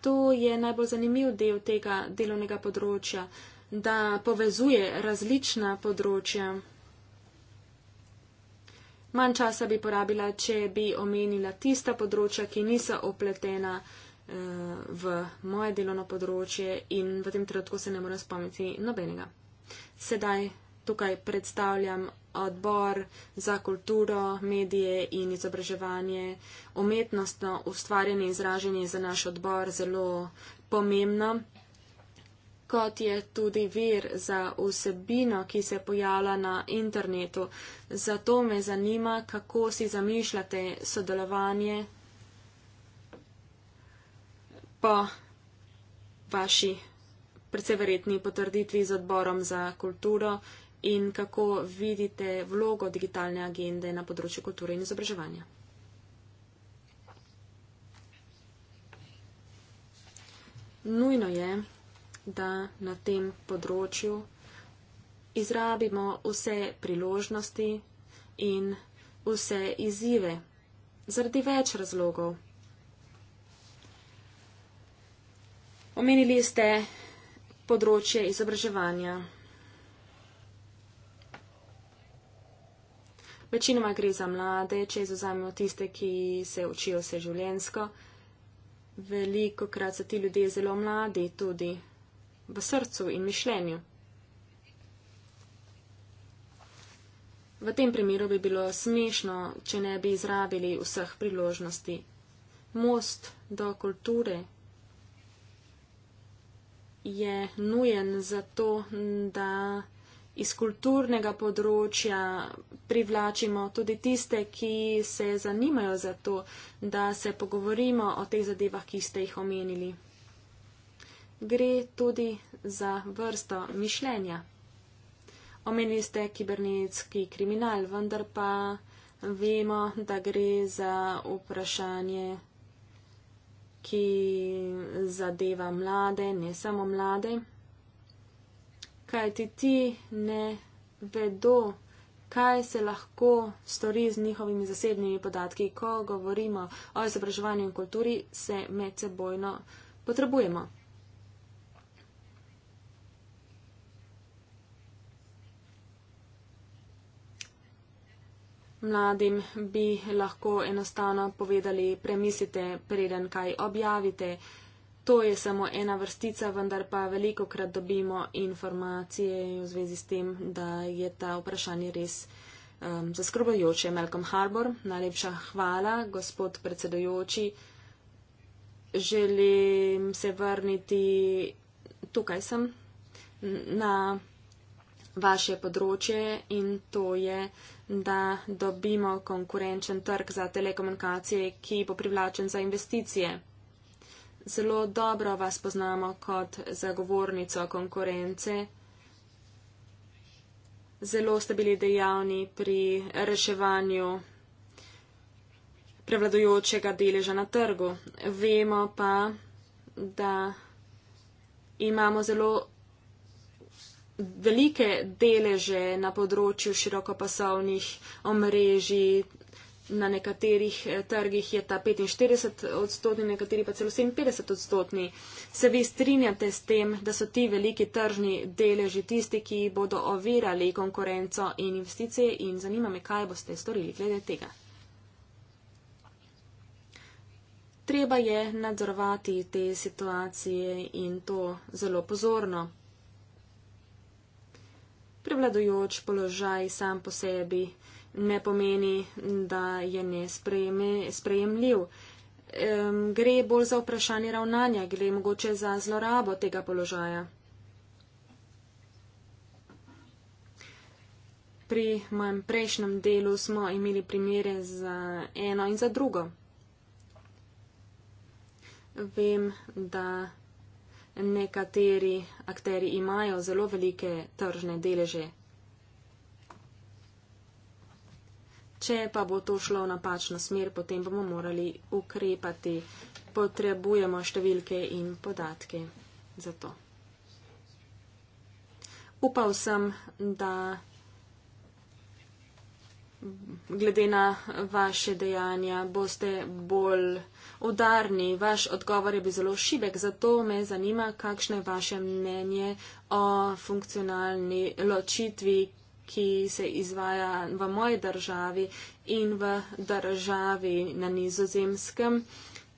To je najbolj zanimiv del tega delovnega področja, da povezuje različna področja manj časa bi porabila, če bi omenila tista področja, ki niso opletena eh, v moje delovno področje in v tem trenutku se ne morem spomniti nobenega. Sedaj tukaj predstavljam odbor za kulturo, medije in izobraževanje, umetnostno ustvarjanje in izraženje za naš odbor zelo pomembno kot je tudi vir za vsebino, ki se pojavlja na internetu. Zato me zanima, kako si zamišljate sodelovanje po vaši predvsej verjetni potrditvi z odborom za kulturo in kako vidite vlogo digitalne agende na področju kulture in izobraževanja. Nujno je, da na tem področju izrabimo vse priložnosti in vse izzive zaradi več razlogov. Omenili ste področje izobraževanja. Večinoma gre za mlade, če izuzamemo tiste, ki se učijo vse življensko. Veliko krat so ti ljudje zelo mladi tudi v srcu in mišljenju. V tem primeru bi bilo smešno, če ne bi izrabili vseh priložnosti. Most do kulture je nujen zato, da iz kulturnega področja privlačimo tudi tiste, ki se zanimajo za to, da se pogovorimo o teh zadevah, ki ste jih omenili gre tudi za vrsto mišljenja. Omenili ste kibernetski kriminal, vendar pa vemo, da gre za vprašanje, ki zadeva mlade, ne samo mlade, kajti ti ne vedo, kaj se lahko stori z njihovimi zasebnimi podatki. Ko govorimo o izobraževanju in kulturi, se medsebojno potrebujemo. Mladim bi lahko enostavno povedali, premislite, preden kaj objavite. To je samo ena vrstica, vendar pa veliko krat dobimo informacije v zvezi s tem, da je ta vprašanje res um, zaskrbljujoče. Malcolm Harbour, najlepša hvala, gospod predsedojoči. Želim se vrniti, tukaj sem, na vaše področje in to je da dobimo konkurenčen trg za telekomunikacije, ki bo privlačen za investicije. Zelo dobro vas poznamo kot zagovornico konkurence. Zelo ste bili dejavni pri reševanju prevladujočega deleža na trgu. Vemo pa, da imamo zelo velike deleže na področju širokopasovnih omrežij, na nekaterih eh, trgih je ta 45 odstotni, nekateri pa celo 57 odstotni. Se vi strinjate s tem, da so ti veliki tržni deleži tisti, ki bodo ovirali konkurenco in investicije in zanima me, kaj boste storili glede tega? Treba je nadzorovati te situacije in to zelo pozorno prevladojoč položaj sam po sebi ne pomeni, da je nesprejemljiv. Um, gre bolj za vprašanje ravnanja, gre mogoče za zlorabo tega položaja. Pri mojem prejšnjem delu smo imeli primere za eno in za drugo. Vem, da nekateri akteri imajo zelo velike tržne deleže. Če pa bo to šlo v napačno smer, potem bomo morali ukrepati. Potrebujemo številke in podatke za to. Upal sem, da glede na vaše dejanja boste bolj udarni. Vaš odgovor je bil zelo šibek, zato me zanima, kakšno je vaše mnenje o funkcionalni ločitvi, ki se izvaja v moji državi in v državi na nizozemskem.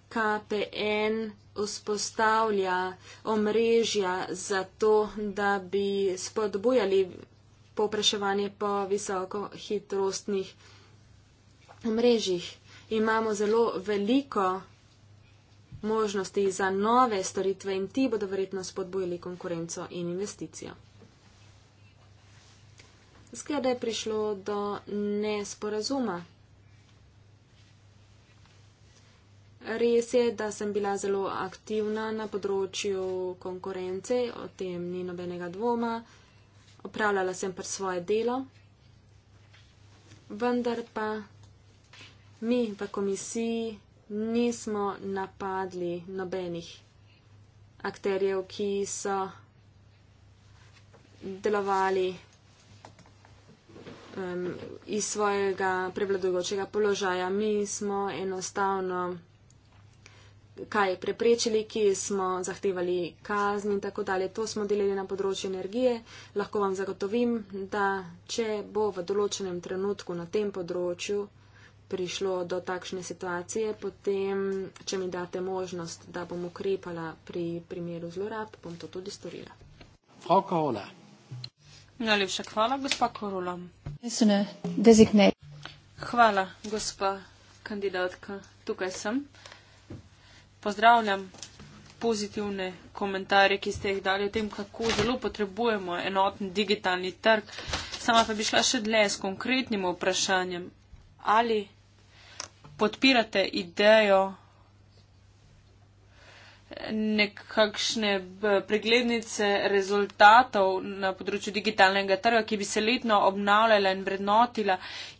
KPN vzpostavlja omrežja za to, da bi spodbujali popraševanje po visokohitrostnih omrežjih. Imamo zelo veliko možnosti za nove storitve in ti bodo verjetno spodbojili konkurenco in investicijo. Zgleda je prišlo do nesporazuma. Res je, da sem bila zelo aktivna na področju konkurence, o tem ni nobenega dvoma. Opravljala sem pa svoje delo. Vendar pa mi v komisiji nismo napadli nobenih akterjev, ki so delovali um, iz svojega prevladujočega položaja. Mi smo enostavno kaj preprečili, ki smo zahtevali kazni in tako dalje. To smo delili na področju energije. Lahko vam zagotovim, da če bo v določenem trenutku na tem področju prišlo do takšne situacije, potem, če mi date možnost, da bom ukrepala pri primeru zlorab, bom to tudi storila. Frau Korola. Najlepša hvala, gospa Korola. Hvala, gospa kandidatka. Tukaj sem. Pozdravljam pozitivne komentarje, ki ste jih dali o tem, kako zelo potrebujemo enoten digitalni trg. Sama pa bi šla še dlje s konkretnim vprašanjem. Ali podpirate idejo nekakšne eh, preglednice rezultatov na področju digitalnega trga, ki bi se letno obnavljala in vrednotila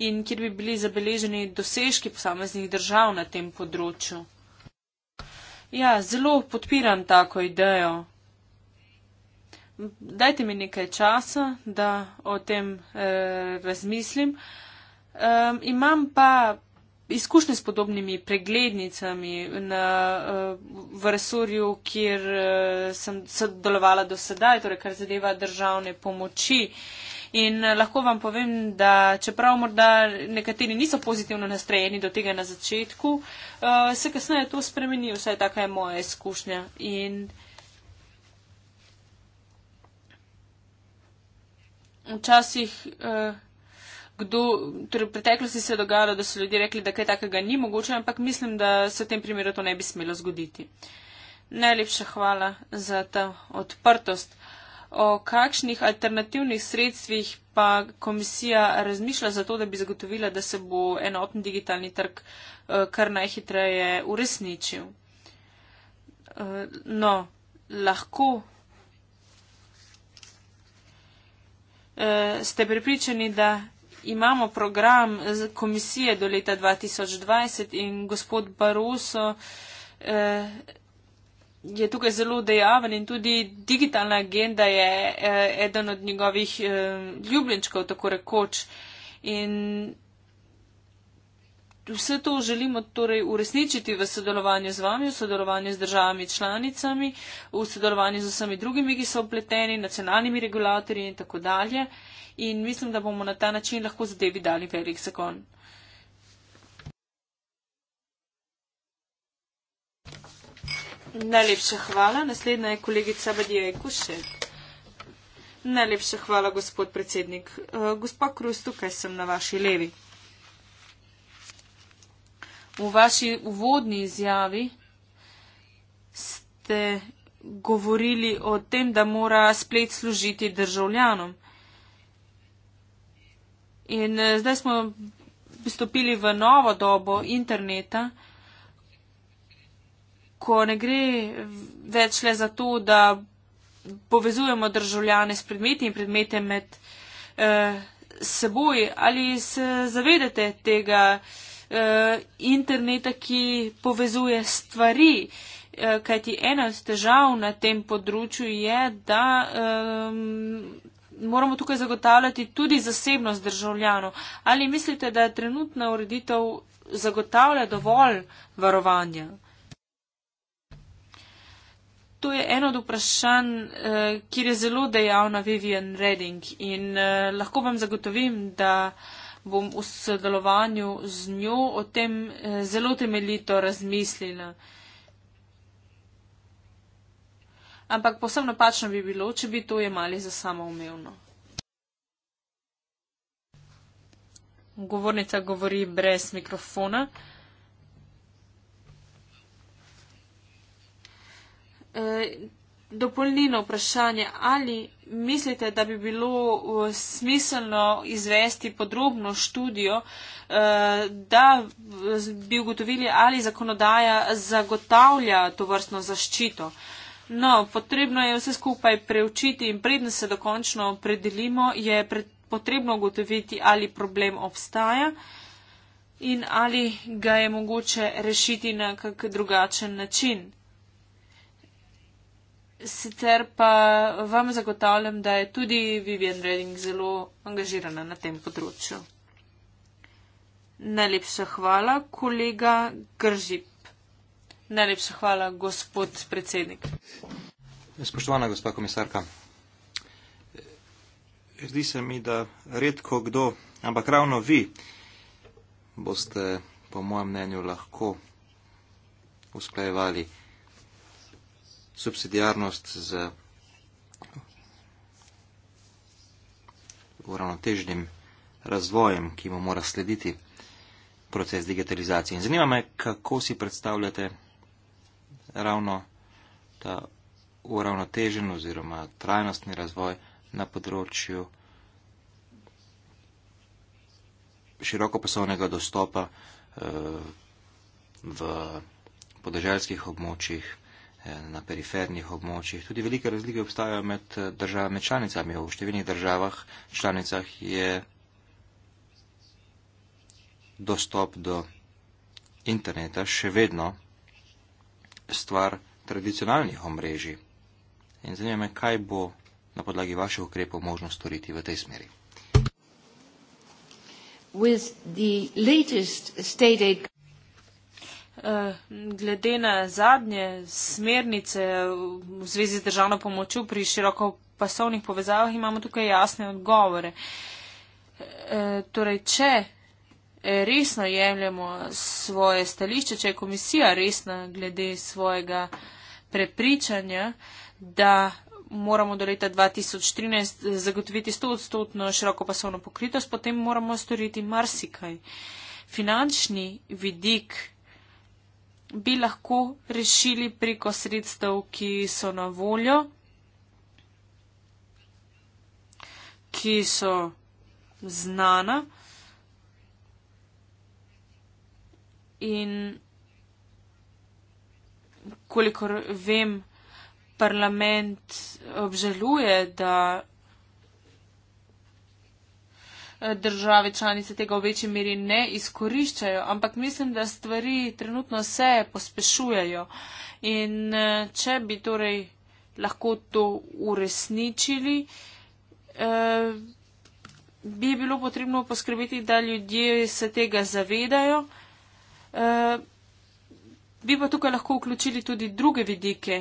in kjer bi bili zabeleženi dosežki posameznih držav na tem področju. Ja, zelo podpiram tako idejo. Dajte mi nekaj časa, da o tem eh, razmislim. Eh, imam pa izkušnje s podobnimi preglednicami na, eh, v resorju, kjer eh, sem sodelovala do sedaj, torej kar zadeva državne pomoči. In eh, lahko vam povem, da čeprav morda nekateri niso pozitivno nastrojeni do tega na začetku, se kasneje to spremeni, vsaj taka je moja izkušnja. In včasih kdo, torej v preteklosti se je dogajalo, da so ljudje rekli, da kaj takega ni mogoče, ampak mislim, da se v tem primeru to ne bi smelo zgoditi. Najlepša hvala za ta odprtost. O kakšnih alternativnih sredstvih pa komisija razmišlja za to, da bi zagotovila, da se bo enotni digitalni trg eh, kar najhitreje uresničil? Eh, no, lahko. Eh, ste pripričani, da imamo program z komisije do leta 2020 in gospod Baroso eh, je tukaj zelo dejaven in tudi digitalna agenda je eh, eden od njegovih eh, ljubljenčkov, tako rekoč. In vse to želimo torej uresničiti v sodelovanju z vami, v sodelovanju z državami članicami, v sodelovanju z vsemi drugimi, ki so opleteni, nacionalnimi regulatorji in tako dalje. In mislim, da bomo na ta način lahko zadevi dali velik zakon. Najlepša hvala. Naslednja je kolegica Badija Ekuše. Najlepša hvala, gospod predsednik. Eh, gospa Krust, tukaj sem na vaši levi. V vaši uvodni izjavi ste govorili o tem, da mora splet služiti državljanom. In eh, zdaj smo pristopili v novo dobo interneta, ko ne gre več le za to, da povezujemo državljane s predmeti in predmete med eh, seboj. Ali se zavedate tega? Eh, Eh, interneta, ki povezuje stvari. Eh, kajti ena od težav na tem področju je, da um, moramo tukaj zagotavljati tudi zasebnost državljanov. Ali mislite, da trenutna ureditev zagotavlja dovolj varovanja? To je eno od vprašanj, kjer je zelo dejavna Vivian Redding in lahko vam zagotovim, da bom v sodelovanju z njo o tem eh, zelo temeljito razmislila. Ampak posebno napačno bi bilo, če bi to jemali za samoumevno. Govornica govori brez mikrofona. E, dopolnilno vprašanje, ali mislite, da bi bilo uh, smiselno izvesti podrobno študijo, uh, da uh, bi ugotovili, ali zakonodaja zagotavlja to vrstno zaščito. No, potrebno je vse skupaj preučiti in predno se dokončno predelimo, je pred, potrebno ugotoviti, ali problem obstaja in ali ga je mogoče rešiti na kak drugačen način. Sicer pa vam zagotavljam, da je tudi Vivian Redding zelo angažirana na tem področju. Najlepša hvala, kolega Gržip. Najlepša hvala, gospod predsednik. Spoštovana gospa komisarka, zdi se mi, da redko kdo, ampak ravno vi, boste po mojem mnenju lahko usklajevali subsidijarnost z uravnotežnim razvojem, ki mu mora slediti proces digitalizacije. In zanima me, kako si predstavljate ravno ta uravnotežen oziroma trajnostni razvoj na področju širokopasovnega dostopa eh, v podeželskih območjih. Eh, na perifernih območjih. Tudi velike razlike obstajajo med eh, državami članicami. V številnih državah članicah je dostop do interneta še vedno stvar tradicionalnih omrežij. In zanima me, kaj bo na podlagi vaših ukrepov možno storiti v tej smeri. With the latest state aid... Eh, glede na zadnje smernice v zvezi z državno pomočjo pri širokopasovnih povezavah imamo tukaj jasne odgovore. Eh, torej, če resno jemljamo svoje stališče, če je komisija resna glede svojega prepričanja, da moramo do leta 2013 zagotoviti 100 odstotno širokopasovno pokritost, potem moramo storiti marsikaj. Finančni vidik bi lahko rešili preko sredstev, ki so na voljo, ki so znana in kolikor vem, parlament obžaluje, da države članice tega v večji meri ne izkoriščajo, ampak mislim, da stvari trenutno se pospešujejo. In eh, če bi torej lahko to uresničili, eh, bi bilo potrebno poskrbeti, da ljudje se tega zavedajo. Eh, bi pa tukaj lahko vključili tudi druge vidike,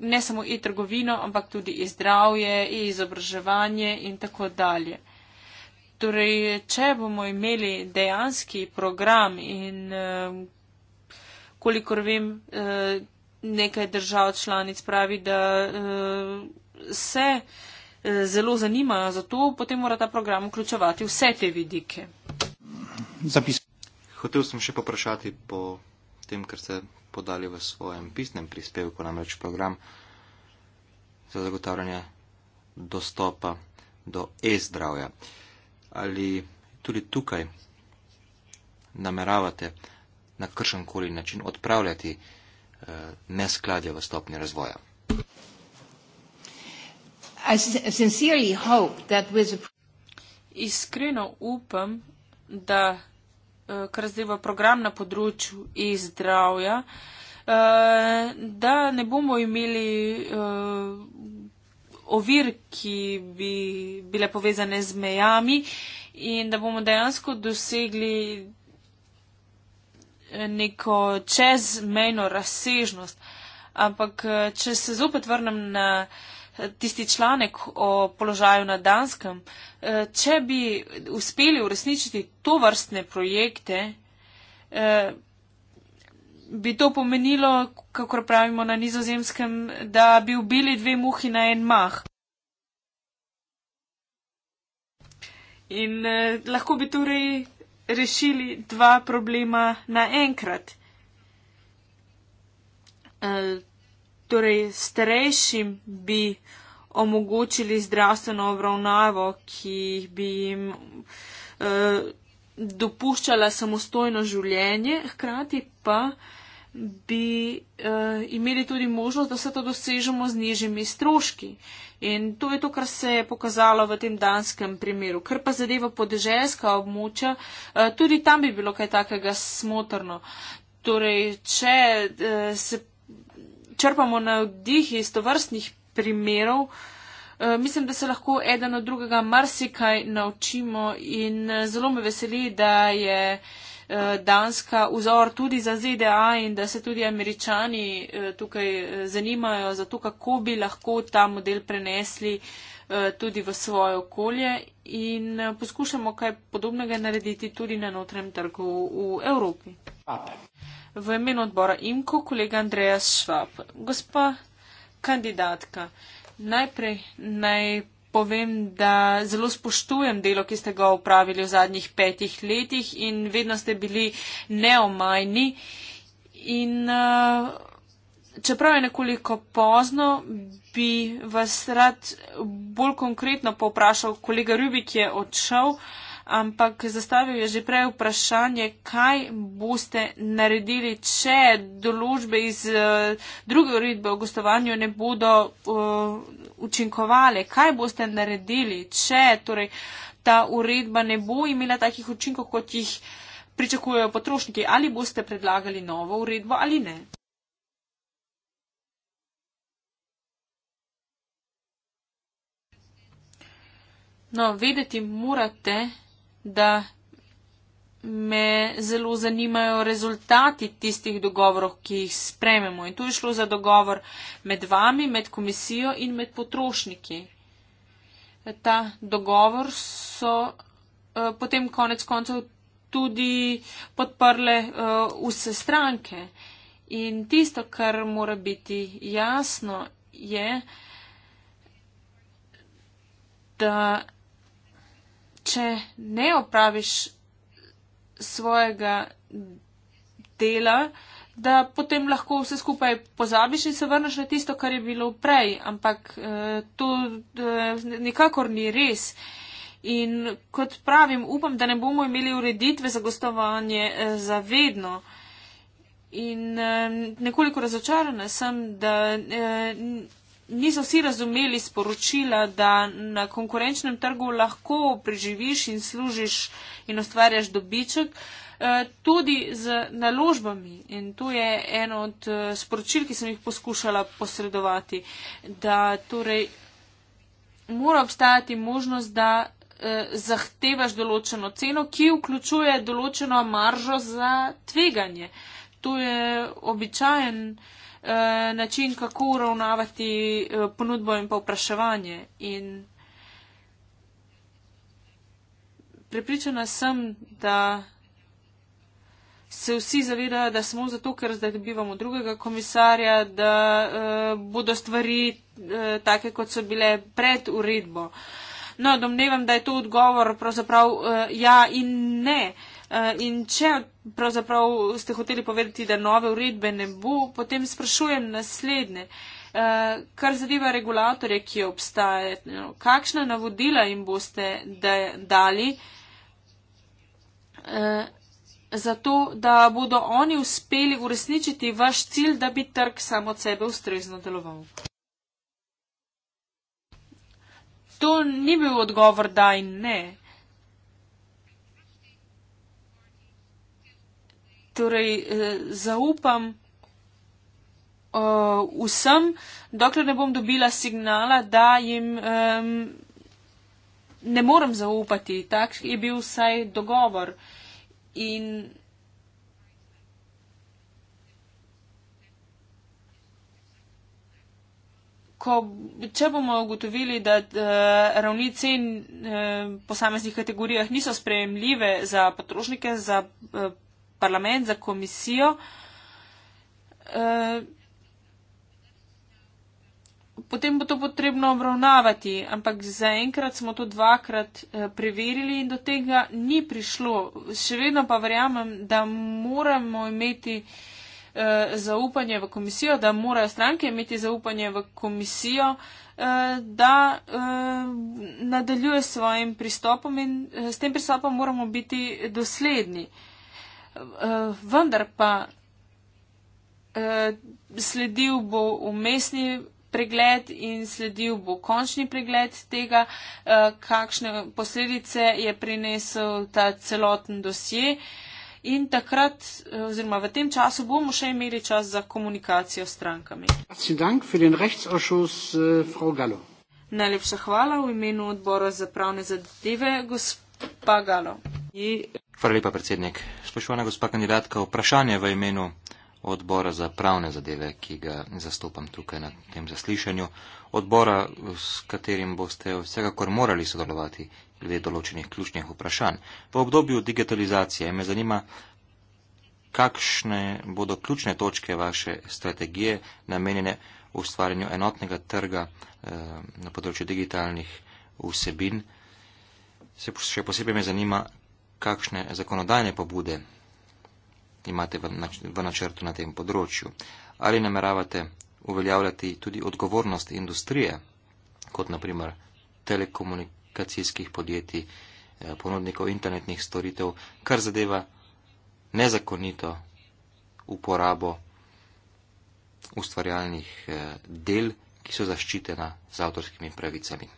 ne samo e-trgovino, ampak tudi e-zdravje, e-izobraževanje in tako dalje. Torej, če bomo imeli dejanski program in eh, kolikor vem, eh, nekaj držav članic pravi, da eh, se zelo zanimajo za to, potem mora ta program vključevati vse te vidike. Zapis. Hotev sem še poprašati po tem, kar ste podali v svojem pisnem prispevku, namreč program za zagotavljanje dostopa do e-zdravja ali tudi tukaj nameravate na kršen koli način odpravljati eh, neskladje v stopni razvoja. Iskreno upam, da eh, kar zdaj v program na področju izdravja, eh, da ne bomo imeli eh, ovir, ki bi bile povezane z mejami in da bomo dejansko dosegli eh, neko čezmejno razsežnost. Ampak, eh, če se zopet vrnem na eh, tisti članek o položaju na Danskem, če bi uspeli uresničiti to vrstne projekte, bi to pomenilo, kako pravimo na nizozemskem, da bi ubili dve muhi na en mah. In eh, lahko bi torej rešili dva problema naenkrat. Eh, torej, starejšim bi omogočili zdravstveno obravnavo, ki bi jim eh, dopuščala samostojno življenje, hkrati pa eh, bi uh, imeli tudi možnost, da se to dosežemo z nižjimi stroški. In to je to, kar se je pokazalo v tem danskem primeru. Ker pa zadeva podeželska območja, uh, tudi tam bi bilo kaj takega smotrno. Torej, če uh, se črpamo na vdih iz tovrstnih primerov, Mislim, da se lahko eden od drugega marsikaj naučimo in zelo me veseli, da je uh, Eh, Danska vzor tudi za ZDA in da se tudi američani eh, tukaj eh, zanimajo za to, kako bi lahko ta model prenesli tudi v svoje okolje in poskušamo kaj podobnega narediti tudi na notrem trgu v Evropi. V imenu odbora IMKO kolega Andreja Švab. Gospa kandidatka, najprej naj povem, da zelo spoštujem delo, ki ste ga upravili v zadnjih petih letih in vedno ste bili neomajni. In eh, čeprav je nekoliko pozno, bi vas rad bolj konkretno poprašal, kolega Rubik je odšel, ampak zastavil je že prej vprašanje, kaj boste naredili, če določbe iz eh, druge uredbe o gostovanju ne bodo eh, učinkovale, kaj boste naredili, če torej, ta uredba ne bo imela takih učinkov, kot jih pričakujejo potrošniki, ali boste predlagali novo uredbo ali ne. No, vedeti morate, da me zelo zanimajo rezultati tistih dogovorov, ki jih sprememo. In tu je šlo za dogovor med vami, med komisijo in med potrošniki. Ta dogovor so uh, potem konec koncev tudi podprle uh, vse stranke. In tisto, kar mora biti jasno, je, da če ne opraviš svojega dela, da potem lahko vse skupaj pozabiš in se vrneš na tisto, kar je bilo prej. Ampak eh, to eh, nikakor ni res. In kot pravim, upam, da ne bomo imeli ureditve za gostovanje eh, za vedno. In nekoliko razočarana sem, da niso vsi razumeli sporočila, da na konkurenčnem trgu lahko preživiš in služiš in ustvarjaš dobiček eh, tudi z naložbami. In to je eno od eh, sporočil, ki sem jih poskušala posredovati, da torej mora obstajati možnost, da eh, zahtevaš določeno ceno, ki vključuje določeno maržo za tveganje. To je običajen. Eh, način, kako uravnavati eh, ponudbo in pa vpraševanje. In pripričana sem, da se vsi zavedajo, da smo zato, ker zdaj dobivamo drugega komisarja, da eh, bodo stvari take, kot so bile pred uredbo. No, domnevam, da je to odgovor pravzaprav ja in ne. Eh, in če pravzaprav ste hoteli povedati, da nove uredbe ne bo, potem sprašujem naslednje. Eh, kar zadeva regulatorje, ki obstajajo, no, kakšna navodila jim boste dali eh, za to, da bodo oni uspeli uresničiti vaš cilj, da bi trg samo sebe ustrezno deloval? To ni bil odgovor da in ne. torej eh, zaupam uh, vsem, dokler ne bom dobila signala, da jim um, ne morem zaupati. Tak je bil vsaj dogovor. In Ko, če bomo ugotovili, da e, ravni cen e, posameznih kategorijah niso sprejemljive za potrošnike, za e, parlament, za komisijo. Eh, potem bo to potrebno obravnavati, ampak zaenkrat smo to dvakrat eh, preverili in do tega ni prišlo. Še vedno pa verjamem, da moramo imeti eh, zaupanje v komisijo, da morajo stranke imeti zaupanje v komisijo, da nadaljuje s svojim pristopom in s tem pristopom moramo biti dosledni uh, vendar pa uh, sledil bo umestni pregled in sledil bo končni pregled tega, uh, kakšne posledice je prinesel ta celoten dosje. In takrat, oziroma v tem času, bomo še imeli čas za komunikacijo s strankami. Äh, Najlepša hvala v imenu odbora za pravne zadeve, gospa Galo. Hvala lepa, predsednik. Spoštovana gospa kandidatka, vprašanje v imenu odbora za pravne zadeve, ki ga zastopam tukaj na tem zaslišanju, odbora, s katerim boste vsekakor morali sodelovati glede določenih ključnih vprašanj. V obdobju digitalizacije me zanima, kakšne bodo ključne točke vaše strategije namenjene ustvarjanju enotnega trga eh, na področju digitalnih vsebin. Se, še posebej me zanima, kakšne zakonodajne pobude imate v načrtu na tem področju? Ali nameravate uveljavljati tudi odgovornost industrije, kot naprimer telekomunikacijskih podjetij, eh, ponudnikov internetnih storitev, kar zadeva nezakonito uporabo ustvarjalnih eh, del, ki so zaščitena z avtorskimi pravicami?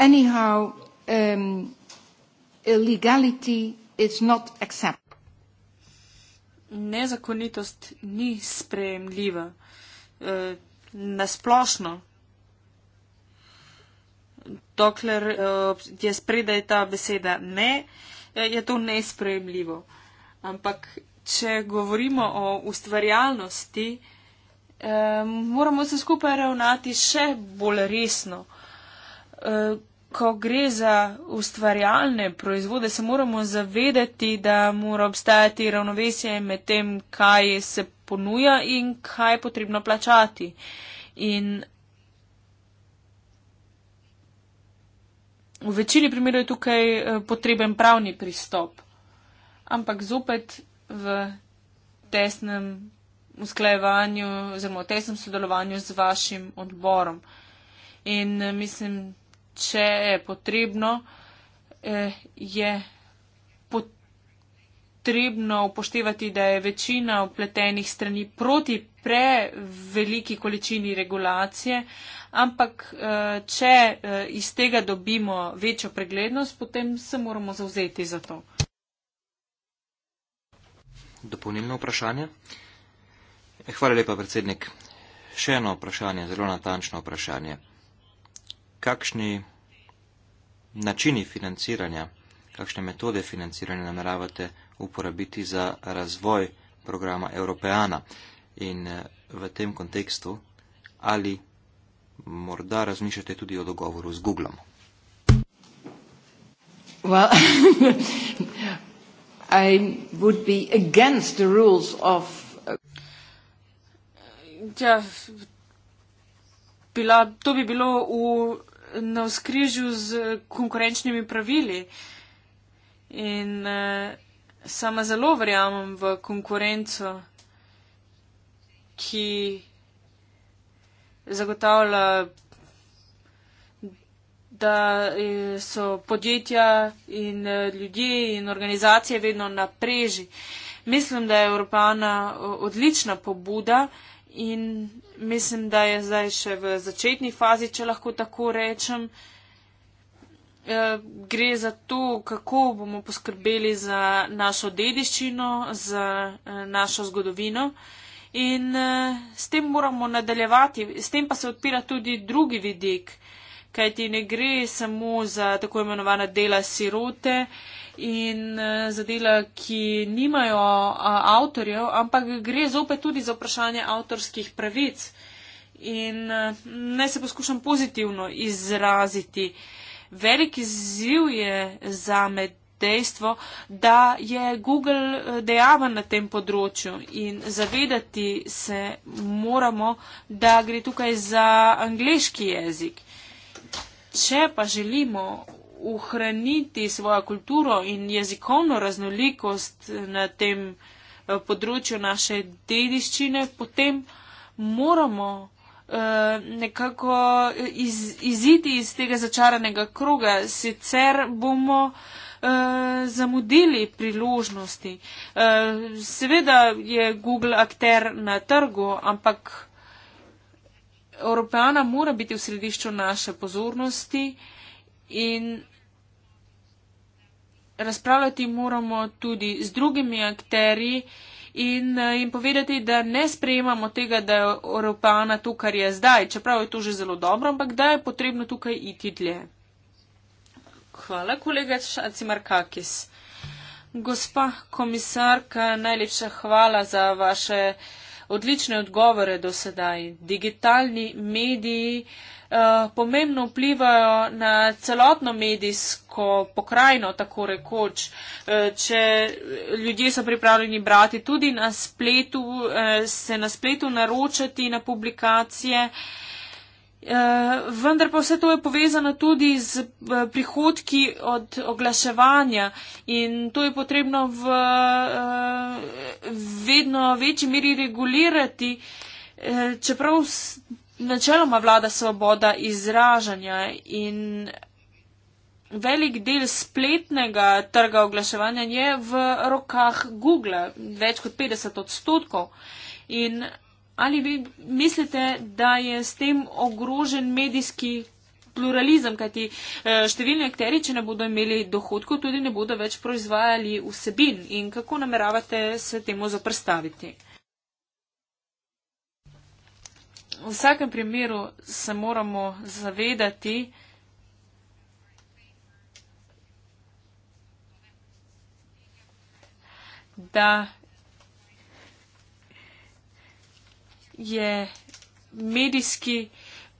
Anyhow, um, illegality is not acceptable. Nezakonitost ni sprejemljiva. Uh, e, nasplošno. Dokler uh, je spredaj ta beseda ne, e, je to nesprejemljivo. Ampak, če govorimo o ustvarjalnosti, eh, moramo se skupaj ravnati še bolj resno. Eh, ko gre za ustvarjalne proizvode, se moramo zavedati, da mora obstajati ravnovesje med tem, kaj se ponuja in kaj je potrebno plačati. In v večini primerov je tukaj eh, potreben pravni pristop. Ampak zopet v tesnem usklajevanju oziroma tesnem sodelovanju z vašim odborom. In eh, mislim, če je potrebno, eh, je potrebno upoštevati, da je večina upletenih strani proti preveliki količini regulacije, ampak eh, če eh, iz tega dobimo večjo preglednost, potem se moramo zauzeti za to. Dopolnilno vprašanje. Hvala lepa, predsednik. Še eno vprašanje, zelo natančno vprašanje. Kakšni načini financiranja, kakšne metode financiranja nameravate uporabiti za razvoj programa Europeana in eh, v tem kontekstu ali morda razmišljate tudi o dogovoru z Googlom. Well, I would be against the rules of... Ja, bila, to bi bilo v na vzkrižju z konkurenčnimi pravili. In uh, sama zelo verjamem v konkurenco, ki zagotavlja, da eh, so podjetja in eh, ljudje in organizacije vedno na preži. Mislim, da je Evropana odlična pobuda in mislim, da je zdaj še v začetni fazi, če lahko tako rečem. Eh, gre za to, kako bomo poskrbeli za našo dediščino, za eh, našo zgodovino in eh, s tem moramo nadaljevati. S tem pa se odpira tudi drugi vidik, kajti ne gre samo za tako imenovane dela sirote, in eh, za dela, ki nimajo eh, avtorjev, ampak gre zopet tudi za vprašanje avtorskih pravic. In eh, naj se poskušam pozitivno izraziti. Velik izziv je za me dejstvo, da je Google dejaven na tem področju in zavedati se moramo, da gre tukaj za angliški jezik. Če pa želimo ohraniti svojo kulturo in jezikovno raznolikost na tem eh, področju naše dediščine, potem moramo eh, nekako eh, iz, iziti iz tega začaranega kroga, sicer bomo uh, zamudili priložnosti. Uh, seveda je Google akter na trgu, ampak Evropejana mora biti v središču naše pozornosti in razpravljati moramo tudi z drugimi akteri in, eh, in povedati, da ne sprejemamo tega, da je Evropana to, kar je zdaj, čeprav je to že zelo dobro, ampak da je potrebno tukaj iti dlje. Hvala, kolega Šacimarkakis. Gospa komisarka, najlepša hvala za vaše odlične odgovore do sedaj. Digitalni mediji. Eh, pomembno vplivajo na celotno medijsko pokrajino, tako rekoč. Eh, če ljudje so pripravljeni brati tudi na spletu, eh, se na spletu naročati na publikacije. Vendar pa vse to je povezano tudi z prihodki od oglaševanja in to je potrebno v vedno večji meri regulirati, čeprav načeloma vlada svoboda izražanja in velik del spletnega trga oglaševanja je v rokah Google, več kot 50 odstotkov. In ali vi mislite, da je s tem ogrožen medijski pluralizem, kajti eh, številni akteri, če ne bodo imeli dohodkov, tudi ne bodo več proizvajali vsebin in kako nameravate se temu zaprstaviti? v vsakem primeru se moramo zavedati, da je medijski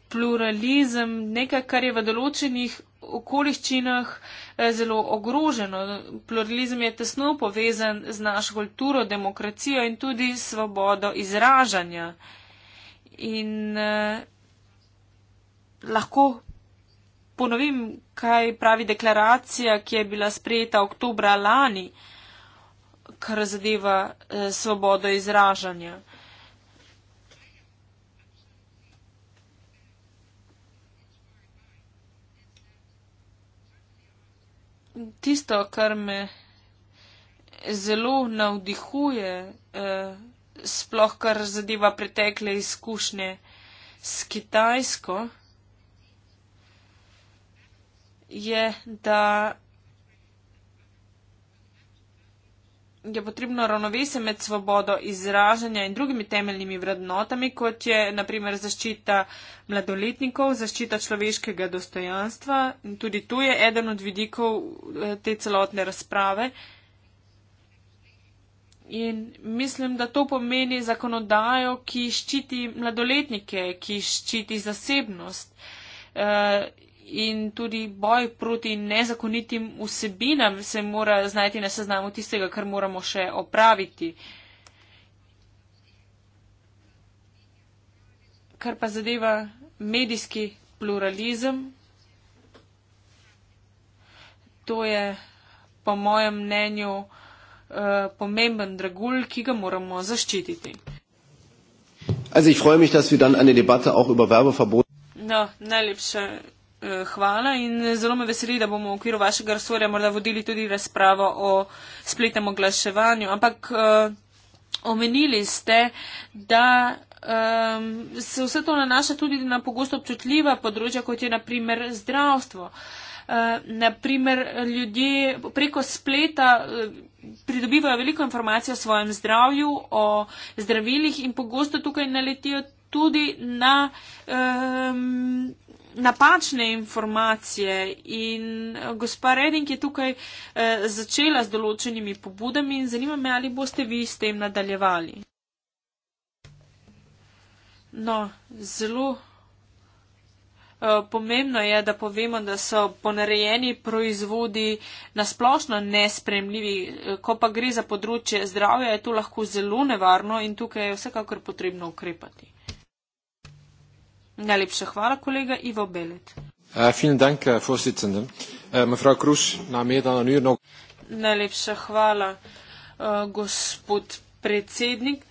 pluralizem nekaj, kar je v določenih okoliščinah eh, zelo ogroženo. Pluralizem je tesno povezan z našo kulturo, demokracijo in tudi svobodo izražanja in uh, lahko ponovim, kaj pravi deklaracija, ki je bila sprejeta oktobra lani, kar zadeva uh, svobodo izražanja. Tisto, kar me zelo navdihuje, uh, sploh kar zadeva pretekle izkušnje s Kitajsko, je, da je potrebno ravnovesje med svobodo izražanja in drugimi temeljnimi vrednotami, kot je naprimer zaščita mladoletnikov, zaščita človeškega dostojanstva. In tudi tu je eden od vidikov eh, te celotne razprave. Uh, In mislim, da to pomeni zakonodajo, ki ščiti mladoletnike, ki ščiti zasebnost uh, in tudi boj proti nezakonitim vsebinam se mora znajti na seznamu tistega, kar moramo še opraviti. Kar pa zadeva medijski pluralizem, to je po mojem mnenju. Uh, Eh, pomemben dragul, ki ga moramo zaščititi. No, najlepše uh, hvala in zelo me veseli, da bomo v okviru vašega resorja morda vodili tudi razpravo o spletnem oglaševanju. Ampak uh, omenili ste, da um, se vse to nanaša tudi na pogosto občutljiva področja, kot je naprimer zdravstvo. Uh, eh, naprimer, ljudje preko spleta. Uh, pridobivajo veliko informacij o svojem zdravju, o zdravilih in pogosto tukaj naletijo tudi na um, napačne informacije. In eh, gospa Reding je tukaj uh, začela z določenimi pobudami in zanima me, ali boste vi s tem nadaljevali. No, zelo Eh, pomembno je, da povemo, da so ponarejeni proizvodi nasplošno nespremljivi. Eh, ko pa gre za področje zdravja, je to lahko zelo nevarno in tukaj je vsekakor potrebno ukrepati. Najlepša hvala, kolega Ivo Belet. Eh, Najlepša hvala, gospod predsednik.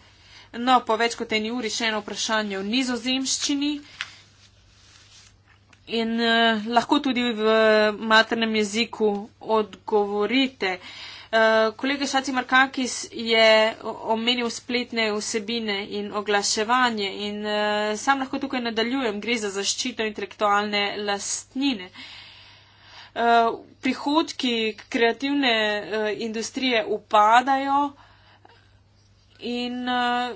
No, po več kot eni uri še eno vprašanje o nizozemščini in uh, lahko tudi v maternem jeziku odgovorite. Uh, kolega Šaci Markakis je omenil spletne vsebine in oglaševanje in uh, sam lahko tukaj nadaljujem, gre za zaščito intelektualne lastnine. Uh, prihodki kreativne uh, industrije upadajo in uh,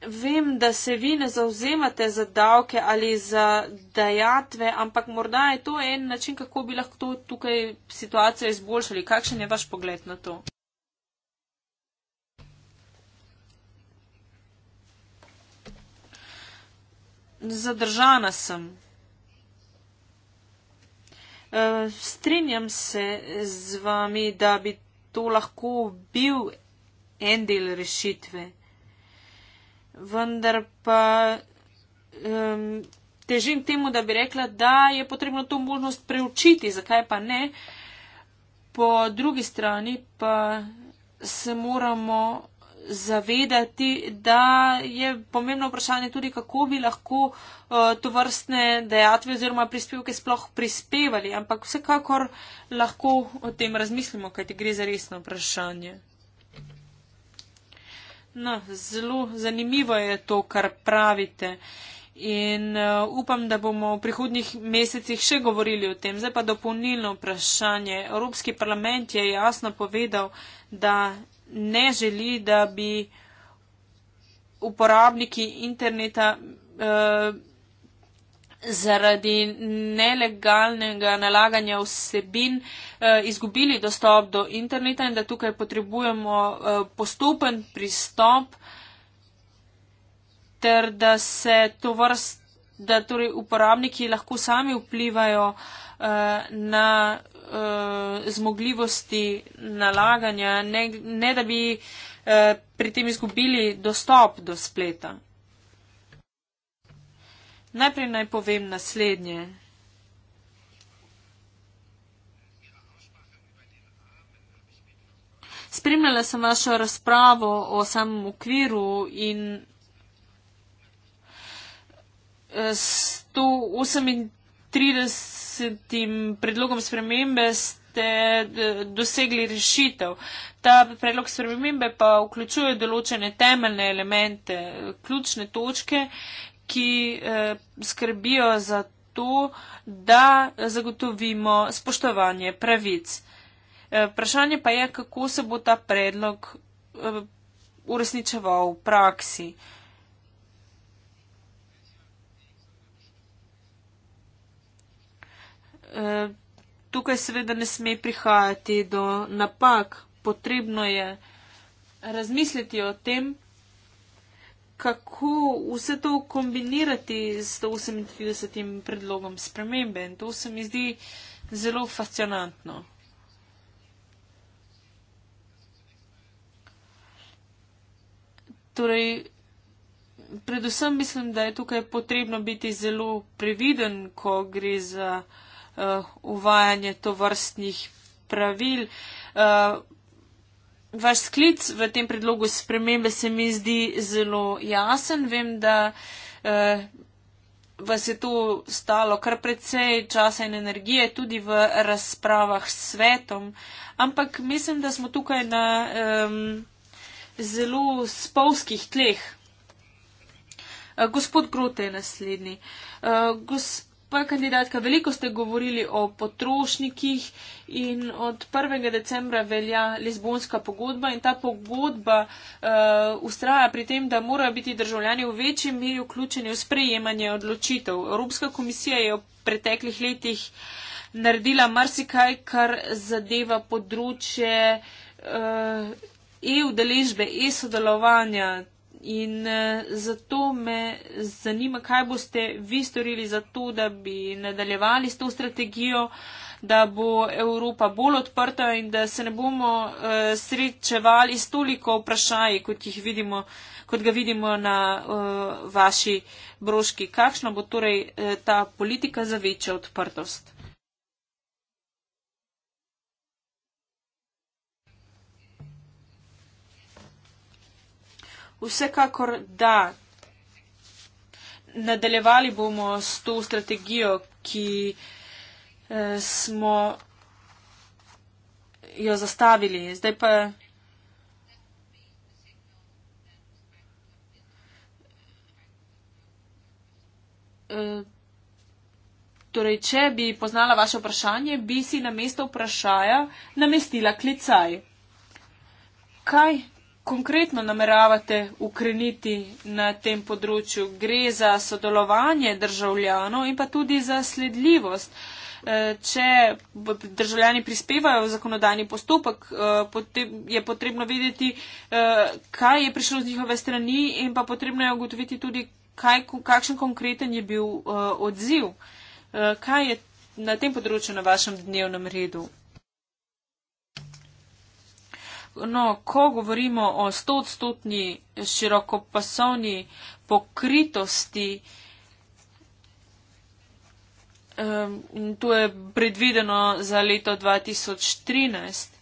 vem, da se vi ne zauzemate za davke ali za dajatve, ampak morda je to en način, kako bi lahko tukaj situacijo izboljšali. Kakšen je vaš pogled na to? Zadržana sem. Uh, strinjam se z vami, da bi to lahko bil en del rešitve vendar pa um, težim temu, da bi rekla, da je potrebno to možnost preučiti, zakaj pa ne. Po drugi strani pa se moramo zavedati, da je pomembno vprašanje tudi, kako bi lahko uh, eh, to vrstne dejatve oziroma prispevke sploh prispevali, ampak vsekakor lahko o tem razmislimo, kajti gre za resno vprašanje. No, zelo zanimivo je to, kar pravite. In uh, upam, da bomo v prihodnjih mesecih še govorili o tem. Zdaj pa dopolnilno vprašanje. Evropski parlament je jasno povedal, da ne želi, da bi uporabniki interneta. Uh, zaradi nelegalnega nalaganja vsebin eh, izgubili dostop do interneta in da tukaj potrebujemo eh, postopen pristop ter da se to vrst, da torej uporabniki lahko sami vplivajo eh, na zmogljivosti nalaganja, ne, ne da bi pri tem izgubili dostop do spleta. Najprej naj povem naslednje. Spremljala sem vašo razpravo o samem okviru in 138. Eh, predlogom spremembe ste eh, dosegli rešitev. Ta predlog spremembe pa vključuje določene temeljne elemente, ključne točke ki eh, skrbijo za to, da zagotovimo spoštovanje pravic. Eh, vprašanje pa je, kako se bo ta predlog eh, uresničeval v praksi. Eh, tukaj seveda ne sme prihajati do napak. Potrebno je razmisliti o tem, kako vse to kombinirati s 138 predlogom spremembe. In to se mi zdi zelo fascinantno. Torej, predvsem mislim, da je tukaj potrebno biti zelo previden, ko gre za uh, uvajanje to vrstnih pravil. Uh, vaš sklic v tem predlogu spremembe se mi zdi zelo jasen. Vem, da eh, vas je to stalo kar precej časa in energije tudi v razpravah s svetom, ampak mislim, da smo tukaj na eh, zelo spolskih tleh. Eh, gospod Grote je naslednji. Eh, gos moja kandidatka, veliko ste govorili o potrošnikih in od 1. decembra velja Lizbonska pogodba in ta pogodba uh, ustraja pri tem, da morajo biti državljani v večji meri vključeni v sprejemanje odločitev. Evropska komisija je v preteklih letih naredila marsikaj, kar zadeva področje. Uh, E-udeležbe, e-sodelovanja, In eh, zato me zanima, kaj boste vi storili za to, da bi nadaljevali s to strategijo, da bo Evropa bolj odprta in da se ne bomo uh, srečevali s toliko vprašaj, kot, vidimo, kot ga vidimo na uh, vaši broški. Kakšna bo torej uh, ta politika za večjo odprtost? Vsekakor da. Nadaljevali bomo s to strategijo, ki eh, smo jo zastavili. Zdaj pa. Eh, torej, če bi poznala vaše vprašanje, bi si na mesto vprašanja namestila klicaj. Kaj konkretno nameravate ukreniti na tem področju? Gre za sodelovanje državljanov in pa tudi za sledljivost. Eh, če državljani prispevajo v zakonodajni postopek, eh, je potrebno videti, eh, kaj je prišlo z njihove strani in pa potrebno je ugotoviti tudi, kaj, kakšen konkreten je bil odziv. Kaj je na tem področju na vašem dnevnem redu? no, ko govorimo o stotstotni širokopasovni pokritosti, um, to je predvideno za leto 2013,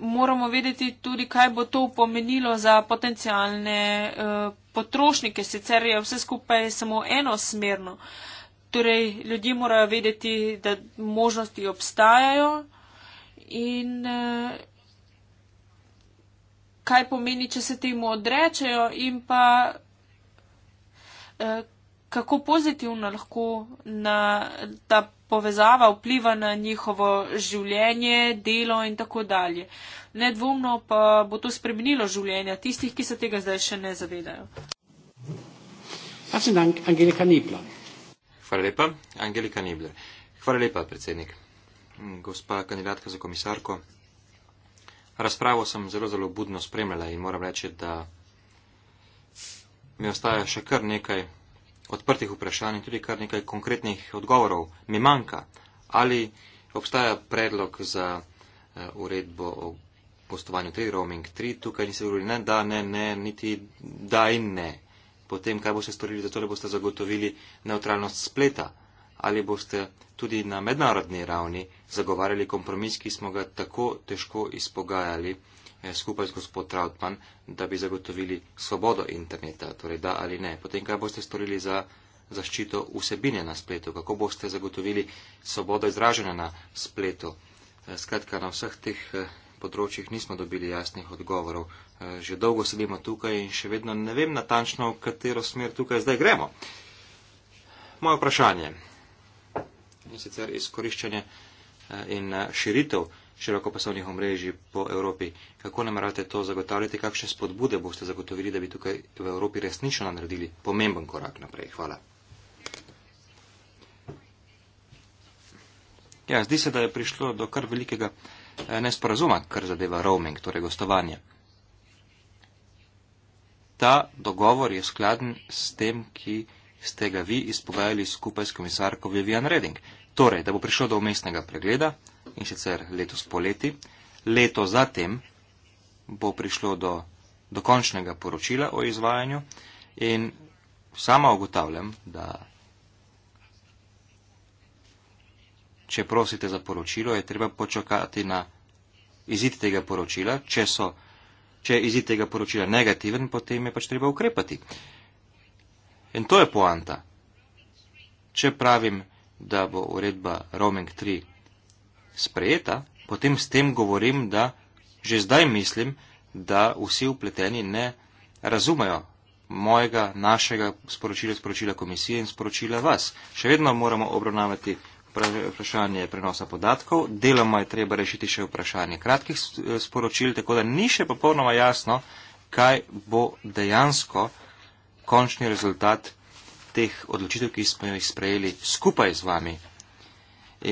moramo vedeti tudi, kaj bo to pomenilo za potencijalne eh, potrošnike. Sicer je vse skupaj samo enosmerno. Torej, ljudje morajo vedeti, da možnosti obstajajo in eh, kaj pomeni, če se temu odrečejo in pa eh, kako pozitivno lahko na, ta povezava vpliva na njihovo življenje, delo in tako dalje. Nedvomno pa bo to spremenilo življenja tistih, ki se tega zdaj še ne zavedajo. Hvala lepa, Angelika Nibler. Hvala lepa, predsednik. Gospa kandidatka za komisarko, razpravo sem zelo, zelo budno spremljala in moram reči, da mi ostaja še kar nekaj odprtih vprašanj in tudi kar nekaj konkretnih odgovorov. Mi manjka, ali obstaja predlog za eh, uredbo o postovanju 3 roaming 3, tukaj niste govorili ne, da, ne, ne, niti da in ne. Potem, kaj boste storili za to, da boste zagotovili neutralnost spleta? Ali boste tudi na mednarodni ravni zagovarjali kompromis, ki smo ga tako težko izpogajali? Eh, skupaj z gospod Trautmann, da bi zagotovili svobodo interneta, torej da ali ne. Potem, kaj boste storili za zaščito vsebine na spletu, kako boste zagotovili svobodo izražanja na spletu. Eh, skratka, na vseh teh eh, področjih nismo dobili jasnih odgovorov. Že dolgo sedimo tukaj in še vedno ne vem natančno, v katero smer tukaj zdaj gremo. Moje vprašanje. In sicer izkoriščanje in širitev širokopasovnih omrežij po Evropi. Kako namerate to zagotavljati, kakšne spodbude boste zagotovili, da bi tukaj v Evropi resnično naredili pomemben korak naprej? Hvala. Ja, zdi se, da je prišlo do kar velikega eh, nesporazuma, kar zadeva roaming, torej gostovanje. Ta dogovor je skladen s tem, ki ste ga vi izpogajali skupaj s komisarko Vivian Reding. Torej, da bo prišlo do umestnega pregleda, in sicer letos poleti. Leto zatem bo prišlo do dokončnega poročila o izvajanju in sama ugotavljam, da če prosite za poročilo, je treba počakati na izid tega poročila. Če, so, če je izid tega poročila negativen, potem je pač treba ukrepati. In to je poanta. Če pravim, da bo uredba Roaming 3 sprejeta, potem s tem govorim, da že zdaj mislim, da vsi upleteni ne razumejo mojega, našega sporočila, sporočila komisije in sporočila vas. Še vedno moramo obravnavati vprašanje prenosa podatkov, deloma je treba rešiti še vprašanje kratkih eh, sporočil, tako da ni še popolnoma jasno, kaj bo dejansko končni rezultat teh odločitev, ki smo jih sprejeli skupaj z vami.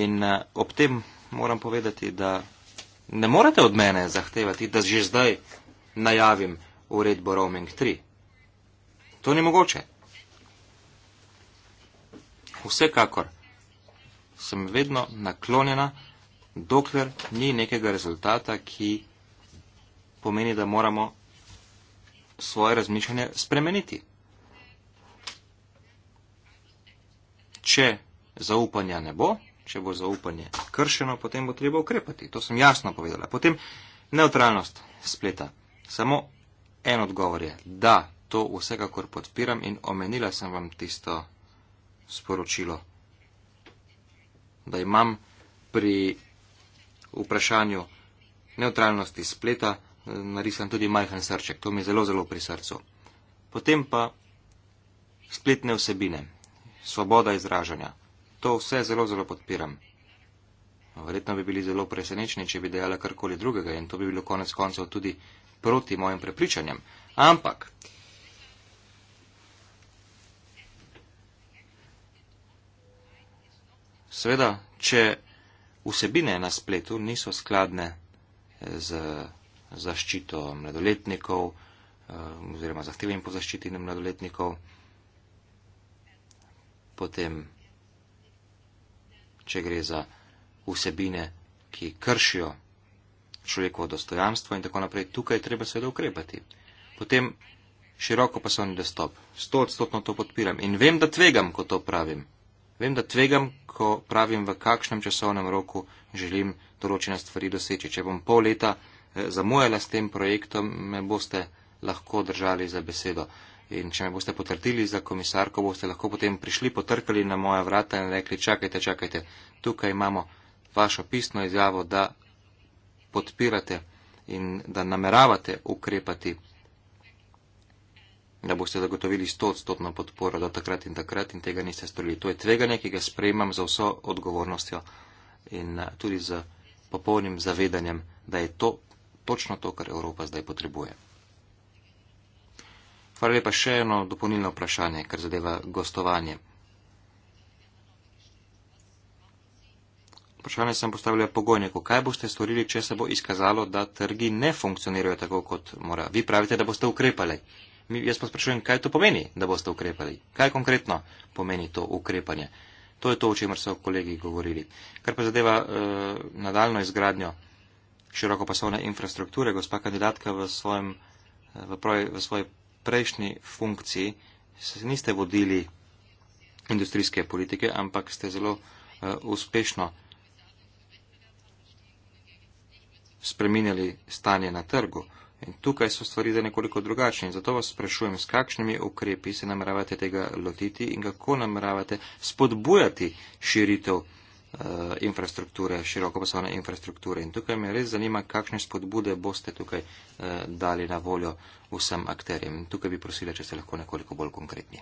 In eh, ob tem moram povedati, da ne morete od mene zahtevati, da že zdaj najavim uredbo Roaming 3. To ni mogoče. Vsekakor sem vedno naklonjena, dokler ni nekega rezultata, ki pomeni, da moramo svoje razmišljanje spremeniti. Če zaupanja ne bo, če bo zaupanje kršeno, potem bo treba ukrepati. To sem jasno povedala. Potem neutralnost spleta. Samo en odgovor je, da to vsekakor podpiram in omenila sem vam tisto sporočilo, da imam pri vprašanju neutralnosti spleta narisan tudi majhen srček. To mi je zelo, zelo pri srcu. Potem pa spletne vsebine, svoboda izražanja to vse zelo, zelo podpiram. Verjetno bi bili zelo presenečeni, če bi dejala karkoli drugega in to bi bilo konec koncev tudi proti mojim prepričanjem. Ampak. Sveda, če vsebine na spletu niso skladne eh, z zaščito mladoletnikov eh, oziroma zahtevim po zaščiti mladoletnikov, potem če gre za vsebine, ki kršijo človekovo dostojanstvo in tako naprej, tukaj treba seveda ukrepati. Potem široko pa so oni dostop. Sto odstotno to podpiram in vem, da tvegam, ko to pravim. Vem, da tvegam, ko pravim, v kakšnem časovnem roku želim določene stvari doseči. Če bom pol leta eh, zamujala s tem projektom, me boste lahko držali za besedo. In če me boste potrdili za komisarko, boste lahko potem prišli, potrkali na moja vrata in rekli, čakajte, čakajte, tukaj imamo vašo pisno izjavo, da podpirate in da nameravate ukrepati, da boste zagotovili stotstotno podporo do takrat in takrat in tega niste storili. To je tveganje, ki ga sprejemam za vso odgovornostjo in eh, tudi z popolnim zavedanjem, da je to točno to, kar Evropa zdaj potrebuje. Hvala lepa. Še eno dopolnilno vprašanje, kar zadeva gostovanje. Vprašanje sem postavil pogojniku. Kaj boste storili, če se bo izkazalo, da trgi ne funkcionirajo tako, kot mora? Vi pravite, da boste ukrepali. Mi, jaz pa sprašujem, kaj to pomeni, da boste ukrepali? Kaj konkretno pomeni to ukrepanje? To je to, o čemer so kolegi govorili. Kar pa zadeva eh, nadaljno izgradnjo širokopasovne infrastrukture, gospa kandidatka v, svojem, eh, v, proj, v svoji prejšnji funkciji se niste vodili industrijske politike, ampak ste zelo uh, uspešno spreminjali stanje na trgu. In tukaj so stvari zdaj nekoliko drugačne. Zato vas sprašujem, s kakšnimi ukrepi se nameravate tega lotiti in kako nameravate spodbujati širitev uh, Eh, infrastrukture, širokopasovne infrastrukture. In tukaj me res zanima, kakšne spodbude boste tukaj uh, dali na voljo vsem akterjem. In tukaj bi prosila, če ste lahko nekoliko bolj konkretni.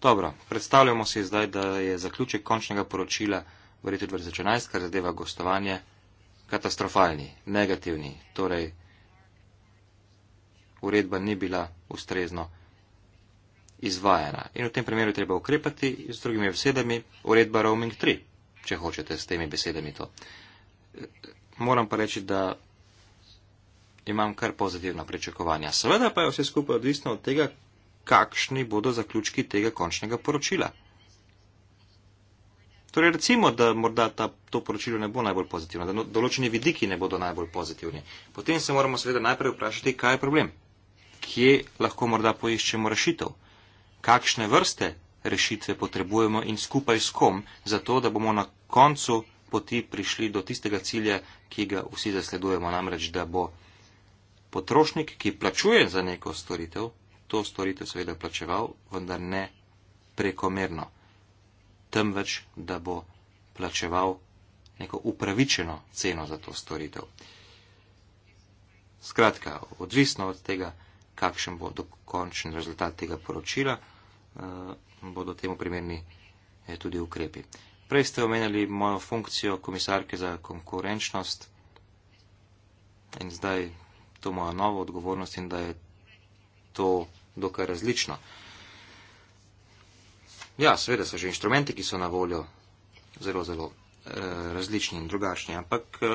Dobro, predstavljamo si zdaj, da je zaključek končnega poročila v letu 2011, kar zadeva gostovanje, katastrofalni, negativni. Torej, uredba ni bila ustrezno izvajana. In v tem primeru treba ukrepati z drugimi besedami uredba roaming 3, če hočete s temi besedami to. Moram pa reči, da imam kar pozitivna pričakovanja. Seveda pa je vse skupaj odvisno od tega, kakšni bodo zaključki tega končnega poročila. Torej recimo, da morda ta, to poročilo ne bo najbolj pozitivno, da no, določeni vidiki ne bodo najbolj pozitivni. Potem se moramo seveda najprej vprašati, kaj je problem. Kje lahko morda poiščemo rešitev? kakšne vrste rešitve potrebujemo in skupaj s kom, zato da bomo na koncu poti prišli do tistega cilja, ki ga vsi zasledujemo, namreč da bo potrošnik, ki plačuje za neko storitev, to storitev seveda plačeval, vendar ne prekomerno, temveč da bo plačeval neko upravičeno ceno za to storitev. Skratka, odvisno od tega, kakšen bo dokončen rezultat tega poročila, Eh, bodo temu primerni eh, tudi ukrepi. Prej ste omenjali mojo funkcijo komisarke za konkurenčnost in zdaj to moja nova odgovornost in da je to dokaj različno. Ja, seveda so že inštrumenti, ki so na voljo, zelo, zelo eh, različni in drugačni, ampak eh,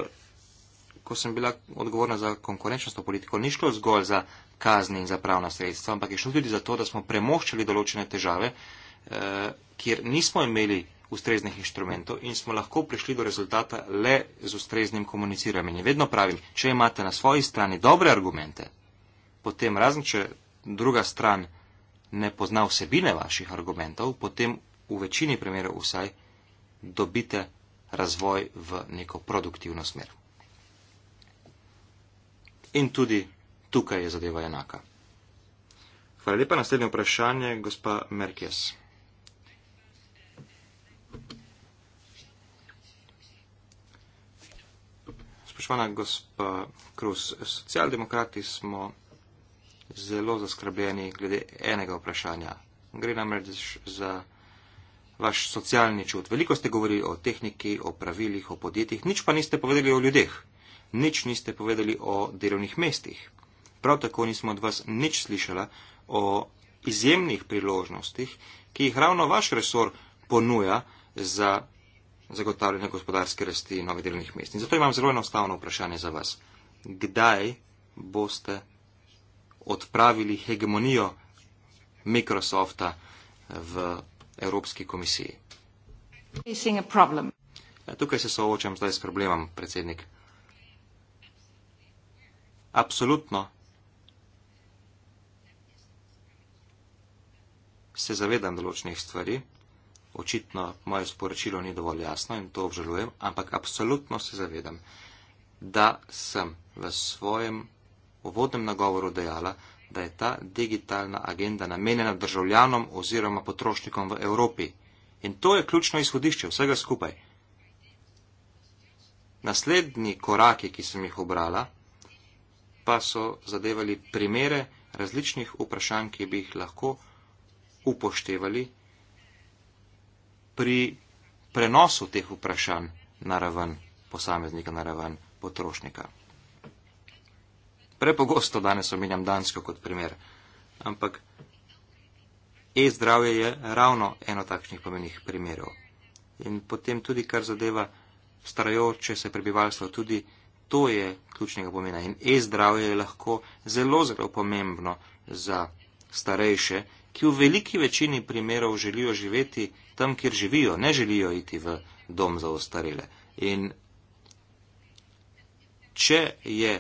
ko sem bila odgovorna za konkurenčnostno politiko, ni šlo zgolj za kazni in za pravna sredstva, ampak je šlo tudi za to, da smo premoščali določene težave, eh, kjer nismo imeli ustreznih inštrumentov in smo lahko prišli do rezultata le z ustreznim komuniciranjem. In vedno pravim, če imate na svoji strani dobre argumente, potem razen, če druga stran ne pozna vsebine vaših argumentov, potem v večini primerov vsaj dobite razvoj v neko produktivno smer. In tudi tukaj je zadeva enaka. Hvala lepa. Naslednje vprašanje, gospa Merkjes. Spoštovana gospa Kruz, socialdemokrati smo zelo zaskrbljeni glede enega vprašanja. Gre namreč za vaš socialni čut. Veliko ste govorili o tehniki, o pravilih, o podjetjih, nič pa niste povedali o ljudeh nič niste povedali o delovnih mestih. Prav tako nismo od vas nič slišala o izjemnih priložnostih, ki jih ravno vaš resor ponuja za zagotavljanje gospodarske rasti novih delovnih mest. In zato imam zelo enostavno vprašanje za vas. Kdaj boste odpravili hegemonijo Microsofta v Evropski komisiji? Tukaj se soočam zdaj s problemom, predsednik. Absolutno. Se zavedam določenih stvari, očitno moje sporočilo ni dovolj jasno in to obžalujem, ampak absolutno se zavedam, da sem v svojem uvodnem nagovoru dejala, da je ta digitalna agenda namenjena državljanom oziroma potrošnikom v Evropi. In to je ključno izhodišče vsega skupaj. Naslednji koraki, ki sem jih obrala, pa so zadevali primere različnih vprašanj, ki bi jih lahko upoštevali pri prenosu teh vprašanj na raven posameznika, na raven potrošnika. Prepogosto danes omenjam Dansko kot primer, ampak e-zdravje je ravno eno takšnih pomenih primerov. In potem tudi, kar zadeva starajoče se prebivalstvo, tudi to je ključnega pomena. In e-zdravje je lahko zelo, zelo pomembno za starejše, ki v veliki večini primerov želijo živeti tam, kjer živijo, ne želijo iti v dom za ostarele. In če je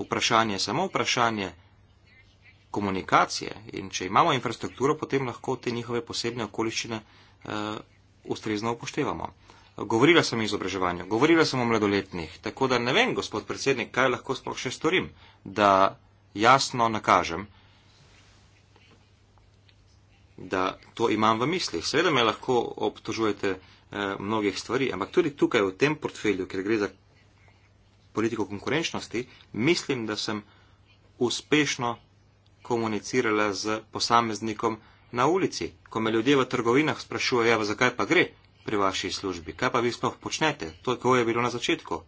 vprašanje samo vprašanje komunikacije in če imamo infrastrukturo, potem lahko te njihove posebne okoliščine uh, ustrezno upoštevamo. Govorila sem o izobraževanju, govorila sem o mladoletnih, tako da ne vem, gospod predsednik, kaj lahko sploh še storim, da jasno nakažem, da to imam v mislih. Seveda me lahko obtožujete eh, mnogih stvari, ampak tudi tukaj v tem portfelju, ker gre za politiko konkurenčnosti, mislim, da sem uspešno komunicirala z posameznikom na ulici. Ko me ljudje v trgovinah sprašujejo, ja, zakaj pa gre, pri vaši službi. Kaj pa vi sploh počnete? To, kako je bilo na začetku.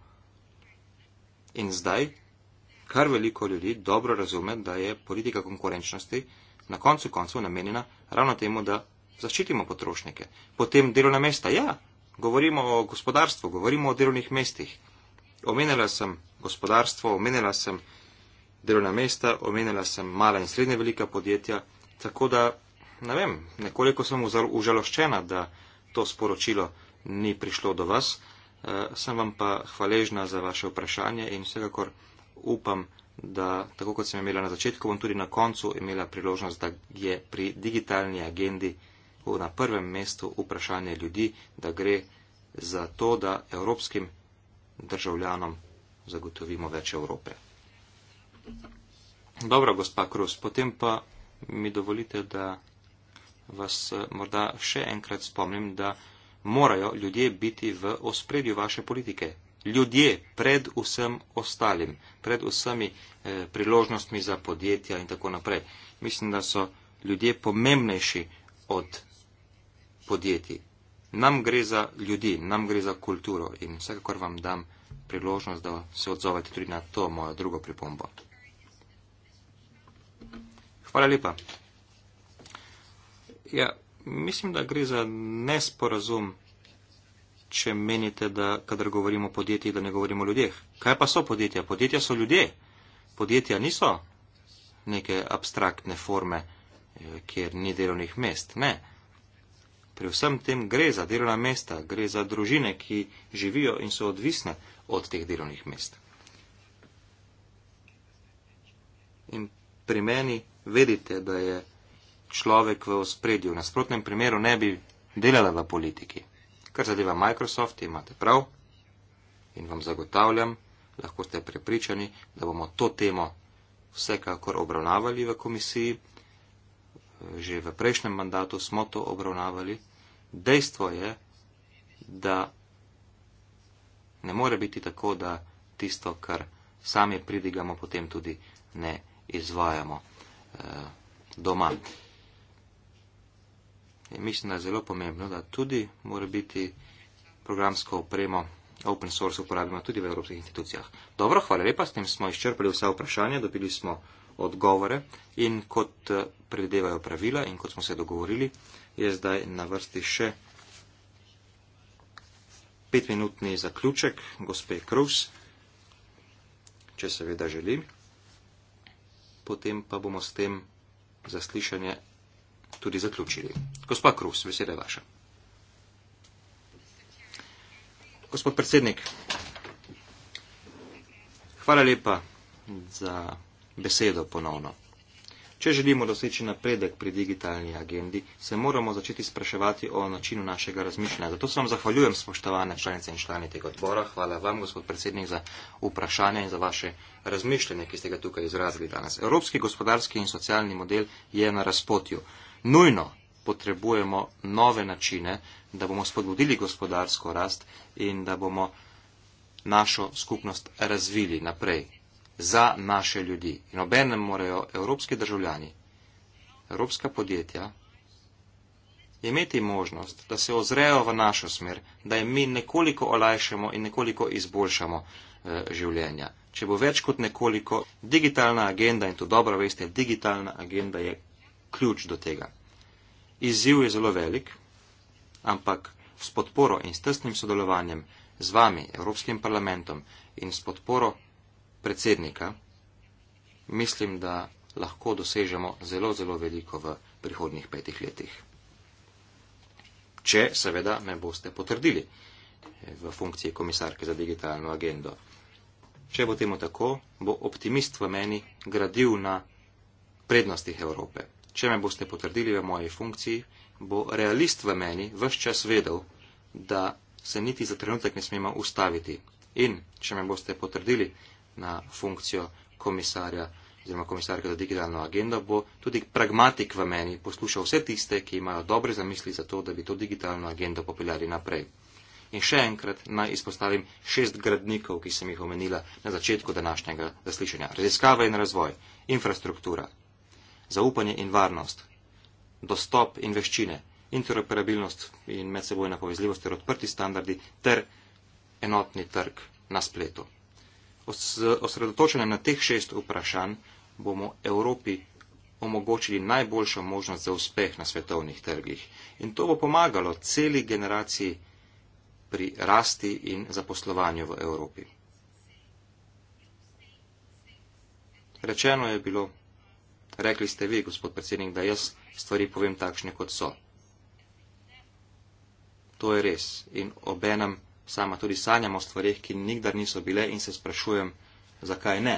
In zdaj, kar veliko ljudi dobro razume, da je politika konkurenčnosti na koncu koncev namenjena ravno temu, da zaščitimo potrošnike. Potem delovna mesta. Ja, govorimo o gospodarstvu, govorimo o delovnih mestih. Omenjala sem gospodarstvo, omenjala sem delovna mesta, omenjala sem mala in srednje velika podjetja, tako da, ne vem, nekoliko sem užaloščena, da to sporočilo ni prišlo do vas. Eh, sem vam pa hvaležna za vaše vprašanje in vsekakor upam, da tako kot sem imela na začetku, bom tudi na koncu imela priložnost, da je pri digitalni agendi na prvem mestu vprašanje ljudi, da gre za to, da evropskim državljanom zagotovimo več Evrope. Dobro, gospa Kruz, potem pa mi dovolite, da vas eh, morda še enkrat spomnim, da morajo ljudje biti v ospredju vaše politike. Ljudje pred vsem ostalim, pred vsemi eh, priložnostmi za podjetja in tako naprej. Mislim, da so ljudje pomembnejši od podjetij. Nam gre za ljudi, nam gre za kulturo in vsekakor vam dam priložnost, da se odzovete tudi na to mojo drugo pripombo. Hvala lepa. Ja, mislim, da gre za nesporazum, če menite, da kadar govorimo o podjetjih, da ne govorimo o ljudeh. Kaj pa so podjetja? Podjetja so ljudje. Podjetja niso neke abstraktne forme, eh, kjer ni delovnih mest. Ne. Pri vsem tem gre za delovna mesta, gre za družine, ki živijo in so odvisne od teh delovnih mest. In pri meni vedite, da je človek v ospredju. V nasprotnem primeru ne bi delala v politiki. Kar zadeva Microsoft, imate prav in vam zagotavljam, lahko ste prepričani, da bomo to temo vsekakor obravnavali v komisiji. Že v prejšnjem mandatu smo to obravnavali. Dejstvo je, da ne more biti tako, da tisto, kar sami pridigamo, potem tudi ne izvajamo eh, doma je mislim, da je zelo pomembno, da tudi mora biti programsko opremo open source uporabljamo tudi v evropskih institucijah. Dobro, hvala lepa, s tem smo izčrpali vsa vprašanja, dobili smo odgovore in kot eh, predvidevajo pravila in kot smo se dogovorili, je zdaj na vrsti še petminutni zaključek gospe Kruz, če seveda želi. Potem pa bomo s tem zaslišanje tudi zaključili. Gospa Krus, beseda je vaša. Gospod predsednik, hvala lepa za besedo ponovno. Če želimo doseči napredek pri digitalni agendi, se moramo začeti spraševati o načinu našega razmišljanja. Zato se vam zahvaljujem, spoštovane članice in člani tega odbora. Hvala vam, gospod predsednik, za vprašanje in za vaše razmišljanje, ki ste ga tukaj izrazili danes. Evropski gospodarski in socialni model je na razpotju. Nujno potrebujemo nove načine, da bomo spodbudili gospodarsko rast in da bomo našo skupnost razvili naprej za naše ljudi. In obenem morajo evropski državljani, evropska podjetja imeti možnost, da se ozrejo v našo smer, da jim mi nekoliko olajšamo in nekoliko izboljšamo eh, življenja. Če bo več kot nekoliko digitalna agenda, in to dobro veste, digitalna agenda je ključ do tega. Izziv je zelo velik, ampak s podporo in s tesnim sodelovanjem z vami, Evropskim parlamentom in s podporo predsednika, mislim, da lahko dosežemo zelo, zelo veliko v prihodnih petih letih. Če seveda me boste potrdili eh, v funkciji komisarke za digitalno agendo. Če bo temu tako, bo optimist v meni gradil na prednostih Evrope. Če me boste potrdili v moji funkciji, bo realist v meni vse čas vedel, da se niti za trenutek ne smemo ustaviti. In če me boste potrdili na funkcijo komisarja oziroma komisarka za digitalno agendo, bo tudi pragmatik v meni poslušal vse tiste, ki imajo dobre zamisli za to, da bi to digitalno agendo popeljali naprej. In še enkrat naj izpostavim šest gradnikov, ki sem jih omenila na začetku današnjega zaslišanja. Raziskave in razvoj, infrastruktura, zaupanje in varnost, dostop in veščine, interoperabilnost in medsebojna povezljivost ter odprti standardi ter enotni trg na spletu. Osredotočene na teh šest vprašanj bomo Evropi omogočili najboljšo možnost za uspeh na svetovnih trgih. In to bo pomagalo celi generaciji pri rasti in zaposlovanju v Evropi. Rečeno je bilo Rekli ste vi, gospod predsednik, da jaz stvari povem takšne, kot so. To je res. In obenem sama tudi sanjamo o stvarih, ki nikdar niso bile in se sprašujem, zakaj ne.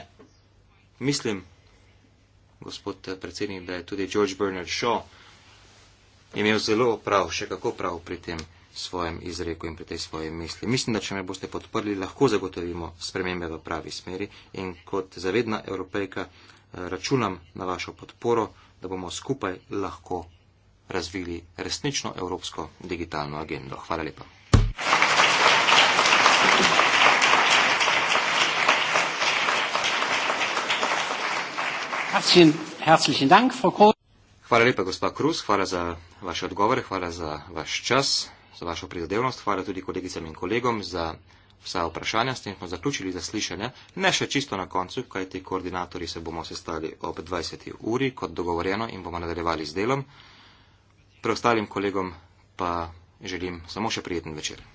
Mislim, gospod predsednik, da je tudi George Bernard Shaw imel zelo prav, še kako prav pri tem svojem izreku in pri tej svoji misli. Mislim, da če me boste podprli, lahko zagotovimo spremembe v pravi smeri in kot zavedna evropejka računam na vašo podporo, da bomo skupaj lahko razvili resnično evropsko digitalno agendo. Hvala lepa. Hvala lepa, gospa Kruz, hvala za vaše odgovore, hvala za vaš čas, za vašo prizadevnost, hvala tudi kolegicam in kolegom za Vsa vprašanja s tem smo zaključili zaslišanje, ne še čisto na koncu, kajti koordinatori se bomo sestali ob 20. uri kot dogovorjeno in bomo nadaljevali z delom. Preostalim kolegom pa želim samo še prijeten večer.